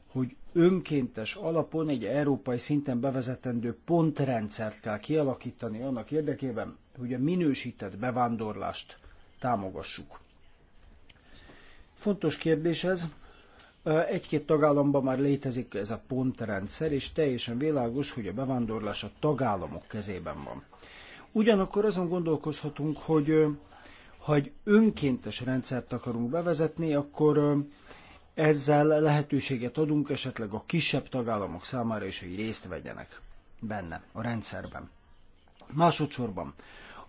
hogy önkéntes alapon egy európai szinten bevezetendő pontrendszert kell kialakítani annak érdekében, hogy a minősített bevándorlást támogassuk. Fontos kérdés ez. Egy-két tagállamban már létezik ez a pontrendszer, és teljesen világos, hogy a bevándorlás a tagállamok kezében van. Ugyanakkor azon gondolkozhatunk, hogy ha egy önkéntes rendszert akarunk bevezetni, akkor ezzel lehetőséget adunk esetleg a kisebb tagállamok számára is, hogy részt vegyenek benne, a rendszerben. Másodszorban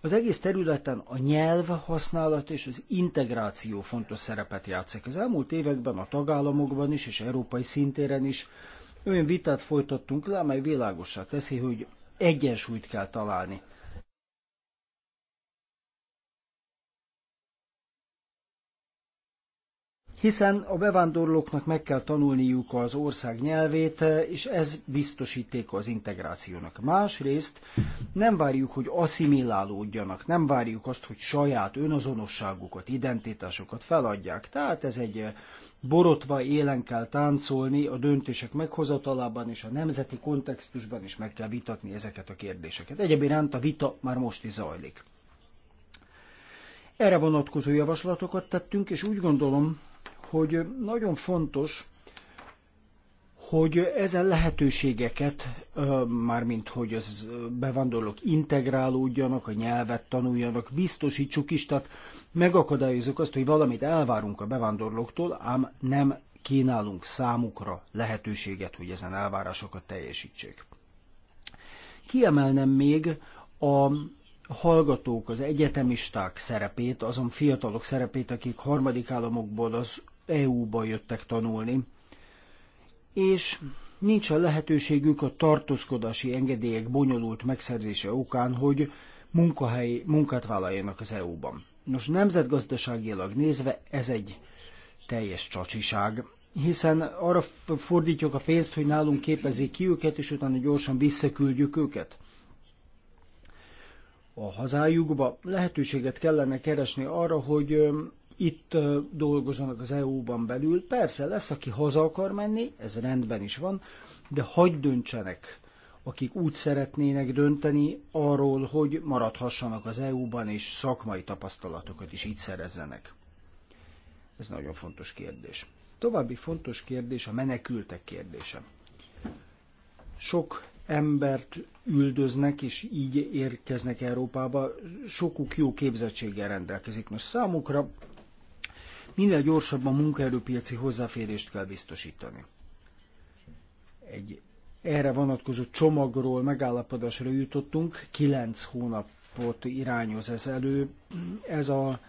az egész területen a nyelv használat és az integráció fontos szerepet játszik. Az elmúlt években a tagállamokban is és európai szintéren is olyan vitát folytattunk le, amely világosá teszi, hogy egyensúlyt kell találni hiszen a bevándorlóknak meg kell tanulniuk az ország nyelvét, és ez biztosíték az integrációnak. Másrészt nem várjuk, hogy asszimilálódjanak, nem várjuk azt, hogy saját önazonosságukat, identitásokat feladják. Tehát ez egy borotva élen kell táncolni a döntések meghozatalában és a nemzeti kontextusban is meg kell vitatni ezeket a kérdéseket. Egyébként a vita már most is zajlik. Erre vonatkozó javaslatokat tettünk, és úgy gondolom, hogy nagyon fontos, hogy ezen lehetőségeket, mármint hogy az bevándorlók integrálódjanak, a nyelvet tanuljanak, biztosítsuk is, tehát megakadályozunk azt, hogy valamit elvárunk a bevándorlóktól, ám nem kínálunk számukra lehetőséget, hogy ezen elvárásokat teljesítsék. Kiemelnem még a hallgatók, az egyetemisták szerepét, azon fiatalok szerepét, akik harmadik államokból az EU-ba jöttek tanulni, és nincs a lehetőségük a tartózkodási engedélyek bonyolult megszerzése okán, hogy munkahelyi munkát vállaljanak az EU-ban. Nos, nemzetgazdaságilag nézve ez egy teljes csacsiság, hiszen arra fordítjuk a pénzt, hogy nálunk képezik ki őket, és utána gyorsan visszaküldjük őket a hazájukba. Lehetőséget kellene keresni arra, hogy itt dolgozzanak az EU-ban belül. Persze lesz, aki haza akar menni, ez rendben is van, de hagyd döntsenek, akik úgy szeretnének dönteni arról, hogy maradhassanak az EU-ban, és szakmai tapasztalatokat is így szerezzenek. Ez nagyon fontos kérdés. További fontos kérdés a menekültek kérdése. Sok embert üldöznek, és így érkeznek Európába, sokuk jó képzettséggel rendelkezik. Most számukra minél gyorsabban munkaerőpiaci hozzáférést kell biztosítani. Egy erre vonatkozó csomagról megállapodásra jutottunk, kilenc hónapot irányoz ez elő. Ez a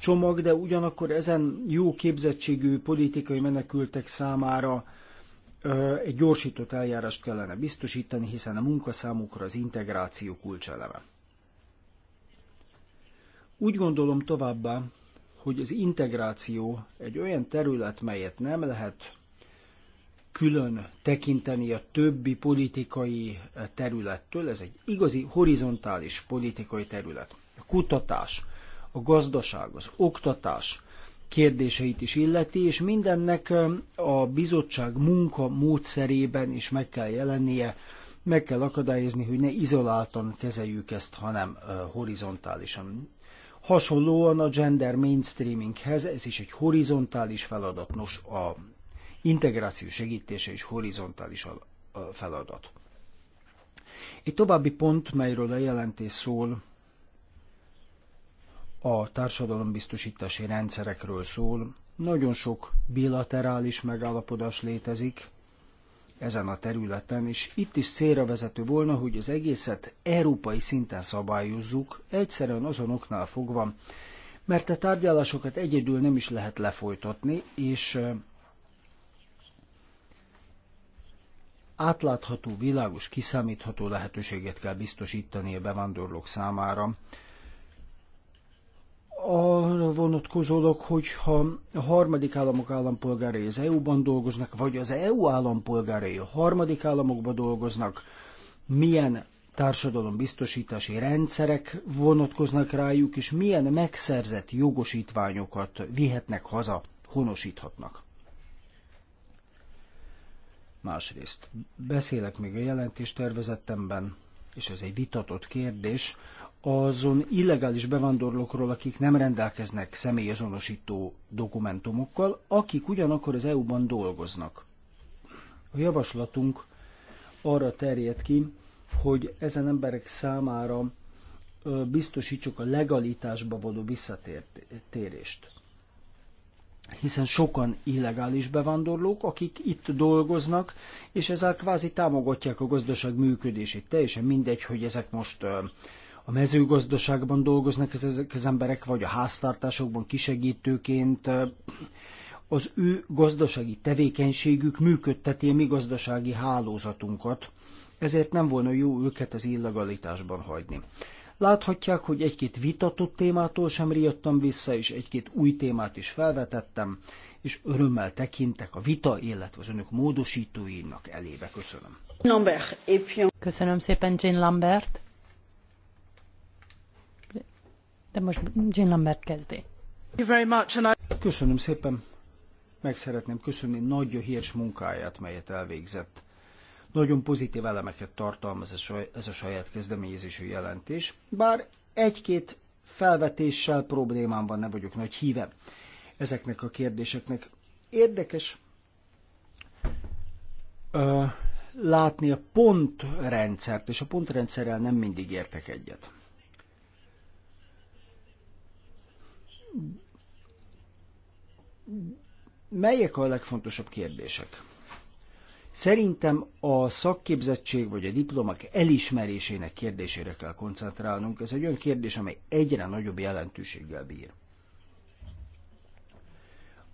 csomag, de ugyanakkor ezen jó képzettségű politikai menekültek számára egy gyorsított eljárást kellene biztosítani, hiszen a munkaszámukra az integráció kulcseleme. Úgy gondolom továbbá, hogy az integráció egy olyan terület, melyet nem lehet külön tekinteni a többi politikai eh, területtől, ez egy igazi horizontális politikai terület. A kutatás, a gazdaság, az oktatás kérdéseit is illeti, és mindennek eh, a bizottság munka módszerében is meg kell jelennie, meg kell akadályozni, hogy ne izoláltan kezeljük ezt, hanem eh, horizontálisan. Hasonlóan a gender mainstreaminghez, ez is egy horizontális feladat, nos a integráció segítése is horizontális a feladat. Egy további pont, melyről a jelentés szól, a társadalombiztosítási rendszerekről szól. Nagyon sok bilaterális megállapodás létezik, ezen a területen, és itt is célra vezető volna, hogy az egészet európai szinten szabályozzuk, egyszerűen azon oknál fogva, mert a tárgyalásokat egyedül nem is lehet lefolytatni, és átlátható, világos, kiszámítható lehetőséget kell biztosítani a bevándorlók számára, arra vonatkozólag, hogyha a harmadik államok állampolgárai az EU-ban dolgoznak, vagy az EU állampolgárai a harmadik államokban dolgoznak, milyen társadalombiztosítási rendszerek vonatkoznak rájuk, és milyen megszerzett jogosítványokat vihetnek haza, honosíthatnak. Másrészt beszélek még a jelentéstervezetemben, és ez egy vitatott kérdés, azon illegális bevándorlókról, akik nem rendelkeznek személyazonosító dokumentumokkal, akik ugyanakkor az EU-ban dolgoznak. A javaslatunk arra terjed ki, hogy ezen emberek számára biztosítsuk a legalitásba való visszatérést. Hiszen sokan illegális bevándorlók, akik itt dolgoznak, és ezzel kvázi támogatják a gazdaság működését. Teljesen mindegy, hogy ezek most a mezőgazdaságban dolgoznak ezek az emberek, vagy a háztartásokban kisegítőként, az ő gazdasági tevékenységük működteti a mi gazdasági hálózatunkat, ezért nem volna jó őket az illegalitásban hagyni. Láthatják, hogy egy-két vitatott témától sem riadtam vissza, és egy-két új témát is felvetettem, és örömmel tekintek a vita, illetve az önök módosítóinak elébe. Köszönöm. Lambert, Köszönöm szépen, Jean Lambert. De most Jean Lambert kezdi. Köszönöm szépen. Meg szeretném köszönni nagy a hírs munkáját, melyet elvégzett. Nagyon pozitív elemeket tartalmaz ez a, saját kezdeményezésű jelentés, bár egy-két felvetéssel problémám van, nem vagyok nagy híve ezeknek a kérdéseknek. Érdekes ö, látni a pontrendszert, és a pontrendszerrel nem mindig értek egyet. melyek a legfontosabb kérdések? Szerintem a szakképzettség vagy a diplomák elismerésének kérdésére kell koncentrálnunk. Ez egy olyan kérdés, amely egyre nagyobb jelentőséggel bír.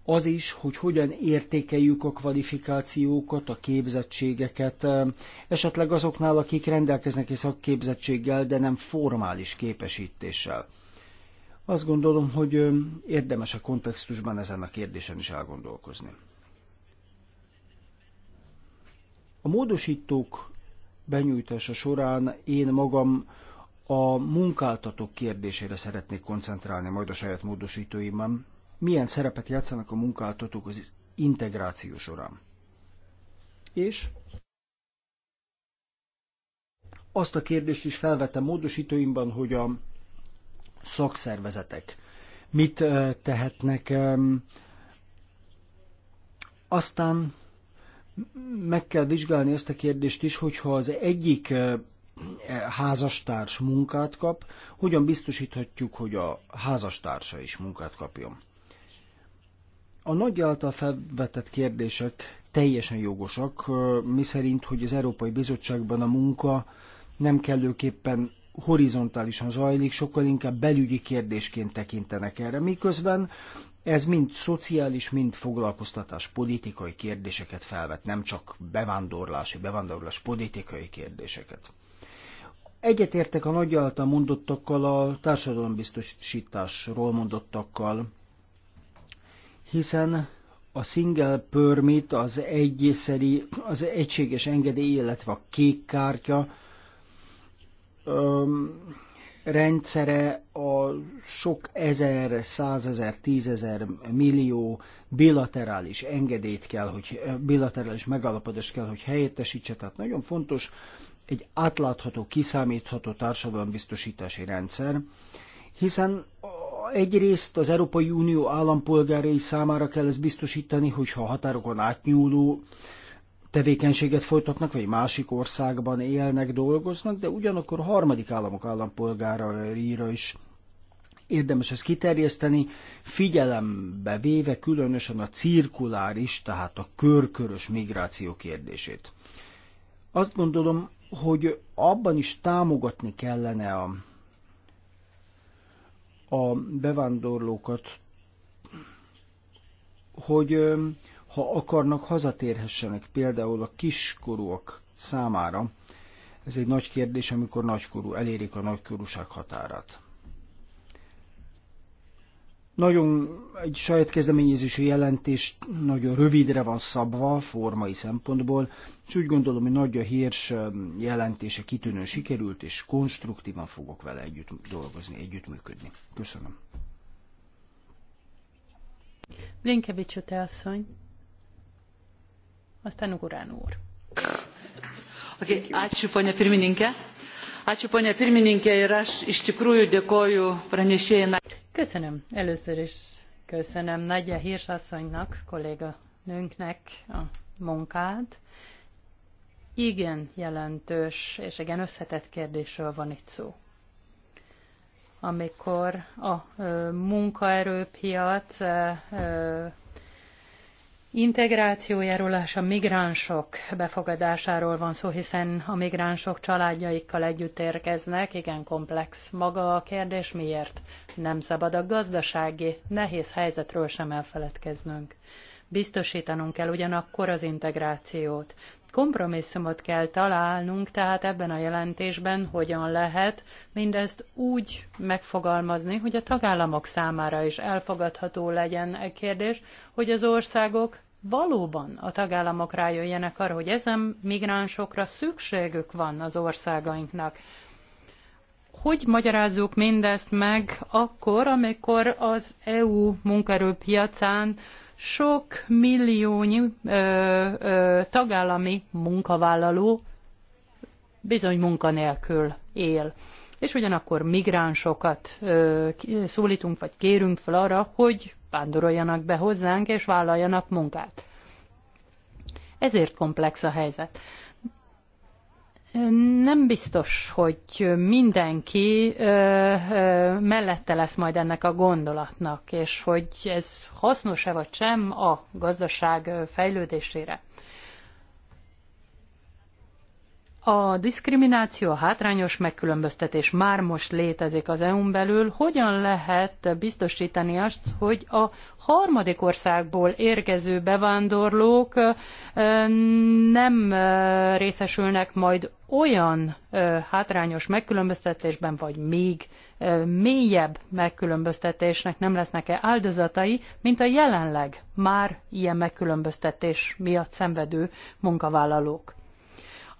Az is, hogy hogyan értékeljük a kvalifikációkat, a képzettségeket, esetleg azoknál, akik rendelkeznek egy szakképzettséggel, de nem formális képesítéssel. Azt gondolom, hogy érdemes a kontextusban ezen a kérdésen is elgondolkozni. A módosítók benyújtása során én magam a munkáltatók kérdésére szeretnék koncentrálni majd a saját módosítóimban. Milyen szerepet játszanak a munkáltatók az integráció során? És azt a kérdést is felvettem módosítóimban, hogy a szakszervezetek mit tehetnek. Aztán meg kell vizsgálni ezt a kérdést is, hogyha az egyik e, házastárs munkát kap, hogyan biztosíthatjuk, hogy a házastársa is munkát kapjon. A nagy által felvetett kérdések teljesen jogosak, miszerint, hogy az Európai Bizottságban a munka nem kellőképpen horizontálisan zajlik, sokkal inkább belügyi kérdésként tekintenek erre, miközben ez mind szociális, mind foglalkoztatás politikai kérdéseket felvet, nem csak bevándorlási, bevándorlás politikai kérdéseket. Egyetértek a nagy által mondottakkal, a társadalombiztosításról mondottakkal, hiszen a single permit, az egyszeri, az egységes engedély, illetve a kék kártya öm, rendszere a sok ezer, százezer, tízezer millió bilaterális engedélyt kell, hogy bilaterális megállapodást kell, hogy helyettesítse. Tehát nagyon fontos egy átlátható, kiszámítható társadalombiztosítási rendszer, hiszen egyrészt az Európai Unió állampolgárai számára kell ezt biztosítani, hogyha határokon átnyúló tevékenységet folytatnak, vagy másik országban élnek, dolgoznak, de ugyanakkor harmadik államok állampolgáraira is érdemes ezt kiterjeszteni, figyelembe véve különösen a cirkuláris, tehát a körkörös migráció kérdését. Azt gondolom, hogy abban is támogatni kellene a, a bevándorlókat, hogy ha akarnak, hazatérhessenek például a kiskorúak számára. Ez egy nagy kérdés, amikor nagykorú elérik a nagykorúság határát. Nagyon egy saját kezdeményezésű jelentés nagyon rövidre van szabva formai szempontból, és úgy gondolom, hogy nagy a hírs um, jelentése kitűnően sikerült, és konstruktívan fogok vele együtt dolgozni, együttműködni. Köszönöm. Blinkevics asszony aztán Ugorán úr. Okay, ačiū, ponia pirmininkė. Ačiū, ponia pirmininkė, ir aš iš tikrųjų dėkoju pranešėjai. Köszönöm. Először is köszönöm Nagyja Hírsasszonynak, kolléga nőnknek a munkát. Igen jelentős és igen összetett kérdésről van itt szó amikor a munkaerőpiac integrációjáról és a migránsok befogadásáról van szó, hiszen a migránsok családjaikkal együtt érkeznek. Igen, komplex maga a kérdés, miért nem szabad a gazdasági nehéz helyzetről sem elfeledkeznünk. Biztosítanunk kell ugyanakkor az integrációt kompromisszumot kell találnunk, tehát ebben a jelentésben hogyan lehet mindezt úgy megfogalmazni, hogy a tagállamok számára is elfogadható legyen e kérdés, hogy az országok valóban a tagállamok rájöjjenek arra, hogy ezen migránsokra szükségük van az országainknak. Hogy magyarázzuk mindezt meg akkor, amikor az EU munkerőpiacán sok milliónyi ö, ö, tagállami munkavállaló bizony munkanélkül él. És ugyanakkor migránsokat ö, szólítunk vagy kérünk fel arra, hogy vándoroljanak be hozzánk és vállaljanak munkát. Ezért komplex a helyzet. Nem biztos, hogy mindenki ö, ö, mellette lesz majd ennek a gondolatnak, és hogy ez hasznos-e vagy sem a gazdaság fejlődésére. A diszkrimináció, a hátrányos megkülönböztetés már most létezik az EU-n belül. Hogyan lehet biztosítani azt, hogy a harmadik országból érkező bevándorlók nem részesülnek majd olyan hátrányos megkülönböztetésben, vagy még mélyebb megkülönböztetésnek nem lesznek-e áldozatai, mint a jelenleg már ilyen megkülönböztetés miatt szenvedő munkavállalók?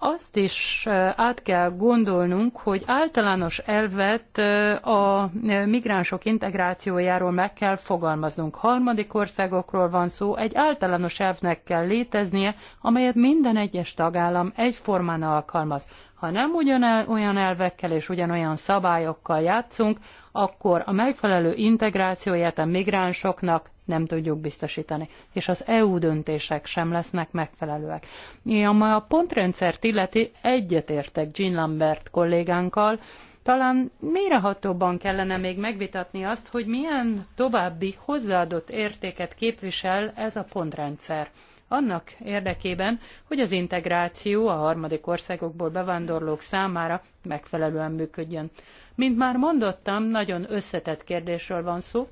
azt is át kell gondolnunk, hogy általános elvet a migránsok integrációjáról meg kell fogalmaznunk. Harmadik országokról van szó, egy általános elvnek kell léteznie, amelyet minden egyes tagállam egyformán alkalmaz. Ha nem ugyanolyan elvekkel és ugyanolyan szabályokkal játszunk, akkor a megfelelő integrációját a migránsoknak nem tudjuk biztosítani, és az EU döntések sem lesznek megfelelőek. Ami a pontrendszert illeti, egyetértek Jean Lambert kollégánkkal, talán mérehatóban kellene még megvitatni azt, hogy milyen további hozzáadott értéket képvisel ez a pontrendszer annak érdekében, hogy az integráció a harmadik országokból bevándorlók számára megfelelően működjön. Mint már mondottam, nagyon összetett kérdésről van szó,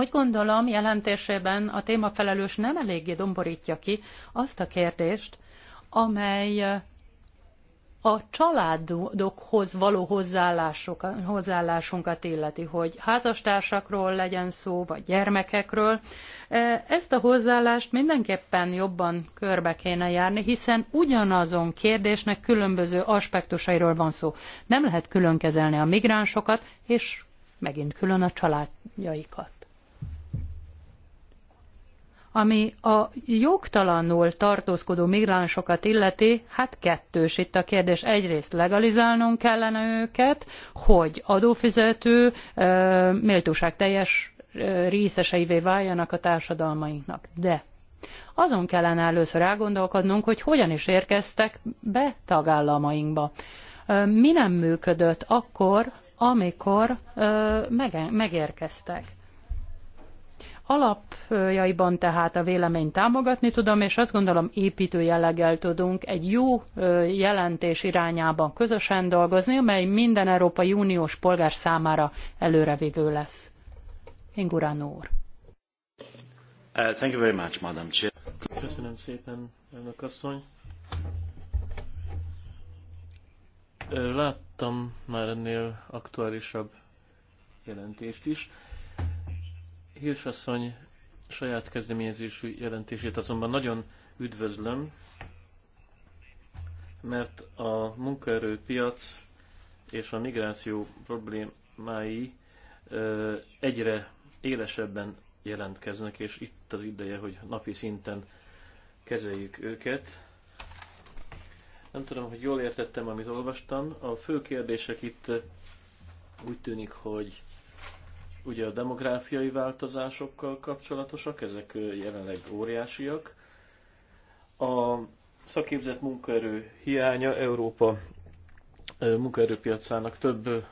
úgy gondolom, jelentésében a témafelelős nem eléggé domborítja ki azt a kérdést, amely a családokhoz való hozzáállásunkat illeti, hogy házastársakról legyen szó, vagy gyermekekről. Ezt a hozzáállást mindenképpen jobban körbe kéne járni, hiszen ugyanazon kérdésnek különböző aspektusairól van szó. Nem lehet külön kezelni a migránsokat, és megint külön a családjaikat. Ami a jogtalanul tartózkodó migránsokat illeti, hát kettős itt a kérdés. Egyrészt legalizálnunk kellene őket, hogy adófizető méltóságteljes részeseivé váljanak a társadalmainknak. De azon kellene először elgondolkodnunk, hogy hogyan is érkeztek be tagállamainkba. Mi nem működött akkor, amikor megérkeztek Alapjaiban tehát a véleményt támogatni tudom, és azt gondolom építő jelleggel tudunk egy jó jelentés irányában közösen dolgozni, amely minden Európai Uniós polgár számára előrevívő lesz. Ingurán úr. Uh, thank you very much, Madam Chair. Köszönöm szépen, elnök asszony. Láttam már ennél aktuálisabb jelentést is. Hírsasszony saját kezdeményezésű jelentését azonban nagyon üdvözlöm, mert a munkaerőpiac és a migráció problémái egyre élesebben jelentkeznek, és itt az ideje, hogy napi szinten kezeljük őket. Nem tudom, hogy jól értettem, amit olvastam. A fő kérdések itt úgy tűnik, hogy ugye a demográfiai változásokkal kapcsolatosak, ezek jelenleg óriásiak. A szakképzett munkaerő hiánya Európa munkaerőpiacának több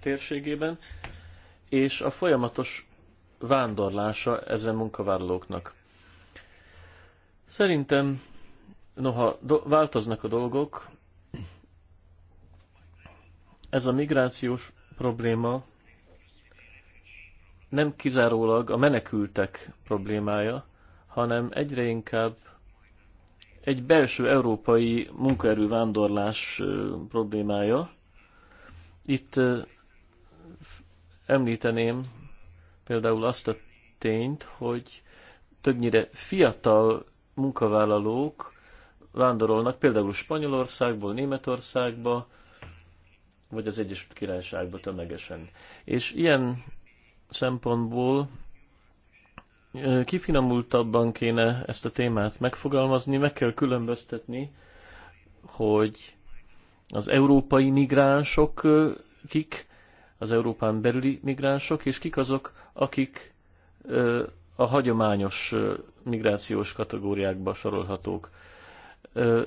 térségében, és a folyamatos vándorlása ezen munkavállalóknak. Szerintem, noha do- változnak a dolgok, ez a migrációs probléma nem kizárólag a menekültek problémája, hanem egyre inkább egy belső európai munkaerővándorlás problémája. Itt említeném például azt a tényt, hogy többnyire fiatal munkavállalók vándorolnak például Spanyolországból, Németországba, vagy az Egyesült Királyságba tömegesen. És ilyen szempontból kifinomultabban kéne ezt a témát megfogalmazni, meg kell különböztetni, hogy az európai migránsok kik, az Európán belüli migránsok, és kik azok, akik a hagyományos migrációs kategóriákba sorolhatók.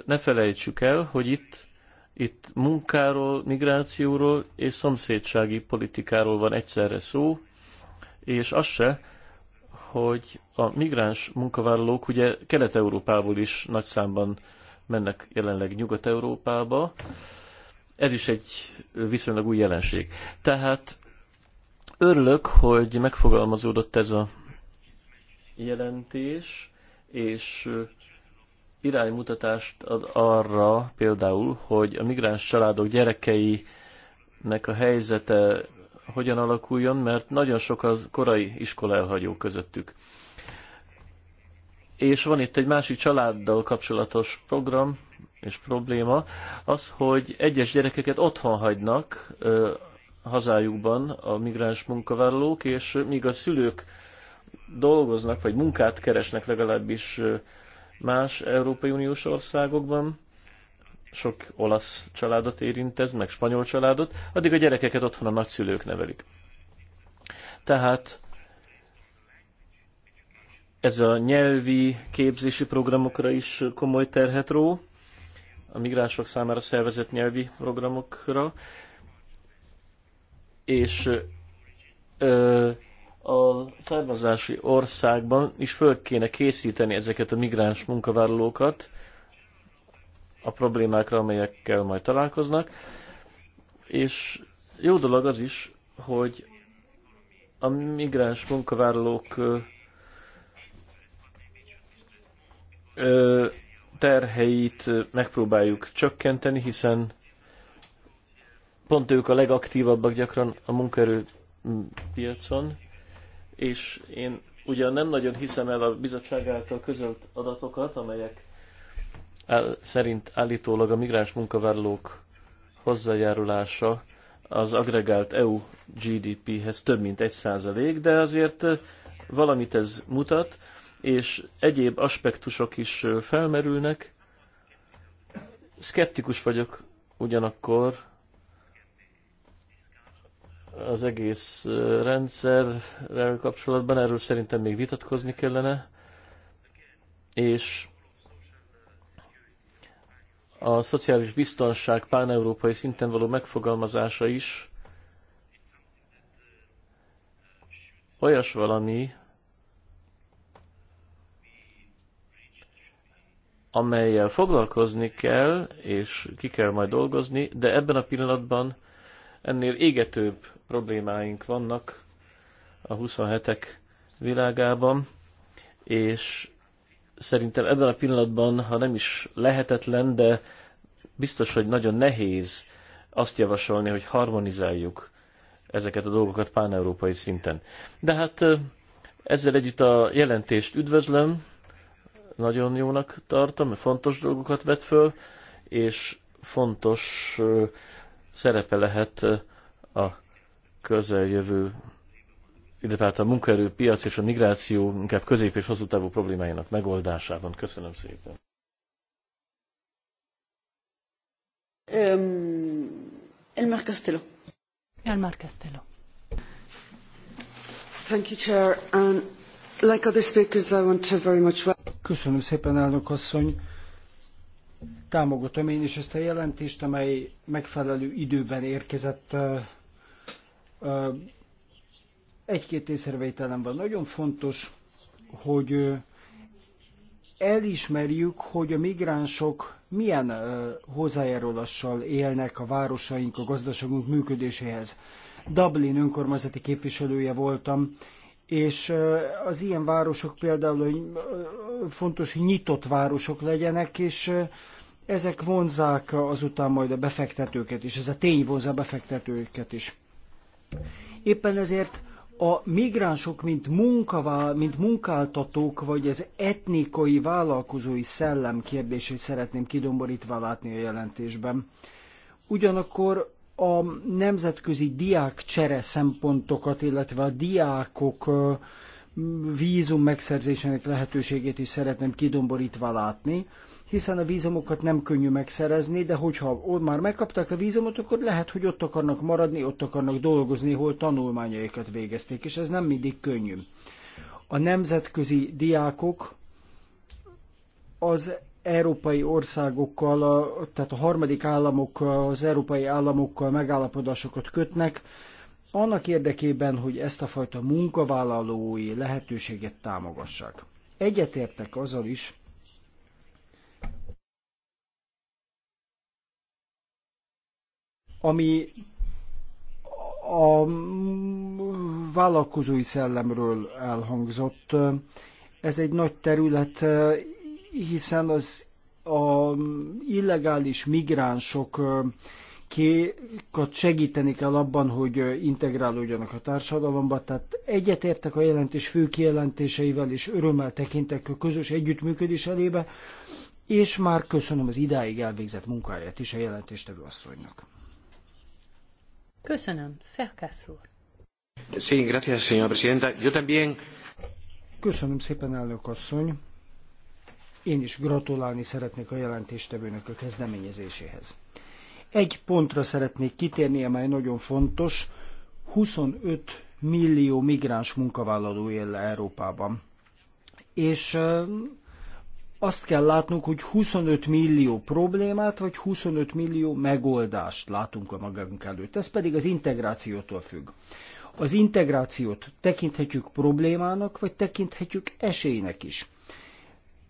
Ne felejtsük el, hogy itt, itt munkáról, migrációról és szomszédsági politikáról van egyszerre szó, és az se, hogy a migráns munkavállalók ugye Kelet-Európából is nagy számban mennek jelenleg Nyugat-Európába. Ez is egy viszonylag új jelenség. Tehát örülök, hogy megfogalmazódott ez a jelentés, és iránymutatást ad arra például, hogy a migráns családok gyerekeinek a helyzete hogyan alakuljon, mert nagyon sok az korai iskola elhagyó közöttük. És van itt egy másik családdal kapcsolatos program és probléma, az, hogy egyes gyerekeket otthon hagynak ö, hazájukban a migráns munkavállalók, és míg a szülők dolgoznak, vagy munkát keresnek legalábbis más Európai Uniós országokban, sok olasz családot érint ez, meg spanyol családot, addig a gyerekeket otthon a nagyszülők nevelik. Tehát ez a nyelvi képzési programokra is komoly terhet ró, a migránsok számára szervezett nyelvi programokra, és ö, a származási országban is föl kéne készíteni ezeket a migráns munkavállalókat, a problémákra, amelyekkel majd találkoznak. És jó dolog az is, hogy a migráns munkavállalók terheit megpróbáljuk csökkenteni, hiszen pont ők a legaktívabbak gyakran a munkaerőpiacon, és én ugyan nem nagyon hiszem el a bizottság által közölt adatokat, amelyek szerint állítólag a migráns munkavállalók hozzájárulása az agregált EU GDP-hez több mint egy százalék, de azért eh, valamit ez mutat, és egyéb aspektusok is eh, felmerülnek. Szkeptikus vagyok ugyanakkor az egész eh, rendszerrel kapcsolatban, erről szerintem még vitatkozni kellene, és a szociális biztonság páneurópai szinten való megfogalmazása is olyas valami, amelyel foglalkozni kell, és ki kell majd dolgozni, de ebben a pillanatban ennél égetőbb problémáink vannak a 27-ek világában, és szerintem ebben a pillanatban, ha nem is lehetetlen, de biztos, hogy nagyon nehéz azt javasolni, hogy harmonizáljuk ezeket a dolgokat páneurópai szinten. De hát ezzel együtt a jelentést üdvözlöm, nagyon jónak tartom, fontos dolgokat vet föl, és fontos szerepe lehet a közeljövő illetve hát a munkaerőpiac és a migráció inkább közép- és hosszú távú problémáinak megoldásában. Köszönöm szépen. Um, Elmar Castello. Elmar Castello. Thank you, Chair. And like other speakers, I want to very much... Köszönöm szépen, elnök asszony. Támogatom én is ezt a jelentést, amely megfelelő időben érkezett uh, uh, egy-két észrevételem van. Nagyon fontos, hogy elismerjük, hogy a migránsok milyen hozzájárulással élnek a városaink, a gazdaságunk működéséhez. Dublin önkormányzati képviselője voltam, és az ilyen városok például hogy fontos, hogy nyitott városok legyenek, és ezek vonzák azután majd a befektetőket is, ez a tény vonzza a befektetőket is. Éppen ezért a migránsok, mint, munkavá, mint munkáltatók, vagy az etnikai vállalkozói szellem kérdését szeretném kidomborítva látni a jelentésben. Ugyanakkor a nemzetközi diákcsere szempontokat, illetve a diákok vízum megszerzésének lehetőségét is szeretném kidomborítva látni, hiszen a vízumokat nem könnyű megszerezni, de hogyha ott már megkapták a vízumot, akkor lehet, hogy ott akarnak maradni, ott akarnak dolgozni, hol tanulmányaikat végezték, és ez nem mindig könnyű. A nemzetközi diákok az európai országokkal, tehát a harmadik államok, az európai államokkal megállapodásokat kötnek, annak érdekében, hogy ezt a fajta munkavállalói lehetőséget támogassák. Egyetértek azzal is, ami a vállalkozói szellemről elhangzott. Ez egy nagy terület, hiszen az a illegális migránsok segíteni kell abban, hogy integrálódjanak a társadalomba. Tehát egyetértek a jelentés fő kijelentéseivel, és örömmel tekintek a közös együttműködés elébe, és már köszönöm az idáig elvégzett munkáját is a jelentéstevő asszonynak. Köszönöm, Szerkász úr. Sí, gracias, señora presidenta. Yo también... Köszönöm szépen, elnök asszony. Én is gratulálni szeretnék a jelentéstevőnök a kezdeményezéséhez. Egy pontra szeretnék kitérni, amely nagyon fontos. 25 millió migráns munkavállaló él Európában. És azt kell látnunk, hogy 25 millió problémát, vagy 25 millió megoldást látunk a magunk előtt. Ez pedig az integrációtól függ. Az integrációt tekinthetjük problémának, vagy tekinthetjük esélynek is.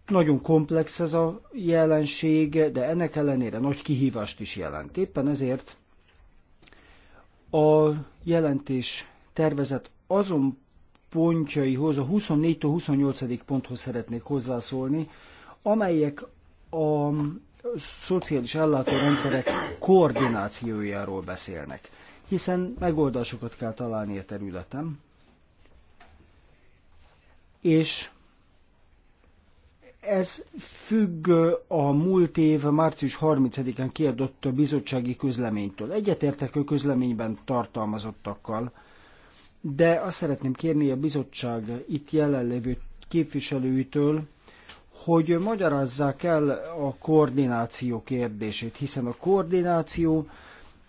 Nagyon komplex ez a jelenség, de ennek ellenére nagy kihívást is jelent. Éppen ezért a jelentés tervezet azon pontjaihoz, a 24-28. ponthoz szeretnék hozzászólni, amelyek a szociális ellátórendszerek koordinációjáról beszélnek, hiszen megoldásokat kell találni a területen, és ez függ a múlt év március 30-án kiadott bizottsági közleménytől. Egyetértek a közleményben tartalmazottakkal, de azt szeretném kérni a bizottság itt jelenlévő képviselőitől, hogy magyarázzák el a koordináció kérdését, hiszen a koordináció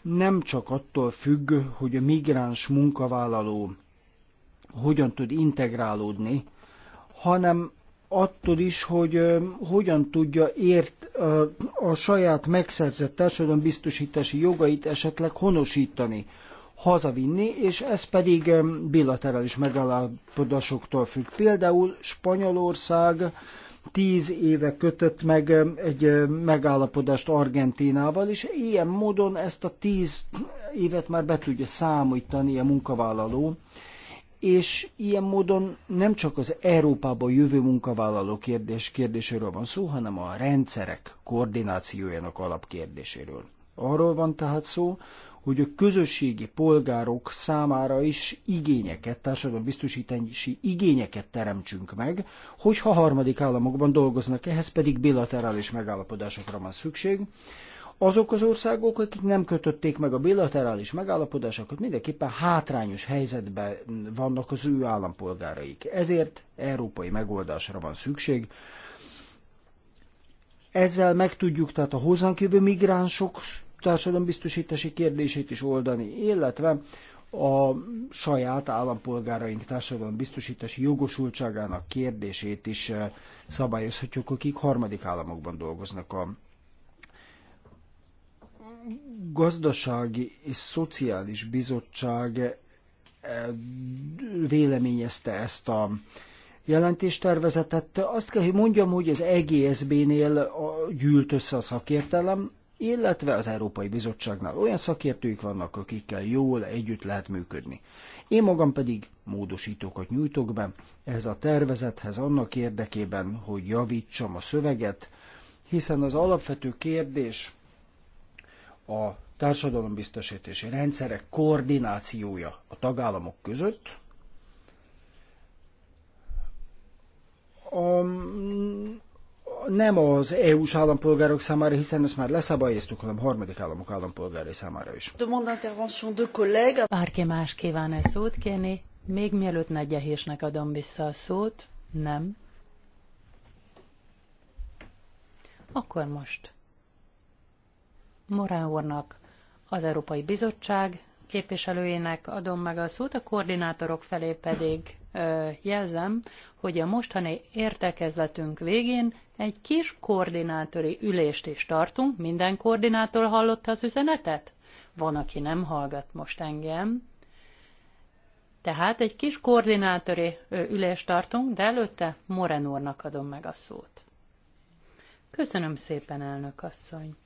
nem csak attól függ, hogy a migráns munkavállaló hogyan tud integrálódni, hanem attól is, hogy hogyan tudja ért a saját megszerzett biztosítási jogait esetleg honosítani, hazavinni, és ez pedig bilaterális megállapodásoktól függ. Például Spanyolország tíz éve kötött meg egy megállapodást Argentínával, és ilyen módon ezt a tíz évet már be tudja számítani a munkavállaló, és ilyen módon nem csak az Európában jövő munkavállaló kérdés, kérdéséről van szó, hanem a rendszerek koordinációjának alapkérdéséről. Arról van tehát szó, hogy a közösségi polgárok számára is igényeket, biztosítási igényeket teremtsünk meg, hogyha harmadik államokban dolgoznak, ehhez pedig bilaterális megállapodásokra van szükség. Azok az országok, akik nem kötötték meg a bilaterális megállapodásokat, mindenképpen hátrányos helyzetben vannak az ő állampolgáraik. Ezért európai megoldásra van szükség, ezzel meg tudjuk tehát a hozzánk jövő migránsok társadalombiztosítási kérdését is oldani, illetve a saját állampolgáraink társadalombiztosítási jogosultságának kérdését is eh, szabályozhatjuk, akik harmadik államokban dolgoznak a gazdasági és szociális bizottság eh, véleményezte ezt a jelentéstervezetet. Azt kell, hogy mondjam, hogy az EGSB-nél eh, gyűlt össze a szakértelem, illetve az Európai Bizottságnál olyan szakértőik vannak, akikkel jól együtt lehet működni. Én magam pedig módosítókat nyújtok be ez a tervezethez annak érdekében, hogy javítsam a szöveget, hiszen az alapvető kérdés a társadalombiztosítási rendszerek koordinációja a tagállamok között, a nem az EU-s állampolgárok számára, hiszen ezt már leszabályoztuk, hanem harmadik államok állampolgárai számára is. Bárki más kíván e szót kérni? Még mielőtt Negyehésnek adom vissza a szót, nem? Akkor most. Morán úrnak, az Európai Bizottság képviselőjének adom meg a szót, a koordinátorok felé pedig ö, jelzem, hogy a mostani értekezletünk végén egy kis koordinátori ülést is tartunk. Minden koordinátor hallotta az üzenetet? Van, aki nem hallgat most engem. Tehát egy kis koordinátori ülést tartunk, de előtte Moren úrnak adom meg a szót. Köszönöm szépen, elnök asszony.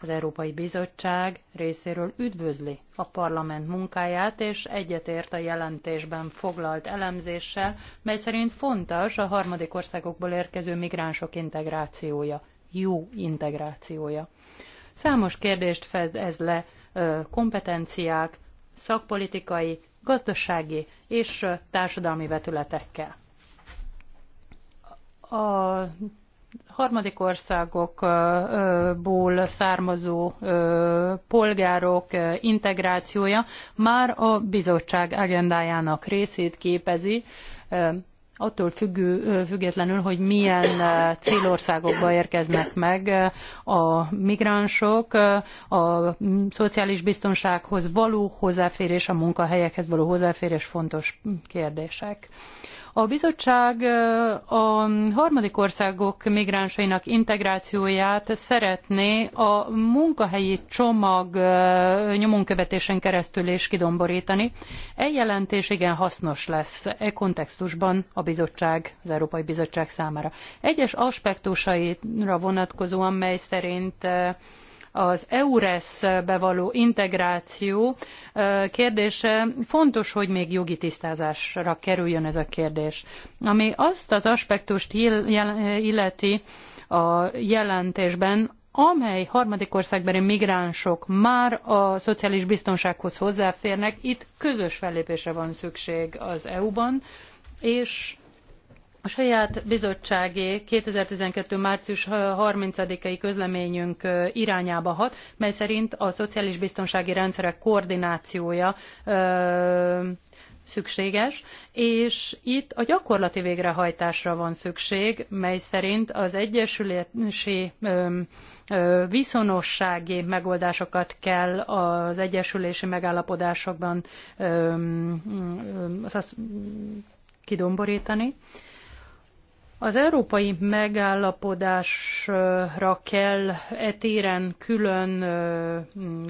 Az Európai Bizottság részéről üdvözli a parlament munkáját, és egyetért a jelentésben foglalt elemzéssel, mely szerint fontos a harmadik országokból érkező migránsok integrációja, jó integrációja. Számos kérdést fed ez le kompetenciák, szakpolitikai, gazdasági és társadalmi vetületekkel. A harmadik országokból származó polgárok integrációja már a bizottság agendájának részét képezi, attól függő, függetlenül, hogy milyen célországokba érkeznek meg a migránsok, a szociális biztonsághoz való hozzáférés, a munkahelyekhez való hozzáférés fontos kérdések. A bizottság a harmadik országok migránsainak integrációját szeretné a munkahelyi csomag nyomonkövetésen keresztül is kidomborítani. E jelentés igen hasznos lesz e kontextusban a bizottság, az Európai Bizottság számára. Egyes aspektusaira vonatkozóan, mely szerint az EURES-be való integráció kérdése fontos, hogy még jogi tisztázásra kerüljön ez a kérdés. Ami azt az aspektust illeti a jelentésben, amely harmadik országbeli migránsok már a szociális biztonsághoz hozzáférnek, itt közös fellépésre van szükség az EU-ban, és a saját bizottsági 2012. március 30-ai közleményünk irányába hat, mely szerint a szociális biztonsági rendszerek koordinációja ö, szükséges, és itt a gyakorlati végrehajtásra van szükség, mely szerint az egyesülési ö, ö, viszonossági megoldásokat kell az egyesülési megállapodásokban ö, ö, ö, kidomborítani. Az európai megállapodásra kell e téren külön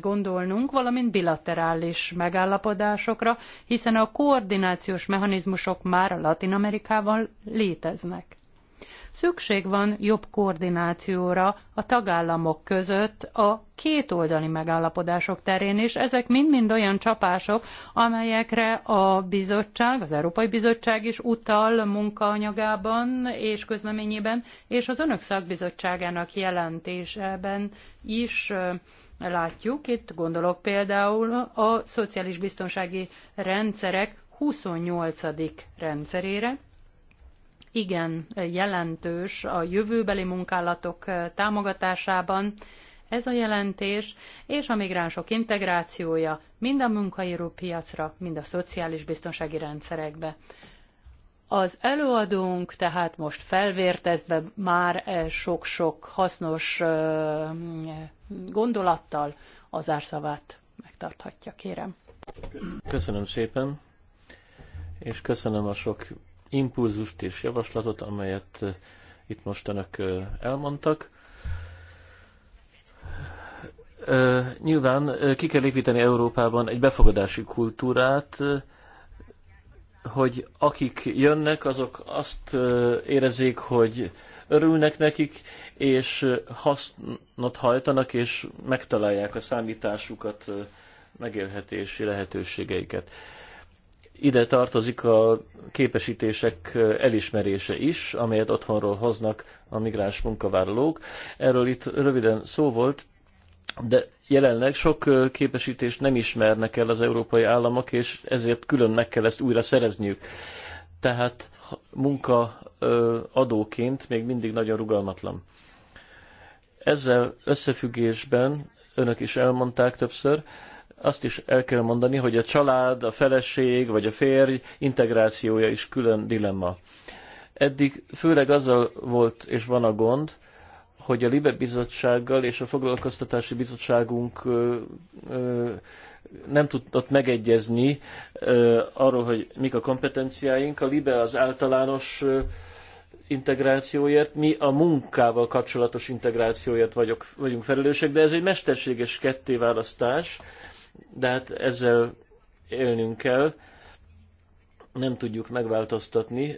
gondolnunk, valamint bilaterális megállapodásokra, hiszen a koordinációs mechanizmusok már a Latin Amerikával léteznek. Szükség van jobb koordinációra a tagállamok között a kétoldali megállapodások terén is. Ezek mind-mind olyan csapások, amelyekre a bizottság, az Európai Bizottság is utal munkaanyagában és közleményében, és az Önök szakbizottságának jelentésében is látjuk. Itt gondolok például a szociális biztonsági rendszerek 28. rendszerére, igen jelentős a jövőbeli munkálatok eh, támogatásában ez a jelentés, és a migránsok integrációja mind a munkaíró piacra, mind a szociális biztonsági rendszerekbe. Az előadónk tehát most felvértezve már eh, sok-sok hasznos eh, gondolattal az árszavát megtarthatja, kérem. Köszönöm szépen, és köszönöm a sok impulzust és javaslatot, amelyet eh, itt most önök eh, elmondtak. Eh, nyilván ki kell építeni Európában egy befogadási kultúrát, hogy akik jönnek, azok azt érezzék, hogy örülnek nekik, és hasznot hajtanak, és megtalálják a számításukat, megélhetési lehetőségeiket. Ide tartozik a képesítések elismerése is, amelyet otthonról hoznak a migráns munkavállalók. Erről itt röviden szó volt, de jelenleg sok képesítést nem ismernek el az európai államok, és ezért külön meg kell ezt újra szerezniük. Tehát munka adóként még mindig nagyon rugalmatlan. Ezzel összefüggésben önök is elmondták többször, azt is el kell mondani, hogy a család, a feleség vagy a férj integrációja is külön dilemma. Eddig főleg azzal volt és van a gond, hogy a Libe bizottsággal és a foglalkoztatási bizottságunk ö, ö, nem tudott megegyezni ö, arról, hogy mik a kompetenciáink. A Libe az általános ö, integrációért, mi a munkával kapcsolatos integrációért vagyok, vagyunk felelősek, de ez egy mesterséges kettéválasztás de hát ezzel élnünk kell. Nem tudjuk megváltoztatni.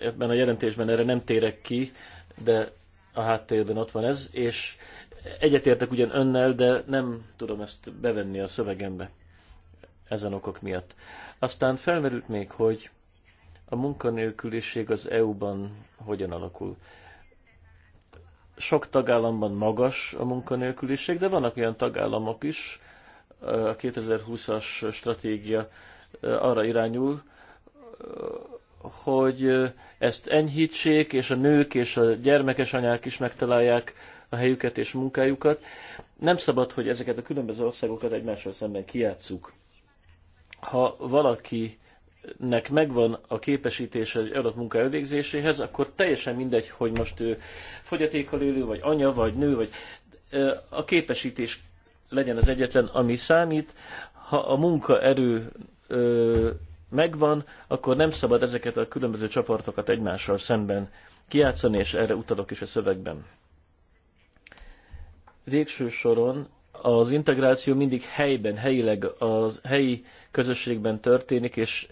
Ebben a jelentésben erre nem térek ki, de a háttérben ott van ez, és egyetértek ugyan önnel, de nem tudom ezt bevenni a szövegembe ezen okok miatt. Aztán felmerült még, hogy a munkanélküliség az EU-ban hogyan alakul. Sok tagállamban magas a munkanélküliség, de vannak olyan tagállamok is, a 2020-as stratégia arra irányul, hogy ezt enyhítsék, és a nők és a gyermekes anyák is megtalálják a helyüket és munkájukat. Nem szabad, hogy ezeket a különböző országokat egymással szemben kiátszuk. Ha valakinek megvan a képesítése egy adott munka elvégzéséhez, akkor teljesen mindegy, hogy most ő fogyatékkal élő, vagy anya, vagy nő, vagy a képesítés legyen az egyetlen, ami számít. Ha a munkaerő ö, megvan, akkor nem szabad ezeket a különböző csoportokat egymással szemben kiátszani, és erre utalok is a szövegben. Végső soron az integráció mindig helyben, helyileg az helyi közösségben történik, és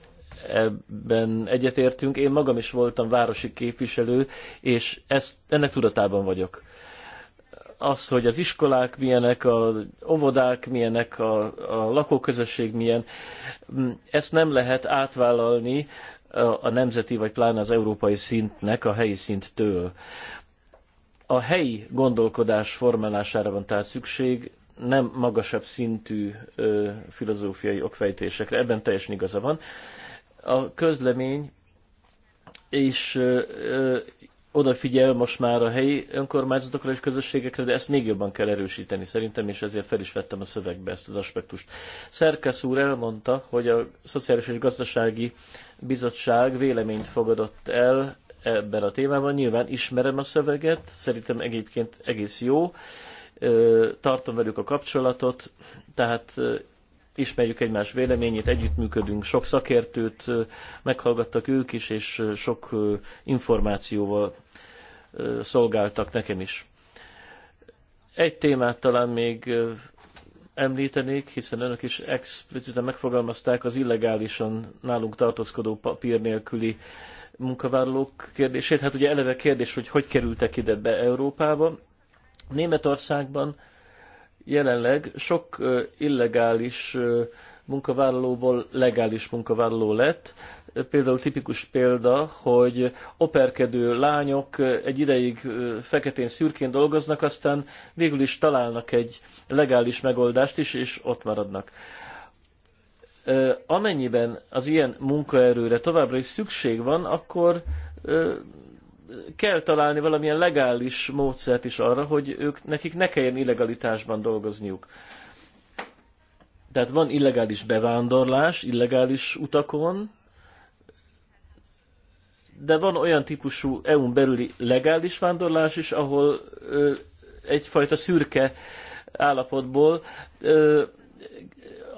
ebben egyetértünk. Én magam is voltam városi képviselő, és ezt, ennek tudatában vagyok az, hogy az iskolák milyenek, a óvodák milyenek, a, a lakóközösség milyen, mm, ezt nem lehet átvállalni a nemzeti, vagy pláne az európai szintnek, a helyi szinttől. A helyi gondolkodás formálására van tehát szükség, nem magasabb szintű ö, filozófiai okfejtésekre. Ebben teljesen igaza van. A közlemény és ö, ö, odafigyel most már a helyi önkormányzatokra és közösségekre, de ezt még jobban kell erősíteni szerintem, és ezért fel is vettem a szövegbe ezt az aspektust. Szerkesz úr elmondta, hogy a Szociális és Gazdasági Bizottság véleményt fogadott el ebben a témában. Nyilván ismerem a szöveget, szerintem egyébként egész jó, tartom velük a kapcsolatot, tehát ismerjük egymás véleményét, együttműködünk, sok szakértőt meghallgattak ők is, és sok információval szolgáltak nekem is. Egy témát talán még említenék, hiszen önök is expliciten megfogalmazták az illegálisan nálunk tartózkodó papír nélküli munkavállalók kérdését. Hát ugye eleve kérdés, hogy hogy kerültek ide be Európába. Németországban jelenleg sok illegális munkavállalóból legális munkavállaló lett, például tipikus példa, hogy operkedő lányok egy ideig feketén szürkén dolgoznak, aztán végül is találnak egy legális megoldást is, és ott maradnak. Amennyiben az ilyen munkaerőre továbbra is szükség van, akkor kell találni valamilyen legális módszert is arra, hogy ők, nekik ne kelljen illegalitásban dolgozniuk. Tehát van illegális bevándorlás, illegális utakon, de van olyan típusú EU-n belüli legális vándorlás is, ahol ö, egyfajta szürke állapotból ö,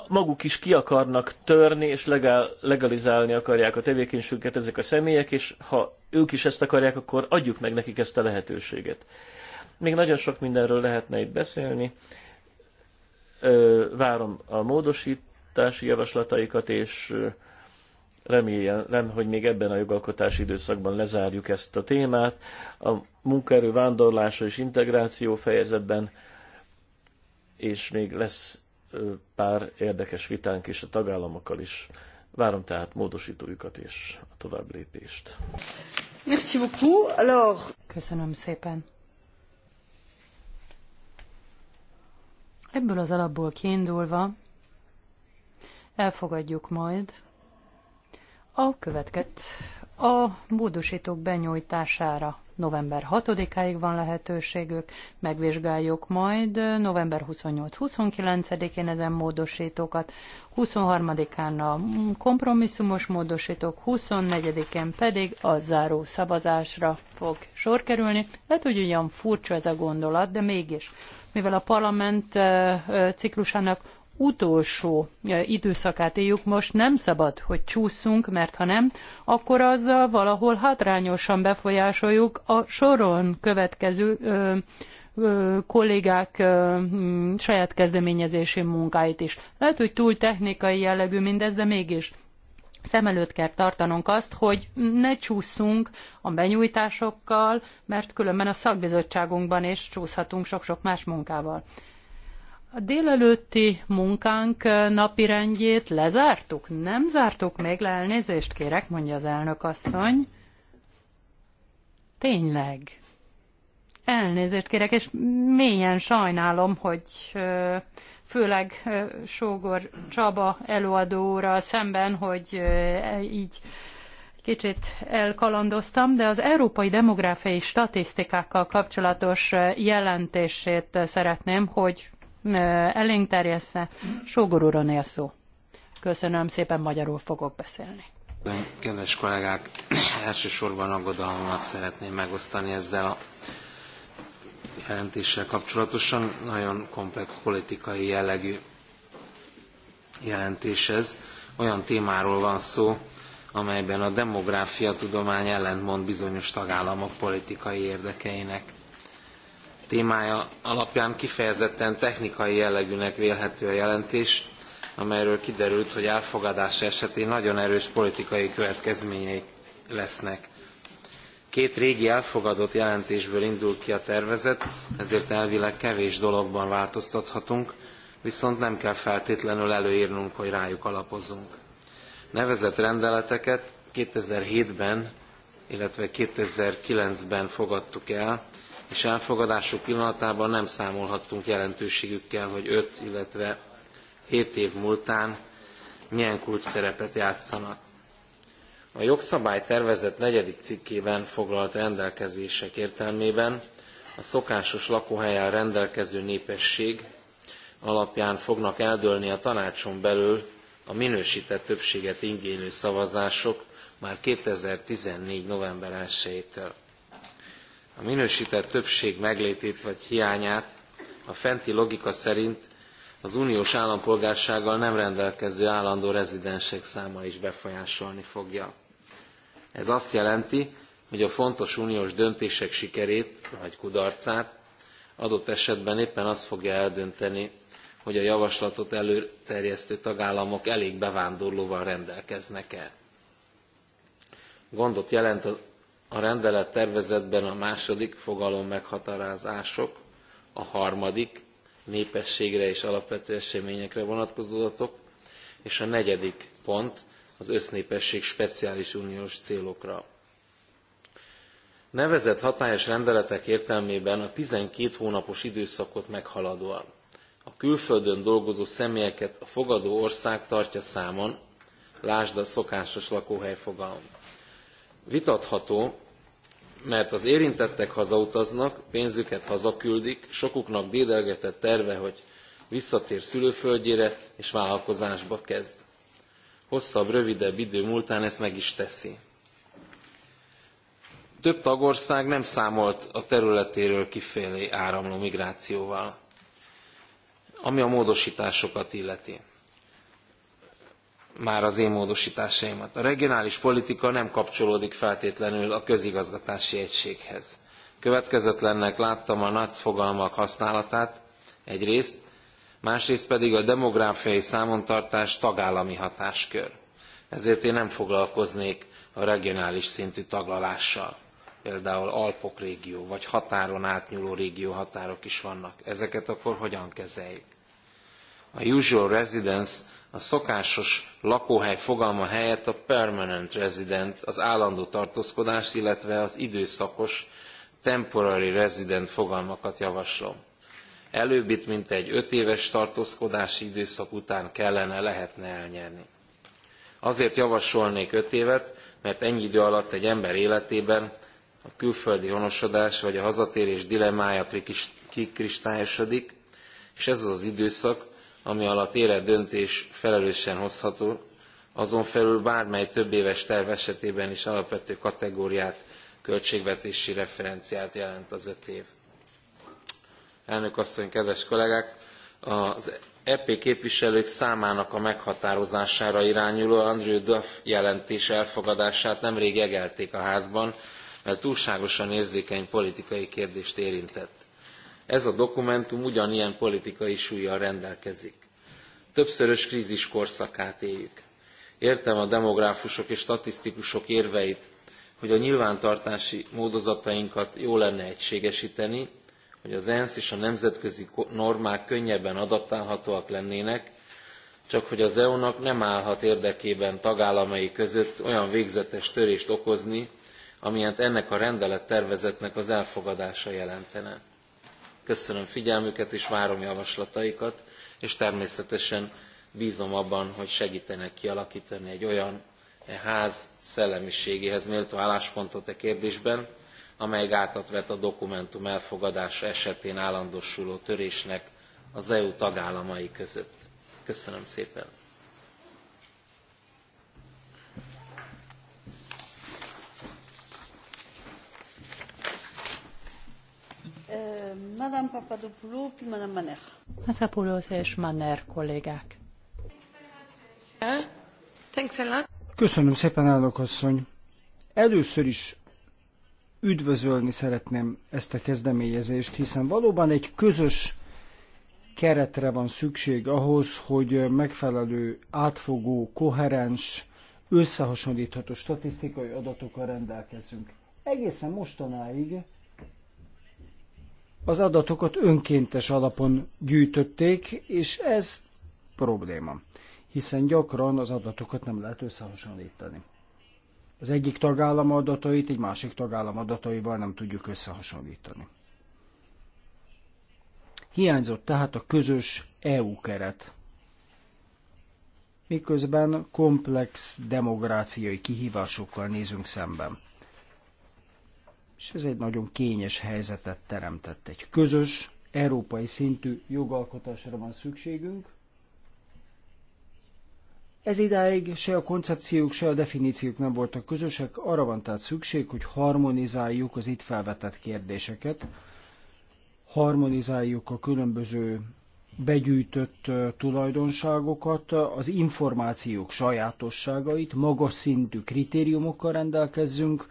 maguk is ki akarnak törni, és legal, legalizálni akarják a tevékenységüket ezek a személyek, és ha ők is ezt akarják, akkor adjuk meg nekik ezt a lehetőséget. Még nagyon sok mindenről lehetne itt beszélni. Ö, várom a módosítási javaslataikat, és remélem, hogy még ebben a jogalkotási időszakban lezárjuk ezt a témát. A munkaerő vándorlása és integráció fejezetben, és még lesz pár érdekes vitánk is a tagállamokkal is. Várom tehát módosítójukat és a tovább lépést. Merci beaucoup. Alors... Köszönöm szépen. Ebből az alapból kiindulva elfogadjuk majd a követket a módosítók benyújtására november 6-áig van lehetőségük, megvizsgáljuk majd november 28-29-én ezen módosítókat, 23-án a kompromisszumos módosítók, 24-én pedig a záró szavazásra fog sor kerülni. Lehet, hogy ugyan furcsa ez a gondolat, de mégis, mivel a parlament ciklusának utolsó e, időszakát éljük most, nem szabad, hogy csúszunk, mert ha nem, akkor azzal valahol hátrányosan befolyásoljuk a soron következő ö, e, ö, e, kollégák ö, saját kezdeményezési munkáit is. Lehet, hogy túl technikai jellegű mindez, de mégis szem előtt kell tartanunk azt, hogy ne csúszunk a benyújtásokkal, mert különben a szakbizottságunkban is csúszhatunk sok-sok más munkával. A délelőtti munkánk eh, rendjét lezártuk? Nem zártuk még le, elnézést kérek, mondja az elnök asszony. Tényleg. Elnézést kérek, és mélyen sajnálom, hogy eh, főleg eh, Sógor Csaba előadóra szemben, hogy így kicsit elkalandoztam, de az európai demográfiai statisztikákkal kapcsolatos jelentését szeretném, hogy elénk terjessze. Sógor szó. Köszönöm szépen, magyarul fogok beszélni. Kedves kollégák, elsősorban aggodalmat szeretném megosztani ezzel a jelentéssel kapcsolatosan. Nagyon komplex politikai jellegű jelentés ez. Olyan témáról van szó, amelyben a demográfia tudomány ellentmond bizonyos tagállamok politikai érdekeinek témája alapján kifejezetten technikai jellegűnek vélhető a jelentés, amelyről kiderült, hogy elfogadása esetén nagyon erős politikai következményei lesznek. Két régi elfogadott jelentésből indul ki a tervezet, ezért elvileg kevés dologban változtathatunk, viszont nem kell feltétlenül előírnunk, hogy rájuk alapozzunk. Nevezett rendeleteket 2007-ben, illetve 2009-ben fogadtuk el, és elfogadásuk pillanatában nem számolhattunk jelentőségükkel, hogy öt illetve hét év múltán milyen kulcsszerepet játszanak. A jogszabály tervezett negyedik cikkében foglalt rendelkezések értelmében a szokásos lakóhelyen rendelkező népesség alapján fognak eldőlni a tanácson belül a minősített többséget igénylő szavazások már 2014. november 1-től a minősített többség meglétét vagy hiányát a fenti logika szerint az uniós állampolgársággal nem rendelkező állandó rezidensek száma is befolyásolni fogja. Ez azt jelenti, hogy a fontos uniós döntések sikerét vagy kudarcát adott esetben éppen az fogja eldönteni, hogy a javaslatot előterjesztő tagállamok elég bevándorlóval rendelkeznek-e. Gondot jelent a rendelet tervezetben a második fogalom meghatározások, a harmadik népességre és alapvető eseményekre vonatkozó adatok, és a negyedik pont az össznépesség speciális uniós célokra. Nevezett hatályos rendeletek értelmében a 12 hónapos időszakot meghaladóan a külföldön dolgozó személyeket a fogadó ország tartja számon, lásd a szokásos lakóhely fogalom vitatható mert az érintettek hazautaznak pénzüket hazaküldik sokuknak dédelgetett terve hogy visszatér szülőföldjére és vállalkozásba kezd. hosszabb rövidebb idő múltán ezt meg is teszi. több tagország nem számolt a területéről kifelé áramló migrációval ami a módostásokat illeti már az én módosításaimat. A regionális politika nem kapcsolódik feltétlenül a közigazgatási egységhez. Következetlennek láttam a NAC fogalmak használatát egyrészt, másrészt pedig a demográfiai számontartás tagállami hatáskör. Ezért én nem foglalkoznék a regionális szintű taglalással. Például Alpok régió, vagy határon átnyúló régió határok is vannak. Ezeket akkor hogyan kezeljük? A usual residence a szokásos lakóhely fogalma helyett a permanent resident, az állandó tartózkodás, illetve az időszakos temporary resident fogalmakat javaslom. Előbb itt mintegy öt éves tartózkodási időszak után kellene, lehetne elnyerni. Azért javasolnék öt évet, mert ennyi idő alatt egy ember életében a külföldi honosodás vagy a hazatérés dilemmája kikristályosodik, és ez az időszak ami alatt érett döntés felelősen hozható, azon felül bármely többéves terv esetében is alapvető kategóriát, költségvetési referenciát jelent az öt év. Elnök asszony, kedves kollégák! Az EP képviselők számának a meghatározására irányuló Andrew Duff jelentés elfogadását nemrég jegelték a házban, mert túlságosan érzékeny politikai kérdést érintett. Ez a dokumentum ugyanilyen politikai súlyjal rendelkezik többszörös krízis korszakát éljük. Értem a demográfusok és statisztikusok érveit, hogy a nyilvántartási módozatainkat jó lenne egységesíteni, hogy az ENSZ és a nemzetközi normák könnyebben adaptálhatóak lennének, csak hogy az EU-nak nem állhat érdekében tagállamai között olyan végzetes törést okozni, amilyent ennek a rendelettervezetnek az elfogadása jelentene. Köszönöm figyelmüket és várom javaslataikat és természetesen bízom abban, hogy segítenek kialakítani egy olyan e ház szellemiségéhez méltó álláspontot e kérdésben, amely gátat vet a dokumentum elfogadása esetén állandósuló törésnek az EU tagállamai között. Köszönöm szépen! Euh, Madame Papadopoulou, puis Madame Manner. Papadopoulos és Manner kollégák. Köszönöm szépen, elnök asszony. Először is üdvözölni szeretném ezt a kezdeményezést, hiszen valóban egy közös keretre van szükség ahhoz, hogy megfelelő, átfogó, koherens, összehasonlítható statisztikai adatokkal rendelkezzünk. Egészen mostanáig az adatokat önkéntes alapon gyűjtötték, és ez probléma, hiszen gyakran az adatokat nem lehet összehasonlítani. Az egyik tagállam adatait egy másik tagállam adataival nem tudjuk összehasonlítani. Hiányzott tehát a közös EU keret, miközben komplex demográciai kihívásokkal nézünk szemben és ez egy nagyon kényes helyzetet teremtett. Egy közös, európai szintű jogalkotásra van szükségünk. Ez idáig se a koncepciók, se a definíciók nem voltak közösek, arra van tehát szükség, hogy harmonizáljuk az itt felvetett kérdéseket, harmonizáljuk a különböző begyűjtött tulajdonságokat, az információk sajátosságait, magas szintű kritériumokkal rendelkezzünk,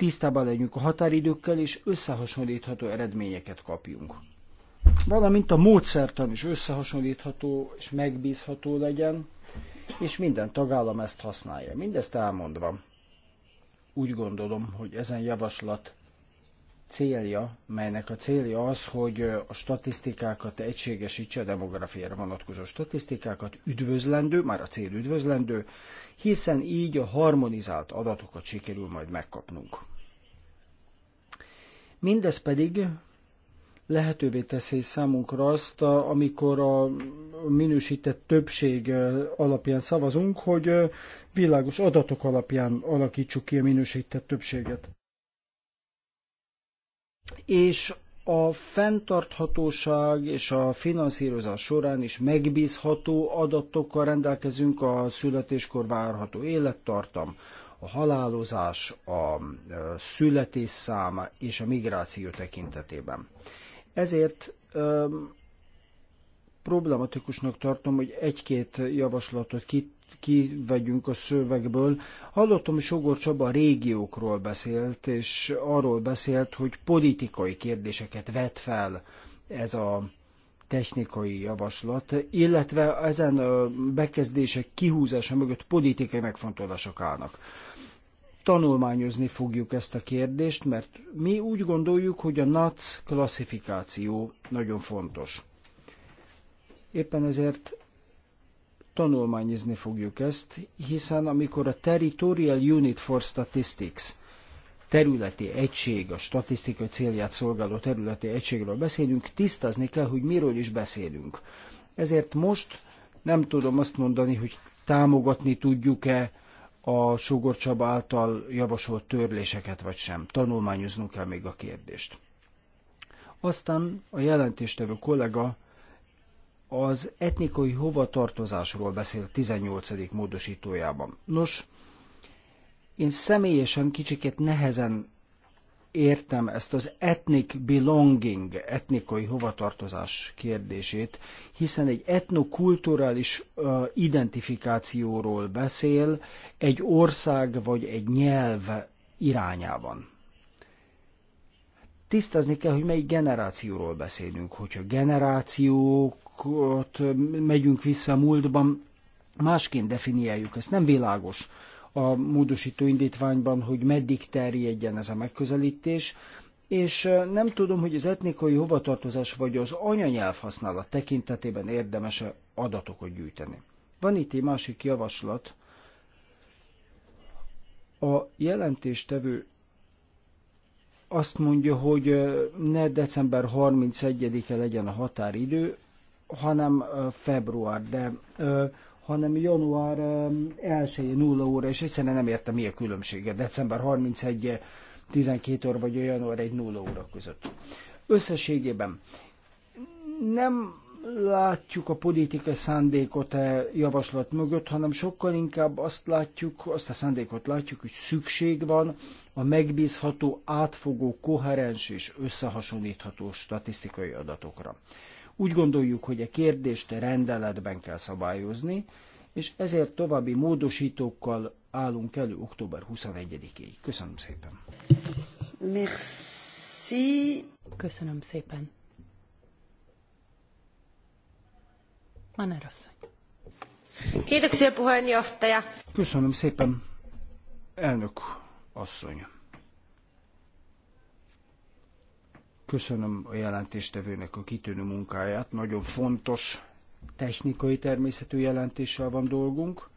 tisztában legyünk a határidőkkel, és összehasonlítható eredményeket kapjunk. Valamint a módszertan is összehasonlítható és megbízható legyen, és minden tagállam ezt használja. Mindezt elmondva, úgy gondolom, hogy ezen javaslat célja, melynek a célja az, hogy a statisztikákat egységesítse, a demográfiára vonatkozó statisztikákat üdvözlendő, már a cél üdvözlendő, hiszen így a harmonizált adatokat sikerül majd megkapnunk. Mindez pedig lehetővé teszi számunkra azt, amikor a minősített többség alapján szavazunk, hogy világos adatok alapján alakítsuk ki a minősített többséget és a fenntarthatóság és a finanszírozás során is megbízható adatokkal rendelkezünk a születéskor várható élettartam, a halálozás, a e, születés száma és a migráció tekintetében. Ezért öm, e, problematikusnak tartom, hogy egy-két javaslatot kit kivegyünk a szövegből. Hallottam, hogy Sogor Csaba a régiókról beszélt, és arról beszélt, hogy politikai kérdéseket vet fel ez a technikai javaslat, illetve ezen a bekezdések kihúzása mögött politikai megfontolások állnak. Tanulmányozni fogjuk ezt a kérdést, mert mi úgy gondoljuk, hogy a NAC klasszifikáció nagyon fontos. Éppen ezért tanulmányozni fogjuk ezt, hiszen amikor a Territorial Unit for Statistics területi egység, a statisztikai célját szolgáló területi egységről beszélünk, tisztázni kell, hogy miről is beszélünk. Ezért most nem tudom azt mondani, hogy támogatni tudjuk-e a Sogor Csaba által javasolt törléseket, vagy sem. Tanulmányoznunk kell még a kérdést. Aztán a jelentéstevő kollega az etnikai hovatartozásról beszél 18. módosítójában. Nos, én személyesen kicsiket nehezen értem ezt az ethnic belonging, etnikai hovatartozás kérdését, hiszen egy etnokulturális identifikációról beszél egy ország vagy egy nyelv irányában tisztázni kell, hogy melyik generációról beszélünk. Hogyha generációkat megyünk vissza a múltban, másként definiáljuk ezt. Nem világos a módosító indítványban, hogy meddig terjedjen ez a megközelítés, és nem tudom, hogy az etnikai hovatartozás vagy az anyanyelv használat tekintetében érdemes adatokat gyűjteni. Van itt egy másik javaslat. A jelentéstevő azt mondja, hogy ne december 31-e legyen a határidő, hanem február, de hanem január 1 0 óra, és egyszerűen nem értem, mi a különbsége. December 31 -e 12 óra, vagy január 1 0 óra között. Összességében nem látjuk a politikai szándékot a e javaslat mögött, hanem sokkal inkább azt látjuk, azt a szándékot látjuk, hogy szükség van a megbízható, átfogó, koherens és összehasonlítható statisztikai adatokra. Úgy gondoljuk, hogy a e kérdést rendeletben kell szabályozni, és ezért további módosítókkal állunk elő október 21-ig. Köszönöm szépen! Merci. Köszönöm szépen! Manner asszony. Köszönöm szépen, elnök asszony. Köszönöm a jelentéstevőnek a kitűnő munkáját. Nagyon fontos technikai természetű jelentéssel van dolgunk,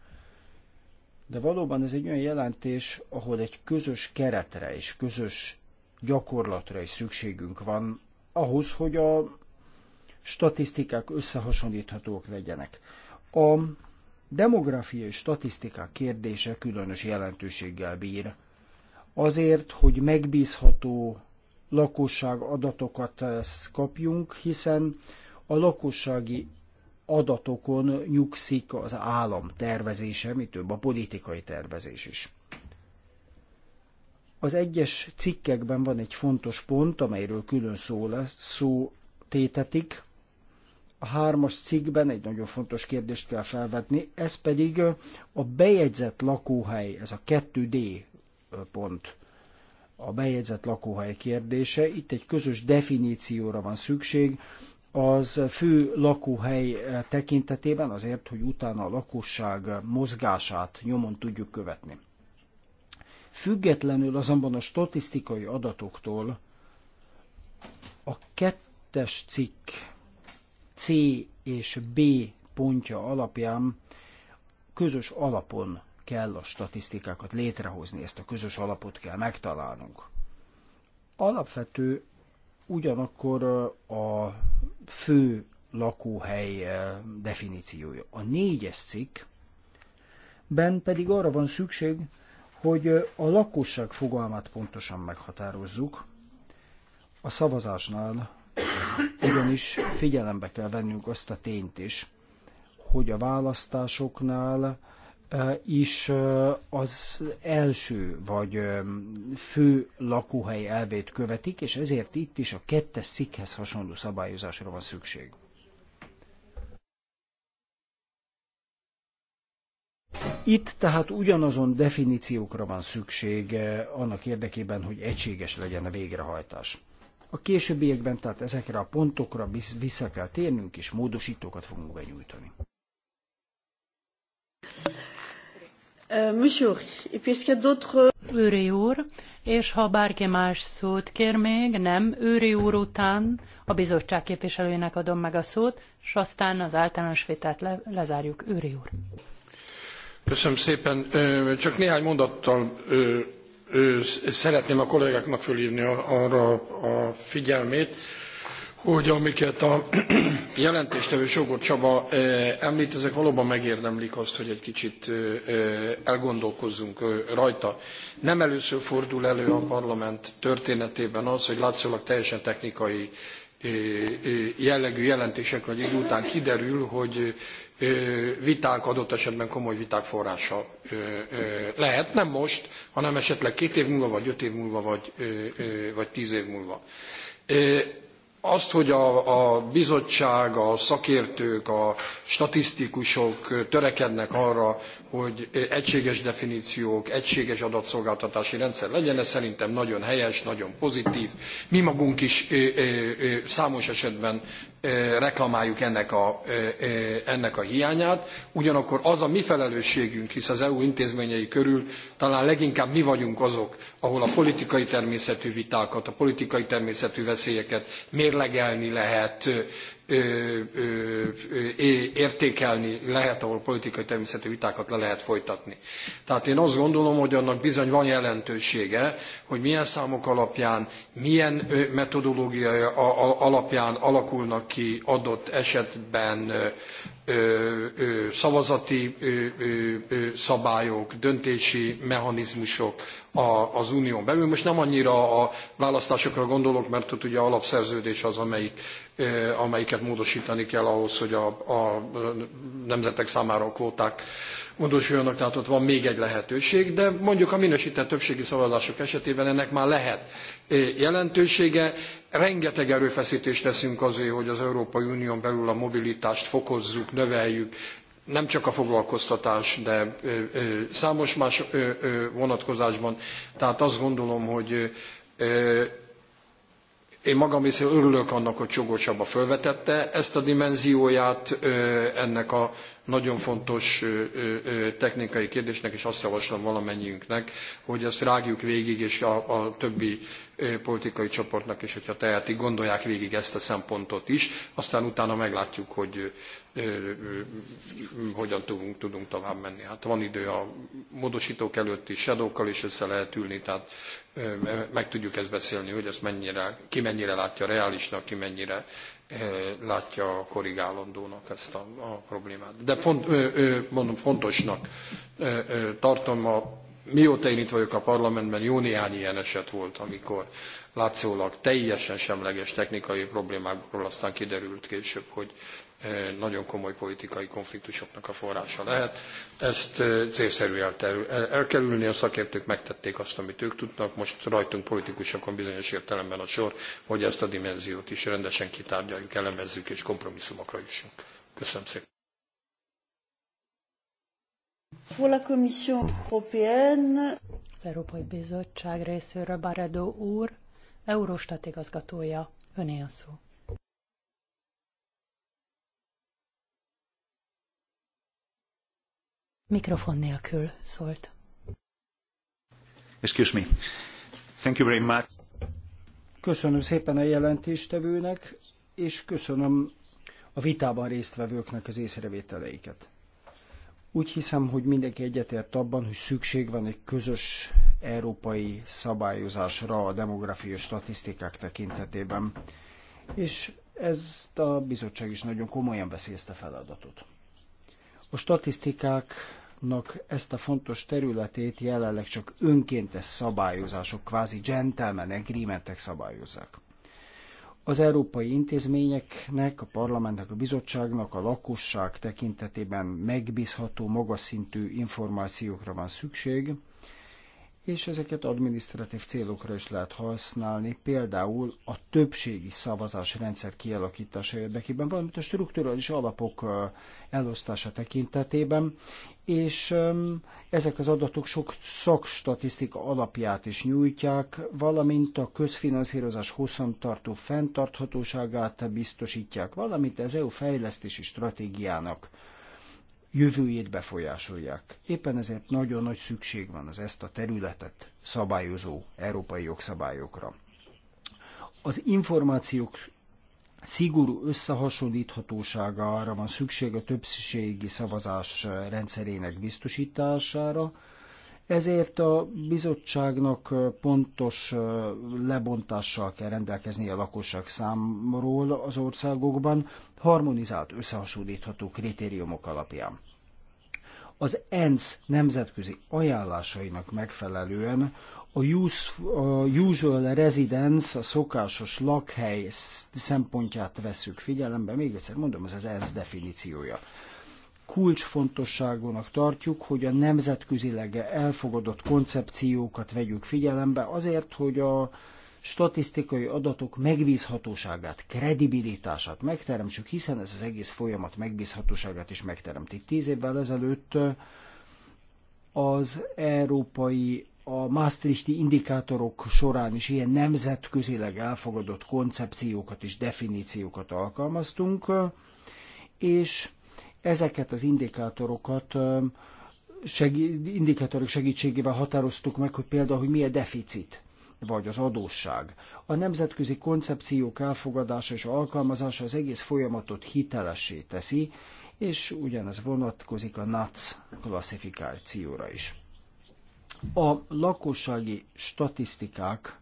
de valóban ez egy olyan jelentés, ahol egy közös keretre és közös gyakorlatra is szükségünk van ahhoz, hogy a statisztikák összehasonlíthatók legyenek. A demográfiai statisztikák kérdése különös jelentőséggel bír. Azért, hogy megbízható lakosság adatokat eh, kapjunk, hiszen a lakossági adatokon nyugszik az állam tervezése, mi több a politikai tervezés is. Az egyes cikkekben van egy fontos pont, amelyről külön szó, lesz, szó tétetik, a hármas cikkben egy nagyon fontos kérdést kell felvetni, ez pedig a bejegyzett lakóhely, ez a 2D pont, a bejegyzett lakóhely kérdése. Itt egy közös definícióra van szükség, az fő lakóhely tekintetében azért, hogy utána a lakosság mozgását nyomon tudjuk követni. Függetlenül azonban a statisztikai adatoktól a kettes cikk C és B pontja alapján közös alapon kell a statisztikákat létrehozni, ezt a közös alapot kell megtalálnunk. Alapvető ugyanakkor a fő lakóhely eh, definíciója. A négyes cikkben pedig arra van szükség, hogy eh, a lakosság fogalmát pontosan meghatározzuk. A szavazásnál ugyanis figyelembe kell vennünk azt a tényt is, hogy a választásoknál e, is e, az első vagy e, fő lakóhely elvét követik, és ezért itt is a kettes szikhez hasonló szabályozásra van szükség. Itt tehát ugyanazon definíciókra van szükség annak érdekében, hogy egységes legyen a végrehajtás. A későbbiekben tehát ezekre a pontokra vissza kell térnünk, és módosítókat fogunk benyújtani. Euh, monsieur, et puis d'autres... Őri úr, és ha bárki más szót kér még, nem, Őri úr után a bizottság képviselőjének adom meg a szót, és aztán az általános vitát le, lezárjuk. Őri úr. Köszönöm szépen. Csak néhány mondattal szeretném a kollégáknak fölhívni arra a figyelmét, hogy amiket a jelentéstevő Sogor Csaba említ, ezek valóban megérdemlik azt, hogy egy kicsit elgondolkozzunk rajta. Nem először fordul elő a parlament történetében az, hogy látszólag teljesen technikai jellegű jelentésekről egy idő után kiderül, hogy viták, adott esetben komoly viták forrása lehet. Nem most, hanem esetleg két év múlva, vagy öt év múlva, vagy, vagy tíz év múlva. Azt, hogy a, a bizottság, a szakértők, a statisztikusok törekednek arra, hogy egységes definíciók, egységes adatszolgáltatási rendszer legyen, ez szerintem nagyon helyes, nagyon pozitív. Mi magunk is számos esetben reklamáljuk ennek a, ennek a hiányát. Ugyanakkor az a mi felelősségünk, hisz az EU intézményei körül talán leginkább mi vagyunk azok, ahol a politikai természetű vitákat, a politikai természetű veszélyeket mérlegelni lehet, értékelni lehet, ahol politikai természetű vitákat le lehet folytatni. Tehát én azt gondolom, hogy annak bizony van jelentősége, hogy milyen számok alapján, milyen metodológia alapján alakulnak ki adott esetben szavazati szabályok, döntési mechanizmusok az unión belül. Most nem annyira a választásokra gondolok, mert ott ugye alapszerződés az, amelyik, amelyiket módosítani kell ahhoz, hogy a, a nemzetek számára a kvóták módosuljanak, tehát ott van még egy lehetőség, de mondjuk a minősített többségi szavazások esetében ennek már lehet jelentősége. Rengeteg erőfeszítést teszünk azért, hogy az Európai Unión belül a mobilitást fokozzuk, növeljük, nem csak a foglalkoztatás, de számos más vonatkozásban. Tehát azt gondolom, hogy én magam részéről örülök annak, hogy Csogó Csaba felvetette ezt a dimenzióját ennek a nagyon fontos technikai kérdésnek, és azt javaslom valamennyiünknek, hogy ezt rágjuk végig, és a, a többi politikai csoportnak is, hogyha teheti, gondolják végig ezt a szempontot is, aztán utána meglátjuk, hogy hogyan tudunk, tudunk tovább menni. Hát van idő a módosítók előtti sedókkal is össze lehet ülni, tehát meg tudjuk ezt beszélni, hogy ezt mennyire, ki mennyire látja reálisnak, ki mennyire Eh, látja a korrigálandónak ezt a, a problémát. De font, ö, ö, mondom, fontosnak ö, ö, tartom, a, mióta én itt vagyok a parlamentben, jó néhány ilyen eset volt, amikor látszólag teljesen semleges technikai problémákról aztán kiderült később, hogy nagyon komoly politikai konfliktusoknak a forrása lehet. Ezt célszerű elkerülni, a szakértők megtették azt, amit ők tudnak, most rajtunk politikusokon bizonyos értelemben a sor, hogy ezt a dimenziót is rendesen kitárgyaljuk, elemezzük és kompromisszumokra jussunk. Köszönöm szépen. az Európai Bizottság részéről Baredó úr, Eurostat igazgatója. Öné a szó. Mikrofon nélkül szólt. Excuse me. Thank you very much. Köszönöm szépen a jelentéstevőnek, és köszönöm a vitában résztvevőknek az észrevételeiket. Úgy hiszem, hogy mindenki egyetért abban, hogy szükség van egy közös európai szabályozásra a demográfiai statisztikák tekintetében. És ezt a bizottság is nagyon komolyan veszi ezt a feladatot. A statisztikák jognak ezt a fontos területét jelenleg csak önkéntes szabályozások, kvázi gentleman agreementek szabályozzák. Az európai intézményeknek, a parlamentnek, a bizottságnak a lakosság tekintetében megbízható, magas szintű információkra van szükség, és ezeket adminisztratív célokra is lehet használni, például a többségi szavazás rendszer kialakítása érdekében, valamint a strukturális alapok elosztása tekintetében, és ezek az adatok sok szakstatisztika alapját is nyújtják, valamint a közfinanszírozás hosszantartó fenntarthatóságát biztosítják, valamint az EU fejlesztési stratégiának jövőjét befolyásolják. Éppen ezért nagyon nagy szükség van az ezt a területet szabályozó európai jogszabályokra. Az információk szigorú összehasonlíthatóságára van szükség a többségi szavazás rendszerének biztosítására, ezért a bizottságnak pontos lebontással kell rendelkezni a lakosság számról az országokban, harmonizált, összehasonlítható kritériumok alapján. Az ENSZ nemzetközi ajánlásainak megfelelően a usual residence, a szokásos lakhely szempontját veszük figyelembe, még egyszer mondom, ez az ENSZ definíciója kulcsfontosságúnak tartjuk, hogy a nemzetközileg elfogadott koncepciókat vegyük figyelembe azért, hogy a statisztikai adatok megbízhatóságát, kredibilitását megteremtsük, hiszen ez az egész folyamat megbízhatóságát is megteremti. Tíz évvel ezelőtt az európai a Maastrichti indikátorok során is ilyen nemzetközileg elfogadott koncepciókat és definíciókat alkalmaztunk, és Ezeket az indikátorokat segí- indikátorok segítségével határoztuk meg, hogy például, hogy mi a deficit vagy az adósság. A nemzetközi koncepciók elfogadása és alkalmazása az egész folyamatot hitelessé teszi, és ugyanez vonatkozik a NATS klasszifikációra is. A lakossági statisztikák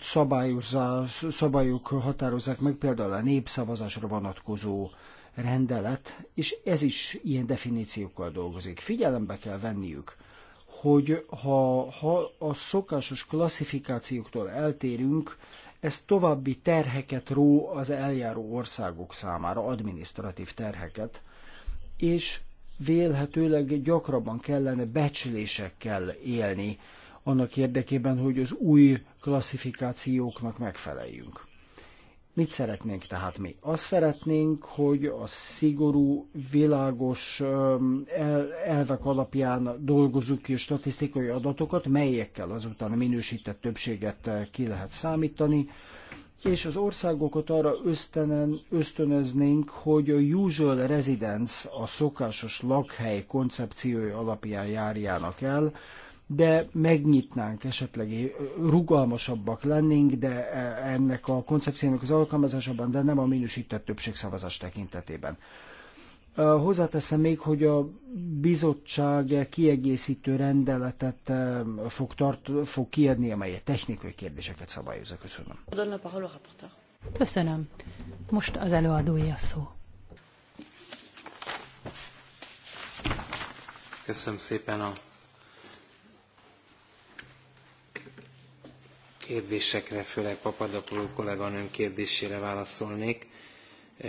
szabályozza szabályok határozzák meg, például a népszavazásra vonatkozó rendelet, és ez is ilyen definíciókkal dolgozik. Figyelembe kell venniük, hogy ha, ha a szokásos klasszifikációktól eltérünk, ez további terheket ró az eljáró országok számára, administratív terheket, és vélhetőleg gyakrabban kellene becslésekkel élni annak érdekében, hogy az új klasszifikációknak megfeleljünk. Mit szeretnénk tehát mi? Azt szeretnénk, hogy a szigorú, világos elvek alapján dolgozzuk ki a statisztikai adatokat, melyekkel azután a minősített többséget eh, ki lehet számítani, és az országokat arra ösztönen, ösztönöznénk, hogy a usual residence, a szokásos lakhely koncepciója alapján járjának el, de megnyitnánk esetleg, rugalmasabbak lennénk, de e, ennek a koncepciónak az alkalmazásában, de nem a minősített többségszavazás tekintetében. Hozzáteszem még, hogy a bizottság kiegészítő rendeletet e, fog, tart, fog kiadni, amely technikai kérdéseket szabályozza. Köszönöm. Köszönöm. Most az előadója szó. Köszönöm szépen a kérdésekre, főleg Papadopoulou kolléganőm kérdésére válaszolnék. E,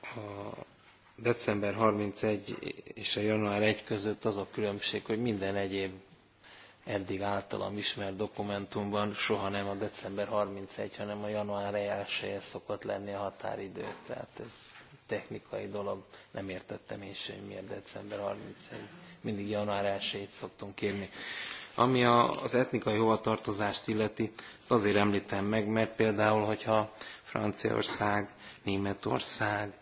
a december 31 és a január 1 között az a különbség, hogy minden egyéb eddig általam ismert dokumentumban soha nem a december 31, hanem a január 1 -e szokott lenni a határidő. Tehát ez technikai dolog, nem értettem én sem, miért december 31. Mindig január 1-ét szoktunk kérni. Ami a, az etnikai hovatartozást illeti, ezt azért említem meg, mert például, hogyha Franciaország, Németország,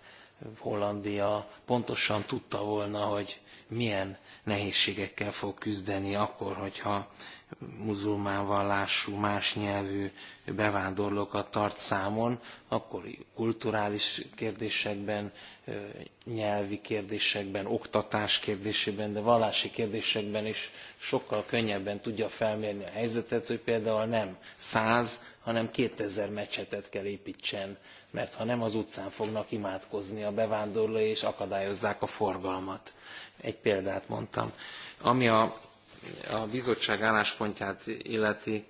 Hollandia pontosan tudta volna, hogy milyen nehézségekkel fog küzdeni akkor, hogyha muzulmán vallású, más nyelvű bevándorlókat tart számon, akkor kulturális kérdésekben, nyelvi kérdésekben, oktatás kérdésében, de vallási kérdésekben is sokkal könnyebben tudja felmérni a helyzetet, hogy például nem száz, hanem 2000 mecsetet kell építsen, mert ha nem az utcán fognak imádkozni a bevándorlói, és akadályozzák a forgalmat. Egy példát mondtam. Ami a a bizottság álláspontját illeti,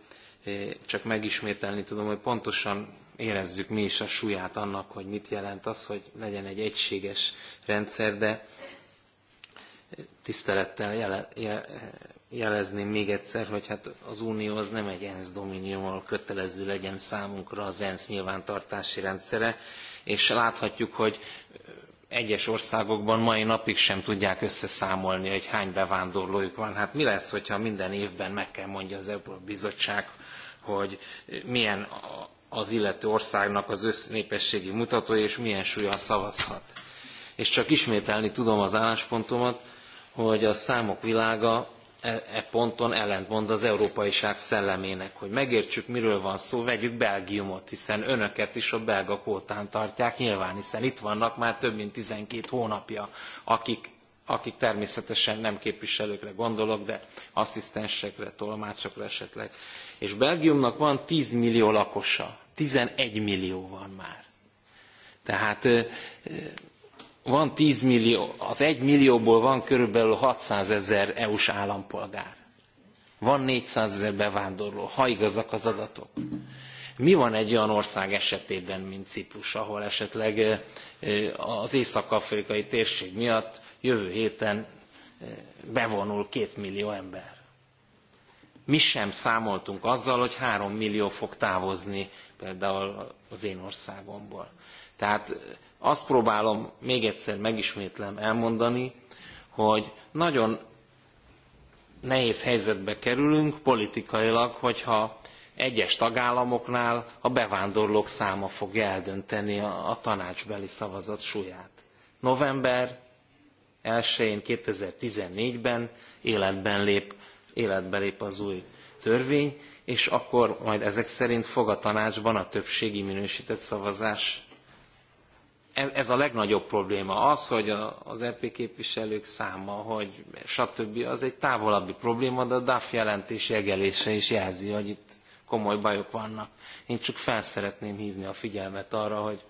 csak megismételni tudom, hogy pontosan érezzük mi is a súlyát annak, hogy mit jelent az, hogy legyen egy egységes rendszer, de tisztelettel jele, jele, jelezném még egyszer, hogy hát az Unió az nem egy ENSZ ahol kötelező legyen számunkra az ENSZ nyilvántartási rendszere, és láthatjuk, hogy egyes országokban mai napig sem tudják összeszámolni, hogy hány bevándorlójuk van. Hát mi lesz, hogyha minden évben meg kell mondja az Európai Bizottság, hogy milyen az illető országnak az össznépességi mutatója, és milyen súlyan szavazhat. És csak ismételni tudom az álláspontomat, hogy a számok világa E, e, ponton ellentmond az európaiság szellemének. Hogy megértsük, miről van szó, vegyük Belgiumot, hiszen önöket is a belga kvótán tartják nyilván, hiszen itt vannak már több mint 12 hónapja, akik, akik természetesen nem képviselőkre gondolok, de asszisztensekre, tolmácsokra esetleg. És Belgiumnak van 10 millió lakosa, 11 millió van már. Tehát van 10 millió, az 1 millióból van körülbelül 600 ezer EU-s állampolgár. Van 400 ezer bevándorló, ha igazak az adatok. Mi van egy olyan ország esetében, mint Ciprus, ahol esetleg az észak-afrikai térség miatt jövő héten bevonul két millió ember? Mi sem számoltunk azzal, hogy három millió fog távozni például az én országomból. Tehát azt próbálom még egyszer megismétlem elmondani, hogy nagyon nehéz helyzetbe kerülünk politikailag, hogyha egyes tagállamoknál a bevándorlók száma fogja eldönteni a tanácsbeli szavazat súlyát. November 1-én 2014-ben életben lép, életbe lép az új törvény, és akkor majd ezek szerint fog a tanácsban a többségi minősített szavazás ez a legnagyobb probléma. Az, hogy az EP képviselők száma, hogy stb. az egy távolabbi probléma, de a DAF jelentés jegelése is jelzi, hogy itt komoly bajok vannak. Én csak fel szeretném hívni a figyelmet arra, hogy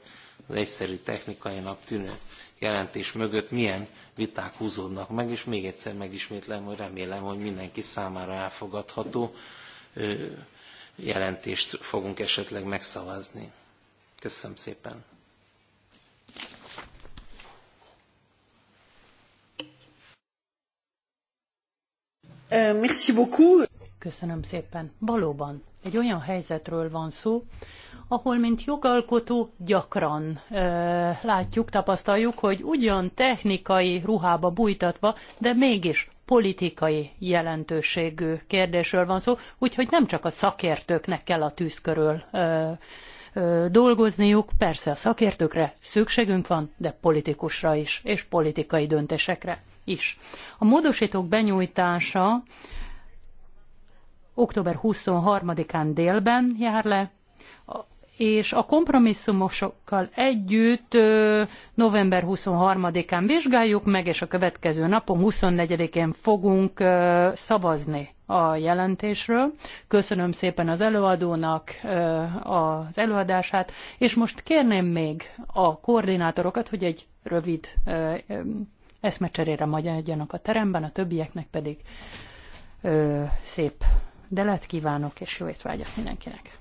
az egyszerű technikainak tűnő jelentés mögött milyen viták húzódnak meg, és még egyszer megismétlem, hogy remélem, hogy mindenki számára elfogadható jelentést fogunk esetleg megszavazni. Köszönöm szépen! Euh, merci beaucoup. Köszönöm szépen. Valóban egy olyan helyzetről van szó, ahol, mint jogalkotó, gyakran ö, látjuk, tapasztaljuk, hogy ugyan technikai ruhába bújtatva, de mégis politikai jelentőségű kérdésről van szó, úgyhogy nem csak a szakértőknek kell a körül. ö, dolgozniuk. Persze a szakértőkre szükségünk van, de politikusra is, és politikai döntésekre is. A módosítók benyújtása október 23-án délben jár le, és a kompromisszumosokkal együtt november 23-án vizsgáljuk meg, és a következő napon 24-én fogunk szavazni a jelentésről. Köszönöm szépen az előadónak az előadását, és most kérném még a koordinátorokat, hogy egy rövid eszmecserére magyarjanak a teremben, a többieknek pedig szép delet kívánok, és jó étvágyat mindenkinek!